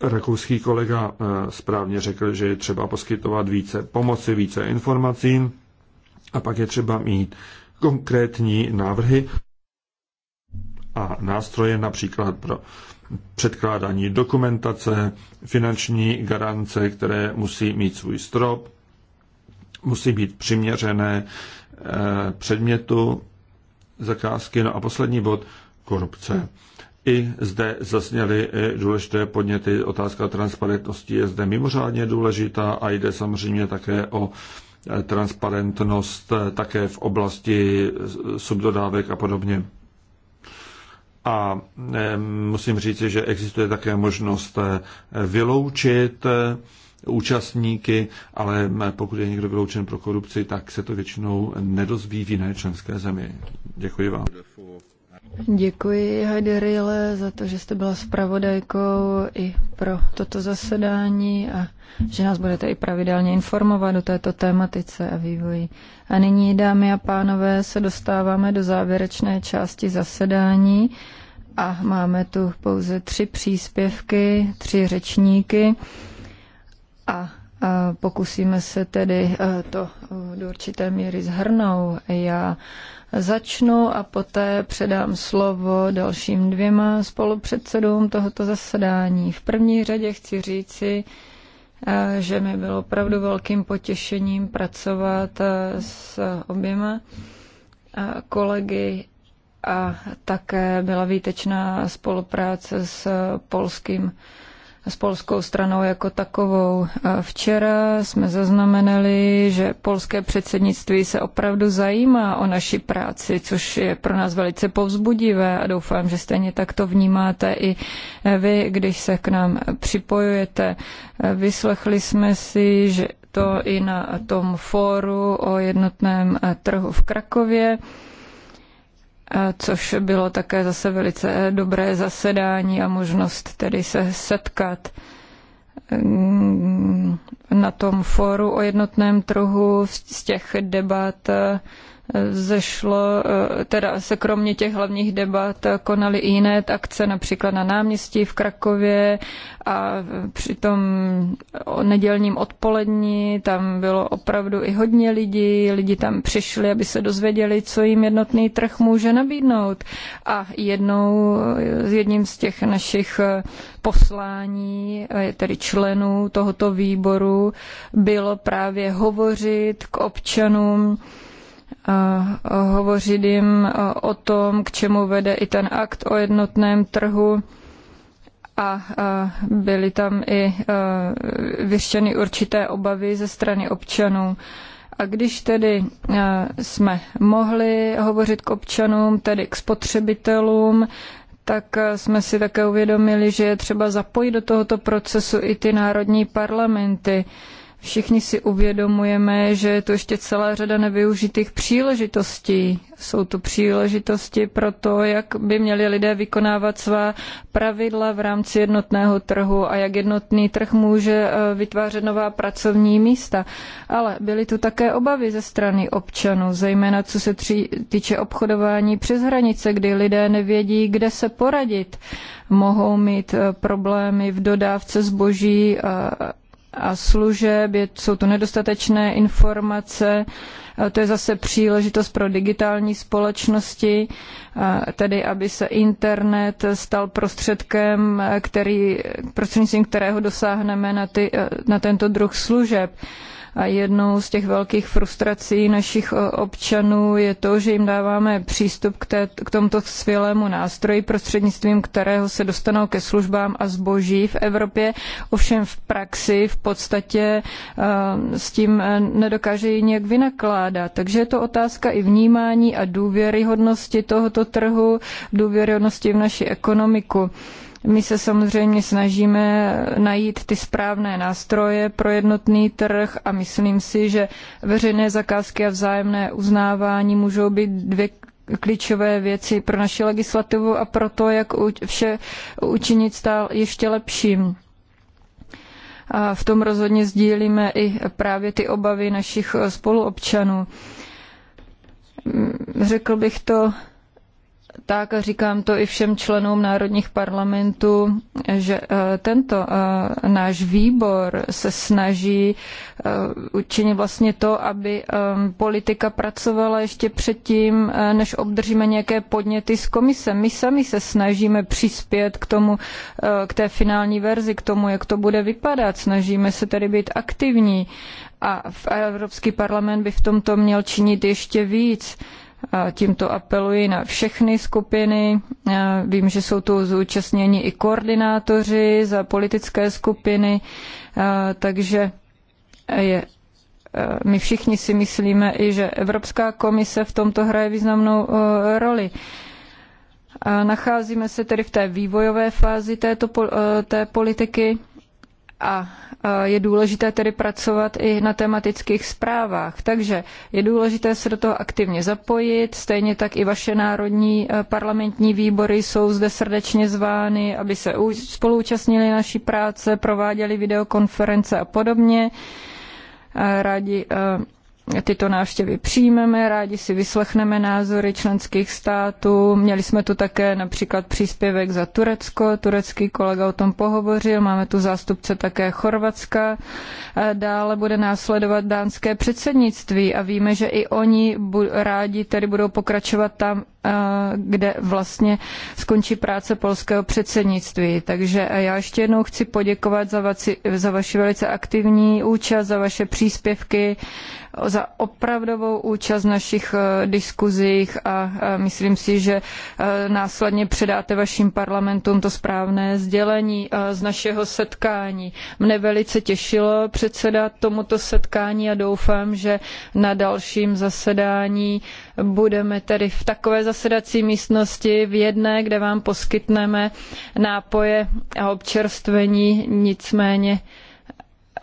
Rakouský kolega eh, správně řekl, že je třeba poskytovat více pomoci, více informací a pak je třeba mít konkrétní návrhy a nástroje například pro předkládání dokumentace, finanční garance, které musí mít svůj strop, musí být přiměřené eh, předmětu zakázky. No a poslední bod, korupce. I zde zasněly eh, důležité podněty. Otázka transparentnosti je zde mimořádně důležitá a jde samozřejmě také o eh, transparentnost také v oblasti subdodávek a podobně. A e, musím říct, že existuje také možnost e, vyloučit e, účastníky, ale pokud je někdo vyloučen pro korupci, tak se to většinou nedozví v jiné členské zemi. Děkuji vám. Děkuji, Heidi za to, že jste byla zpravodajkou i pro toto zasedání a že nás budete i pravidelně informovat o této tématice a vývoji. A nyní, dámy a pánové, se dostáváme do závěrečné části zasedání a máme tu pouze tři příspěvky, tři řečníky a Pokusíme se tedy eh, to eh, do určité míry zhrnout. Já začnu a poté předám slovo dalším dvěma spolupředsedům tohoto zasedání. V první řadě chci říci, eh, že mi bylo opravdu velkým potěšením pracovat s oběma kolegy a také byla výtečná spolupráce s polským s polskou stranou jako takovou. Včera jsme zaznamenali, že polské předsednictví se opravdu zajímá o naši práci, což je pro nás velice povzbudivé a doufám, že stejně tak to vnímáte i vy, když se k nám připojujete. Vyslechli jsme si, že to i na tom fóru o jednotném trhu v Krakově což bylo také zase velice eh, dobré zasedání a možnost tedy se setkat mm, na tom fóru o jednotném trhu z těch debat eh, zešlo, eh, teda se kromě těch hlavních debat konaly i jiné akce, například na náměstí v Krakově a při tom nedělním odpolední tam bylo opravdu i hodně lidí, lidi tam přišli, aby se dozvěděli, co jim jednotný trh může nabídnout. A jednou, eh, jedním z těch našich eh, poslání, tedy členů tohoto výboru, bylo právě hovořit k občanům, hovořit jim o tom, k čemu vede i ten akt o jednotném trhu a byly tam i vyřešeny určité obavy ze strany občanů. A když tedy jsme mohli hovořit k občanům, tedy k spotřebitelům, tak jsme si také uvědomili, že je třeba zapojit do tohoto procesu i ty národní parlamenty. Všichni si uvědomujeme, že je tu ještě celá řada nevyužitých příležitostí. Jsou tu příležitosti pro to, jak by měli lidé vykonávat svá pravidla v rámci jednotného trhu a jak jednotný trh může eh, vytvářet nová pracovní místa. Ale byly tu také obavy ze strany občanů, zejména co se tři, týče obchodování přes hranice, kdy lidé nevědí, kde se poradit. Mohou mít eh, problémy v dodávce zboží eh, a služeb, jsou to nedostatečné informace, to je zase příležitost pro digitální společnosti, tedy aby se internet stal prostředkem, který, prostřednictvím kterého dosáhneme na, ty, na tento druh služeb. A jednou z těch velkých frustrací našich eh, občanů je to, že jim dáváme přístup k, té, k tomto skvělému nástroji, prostřednictvím kterého se dostanou ke službám a zboží v Evropě. Ovšem v praxi v podstatě eh, s tím eh, nedokáže ji nějak vynakládat. Takže je to otázka i vnímání a důvěryhodnosti tohoto trhu, důvěryhodnosti v naši ekonomiku. My se samozřejmě snažíme najít ty správné nástroje pro jednotný trh a myslím si, že veřejné zakázky a vzájemné uznávání můžou být dvě klíčové věci pro naši legislativu a pro to, jak vše učinit stále ještě lepším. A v tom rozhodně sdílíme i právě ty obavy našich spoluobčanů. Řekl bych to tak, a říkám to i všem členům národních parlamentů, že eh, tento eh, náš výbor se snaží eh, učinit vlastně to, aby politika pracovala ještě předtím, než obdržíme nějaké podněty z komise. My sami se snažíme přispět k tomu, k té finální verzi, k tomu, jak to bude vypadat. Snažíme se tedy být aktivní a Evropský parlament by v tomto měl činit ještě víc Tímto apeluji na všechny skupiny. Vím, že jsou tu zúčastněni i koordinátoři za politické skupiny, takže je my všichni si myslíme i, že Evropská komise v tomto hraje významnou e, roli. Nacházíme se tedy v té vývojové fázi této, e, té politiky a e, je důležité tedy pracovat i na tematických zprávách. Takže je důležité se do toho aktivně zapojit, stejně tak i vaše národní e, parlamentní výbory jsou zde srdečně zvány, aby se spoluúčastnili naší práce, prováděli videokonference a podobně. Rádi e, tyto návštěvy přijmeme, rádi si vyslechneme názory členských států. Měli jsme tu také například příspěvek za Turecko, turecký kolega o tom pohovořil, máme tu zástupce také Chorvatska. Dále bude následovat dánské předsednictví a víme, že i oni rádi tedy budou pokračovat tam, kde vlastně skončí práce polského předsednictví. Takže já ještě jednou chci poděkovat za, vaci, za vaši velice aktivní účast, za vaše příspěvky za opravdovou účast v našich eh, diskuzích a eh, myslím si, že eh, následně předáte vašim parlamentům to správné sdělení z našeho setkání. Mne velice těšilo předsedat tomuto setkání a doufám, že na dalším zasedání budeme tedy v takové zasedací místnosti v jedné, kde vám poskytneme nápoje a občerstvení, nicméně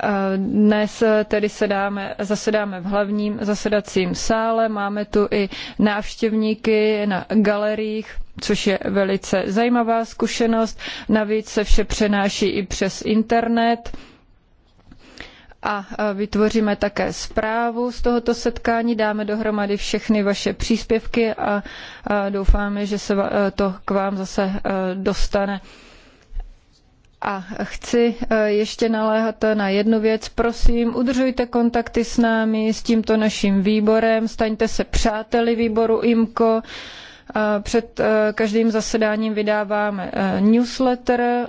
Eh, dnes eh, tedy sedáme, zasedáme v hlavním zasedacím sále, máme tu i návštěvníky na galeriích, což je velice zajímavá zkušenost. Navíc se vše přenáší i přes internet a eh, vytvoříme také zprávu z tohoto setkání, dáme dohromady všechny vaše příspěvky a doufáme, že se to k vám zase dostane. A chci eh, ještě naléhat na jednu věc. Prosím, udržujte kontakty s námi, s tímto naším výborem, staňte se přáteli výboru IMCO. Eh, před eh, každým zasedáním vydáváme newsletter,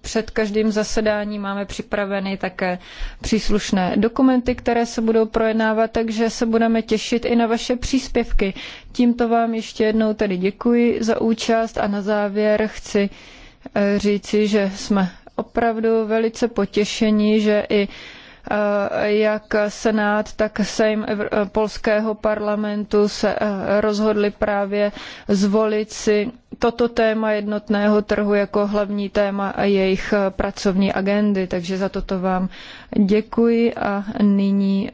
před každým zasedáním máme připraveny také příslušné dokumenty, které se budou projednávat, takže se budeme těšit i na vaše příspěvky. Tímto vám ještě jednou tedy děkuji za účast a na závěr chci říci, že jsme opravdu velice potěšení, že i eh, jak Senát, tak Sejm eh, polského parlamentu se eh, rozhodli právě zvolit si toto téma jednotného trhu jako hlavní téma a jejich pracovní agendy. Takže za toto vám děkuji a nyní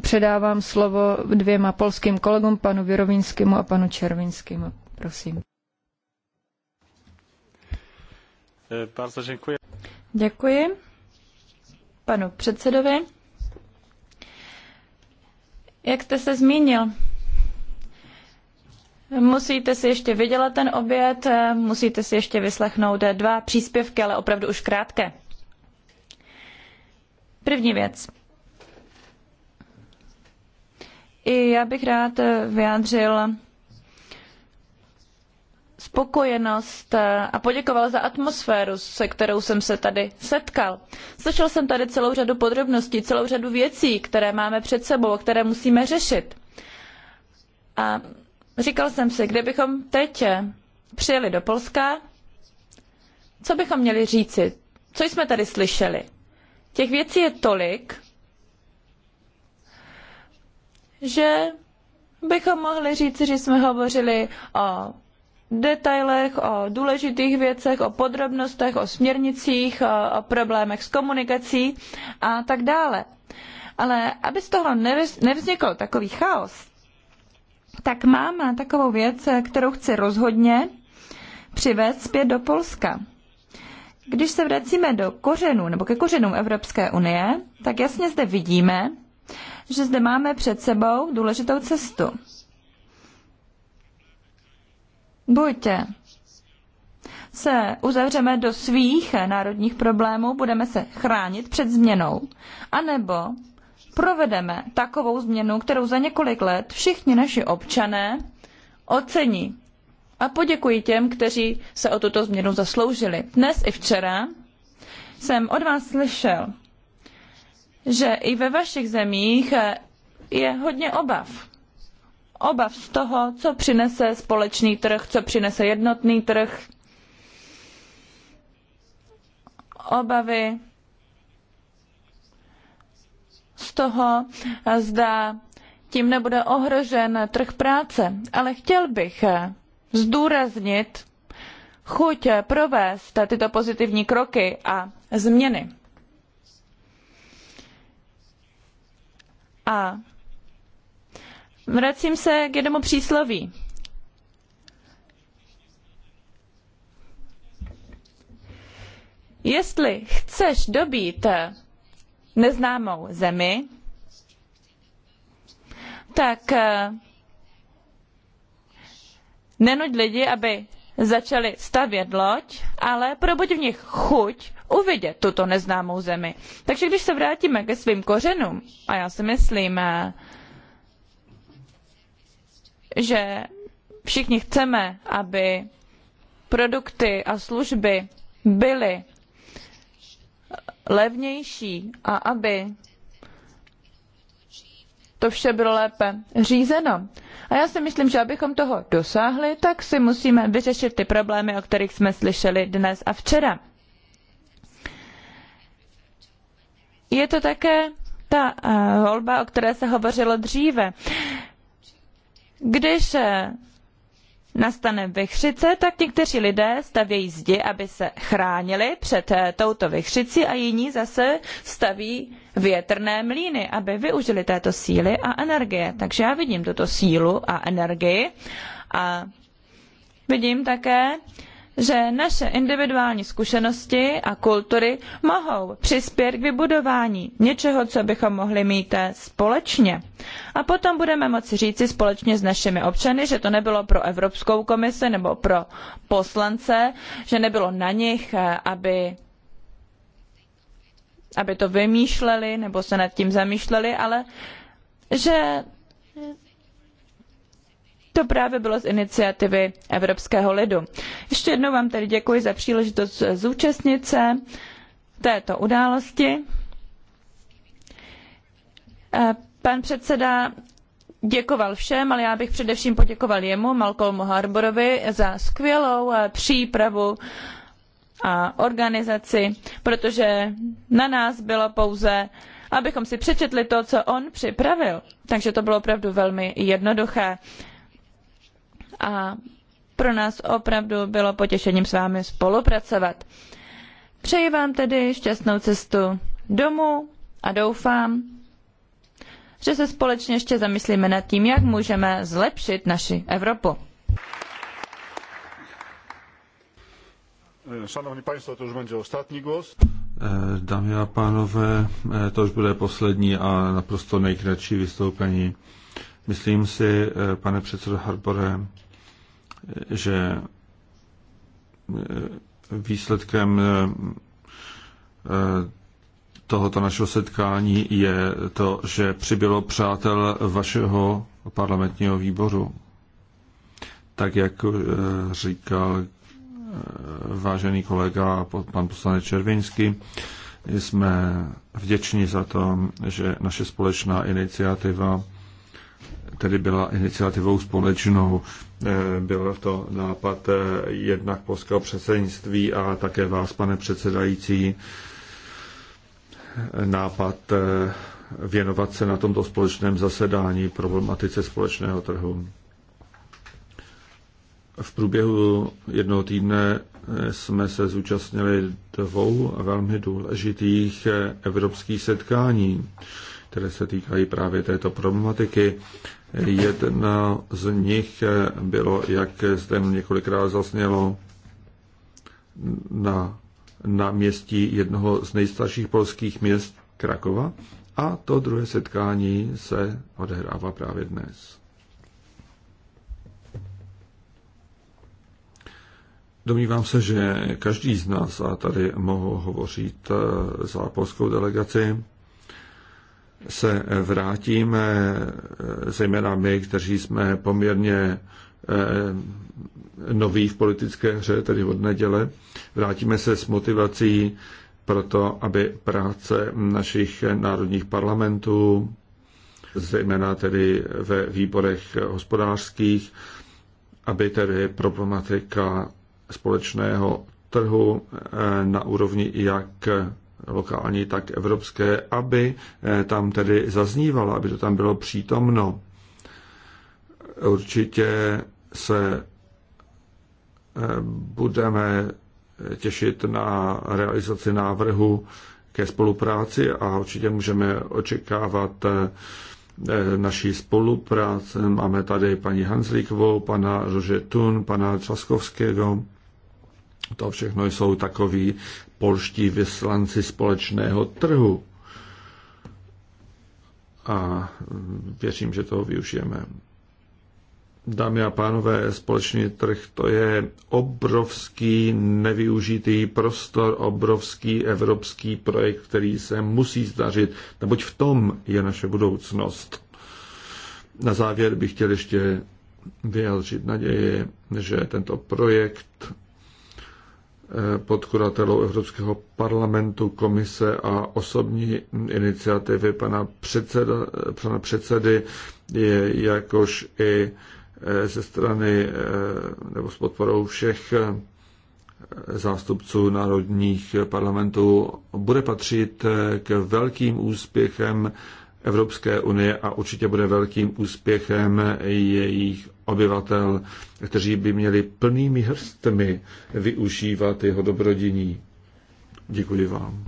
předávám slovo dvěma polským kolegům, panu Virovinskému a panu Červinskému. Prosím. Bardzo děkuji. Děkuji panu předsedovi. Jak jste se zmínil, musíte si ještě vydělat ten oběd, musíte si ještě vyslechnout dva příspěvky, ale opravdu už krátké. První věc. I já bych rád vyjádřil spokojenost eh, a poděkoval za atmosféru, se kterou jsem se tady setkal. Slyšel jsem tady celou řadu podrobností, celou řadu věcí, které máme před sebou, které musíme řešit. A říkal jsem si, kdybychom teď přijeli do Polska, co bychom měli říci? Co jsme tady slyšeli? Těch věcí je tolik, že bychom mohli říci, že jsme hovořili o detailech, o důležitých věcech, o podrobnostech, o směrnicích, o, o problémech s komunikací a tak dále. Ale aby z toho nevznikl takový chaos, tak mám takovou věc, kterou chci rozhodně přivést zpět do Polska. Když se vracíme do kořenů nebo ke kořenům Evropské unie, tak jasně zde vidíme, že zde máme před sebou důležitou cestu. Buďte. se uzavřeme do svých národních problémů, budeme se chránit před změnou, a nebo provedeme takovou změnu, kterou za několik let všichni naši občané ocení a poděkuji těm, kteří se o tuto změnu zasloužili. Dnes i včera jsem od vás slyšel, že i ve vašich zemích je hodně obav obav z toho, co přinese společný trh, co přinese jednotný trh, obavy z toho, zda tím nebude ohrožen trh práce. Ale chtěl bych zdůraznit chuť provést tyto pozitivní kroky a změny. A Vracím se k jednomu přísloví. Jestli chceš dobít neznámou zemi, tak eh, nenuď lidi, aby začali stavět loď, ale probuď v nich chuť uvidět tuto neznámou zemi. Takže když se vrátíme ke svým kořenům, a já si myslím, eh, že všichni chceme, aby produkty a služby byly levnější a aby to vše bylo lépe řízeno. A já si myslím, že abychom toho dosáhli, tak si musíme vyřešit ty problémy, o kterých jsme slyšeli dnes a včera. Je to také ta eh, volba, o které se hovořilo dříve. Když nastane vychřice, tak někteří lidé stavějí zdi, aby se chránili před eh, touto vychřicí a jiní zase staví větrné mlýny, aby využili této síly a energie. Takže já vidím tuto sílu a energii a vidím také, že naše individuální zkušenosti a kultury mohou přispět k vybudování něčeho, co bychom mohli mít eh, společně. A potom budeme moci říci společně s našimi občany, že to nebylo pro Evropskou komisi nebo pro poslance, že nebylo na nich, eh, aby aby to vymýšleli nebo se nad tím zamýšleli, ale že to právě bylo z iniciativy Evropského lidu. Ještě jednou vám tedy děkuji za příležitost zúčastnit se této události. Eh, pan předseda děkoval všem, ale já bych především poděkoval jemu, Malcolmu Harborovi, za skvělou eh, přípravu a organizaci, protože na nás bylo pouze, abychom si přečetli to, co on připravil. Takže to bylo opravdu velmi jednoduché a pro nás opravdu bylo potěšením s vámi spolupracovat. Přeji vám tedy šťastnou cestu domů a doufám, že se společně ještě zamyslíme nad tím, jak můžeme zlepšit naši Evropu. E, Szanowni Państwo, to už bude ostatni głos. E, Dámy a pánové, e, to už bude poslední a naprosto nejkratší vystoupení. Myslím si, pane předsedo Harbore, že eh, výsledkem eh, eh, tohoto našeho setkání je to, že přibylo přátel vašeho parlamentního výboru. Tak, jak říkal vážený kolega pan poslanec Červinsky, jsme vděční za to, že naše společná iniciativa tedy byla iniciativou společnou. Eh, byl to nápad eh, jednak polského předsednictví a také vás, pane předsedající, nápad eh, věnovat se na tomto společném zasedání problematice společného trhu. V průběhu jednoho týdne jsme se zúčastnili dvou velmi důležitých evropských setkání, které se týkají právě této problematiky. Jedna z nich bylo, jak zde několikrát zasnělo, na, na městí jednoho z nejstarších polských měst Krakova a to druhé setkání se odehrává právě dnes. Domnívám se, že každý z nás, a tady mohu hovořit za polskou delegaci, se vrátíme, zejména my, kteří jsme poměrně eh, noví v politické hře, tedy od neděle, vrátíme se s motivací pro to, aby práce našich národních parlamentů, zejména tedy ve výborech hospodářských, aby tedy problematika společného trhu eh, na úrovni jak lokální, tak evropské, aby eh, tam tedy zaznívalo, aby to tam bylo přítomno. Určitě se eh, budeme eh, těšit na realizaci návrhu ke spolupráci a určitě můžeme očekávat naší spolupráce. Máme tady paní Hanslíkovou, pana Rože Tun, pana Třaskovského. To všechno jsou takoví polští vyslanci společného trhu. A věřím, že toho využijeme. Dámy a pánové, společný trh to je obrovský nevyužitý prostor, obrovský evropský projekt, který se musí zdařit, neboť v tom je naše budoucnost. Na závěr bych chtěl ještě vyjádřit naději, že tento projekt podkuratelů Evropského parlamentu, komise a osobní iniciativy pana, předseda, pana předsedy, je jakož i e, ze strany e, nebo s podporou všech e, zástupců národních parlamentů bude patřit k velkým úspěchem Evropské unie a určitě bude velkým úspěchem jejich obyvatel, kteří by měli plnými hrstmi využívat jeho dobrodiní. Děkuji vám.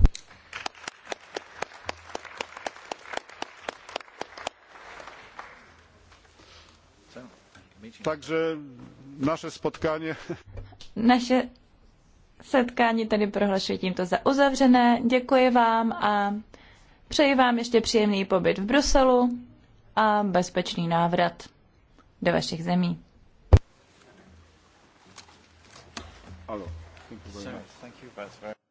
Takže naše spotkání. Naše setkání tedy prohlašuji tímto za uzavřené. Děkuji vám a přeji vám ještě příjemný pobyt v Bruselu a bezpečný návrat do vašich zemí. Hello. Thank you very much. Thank you,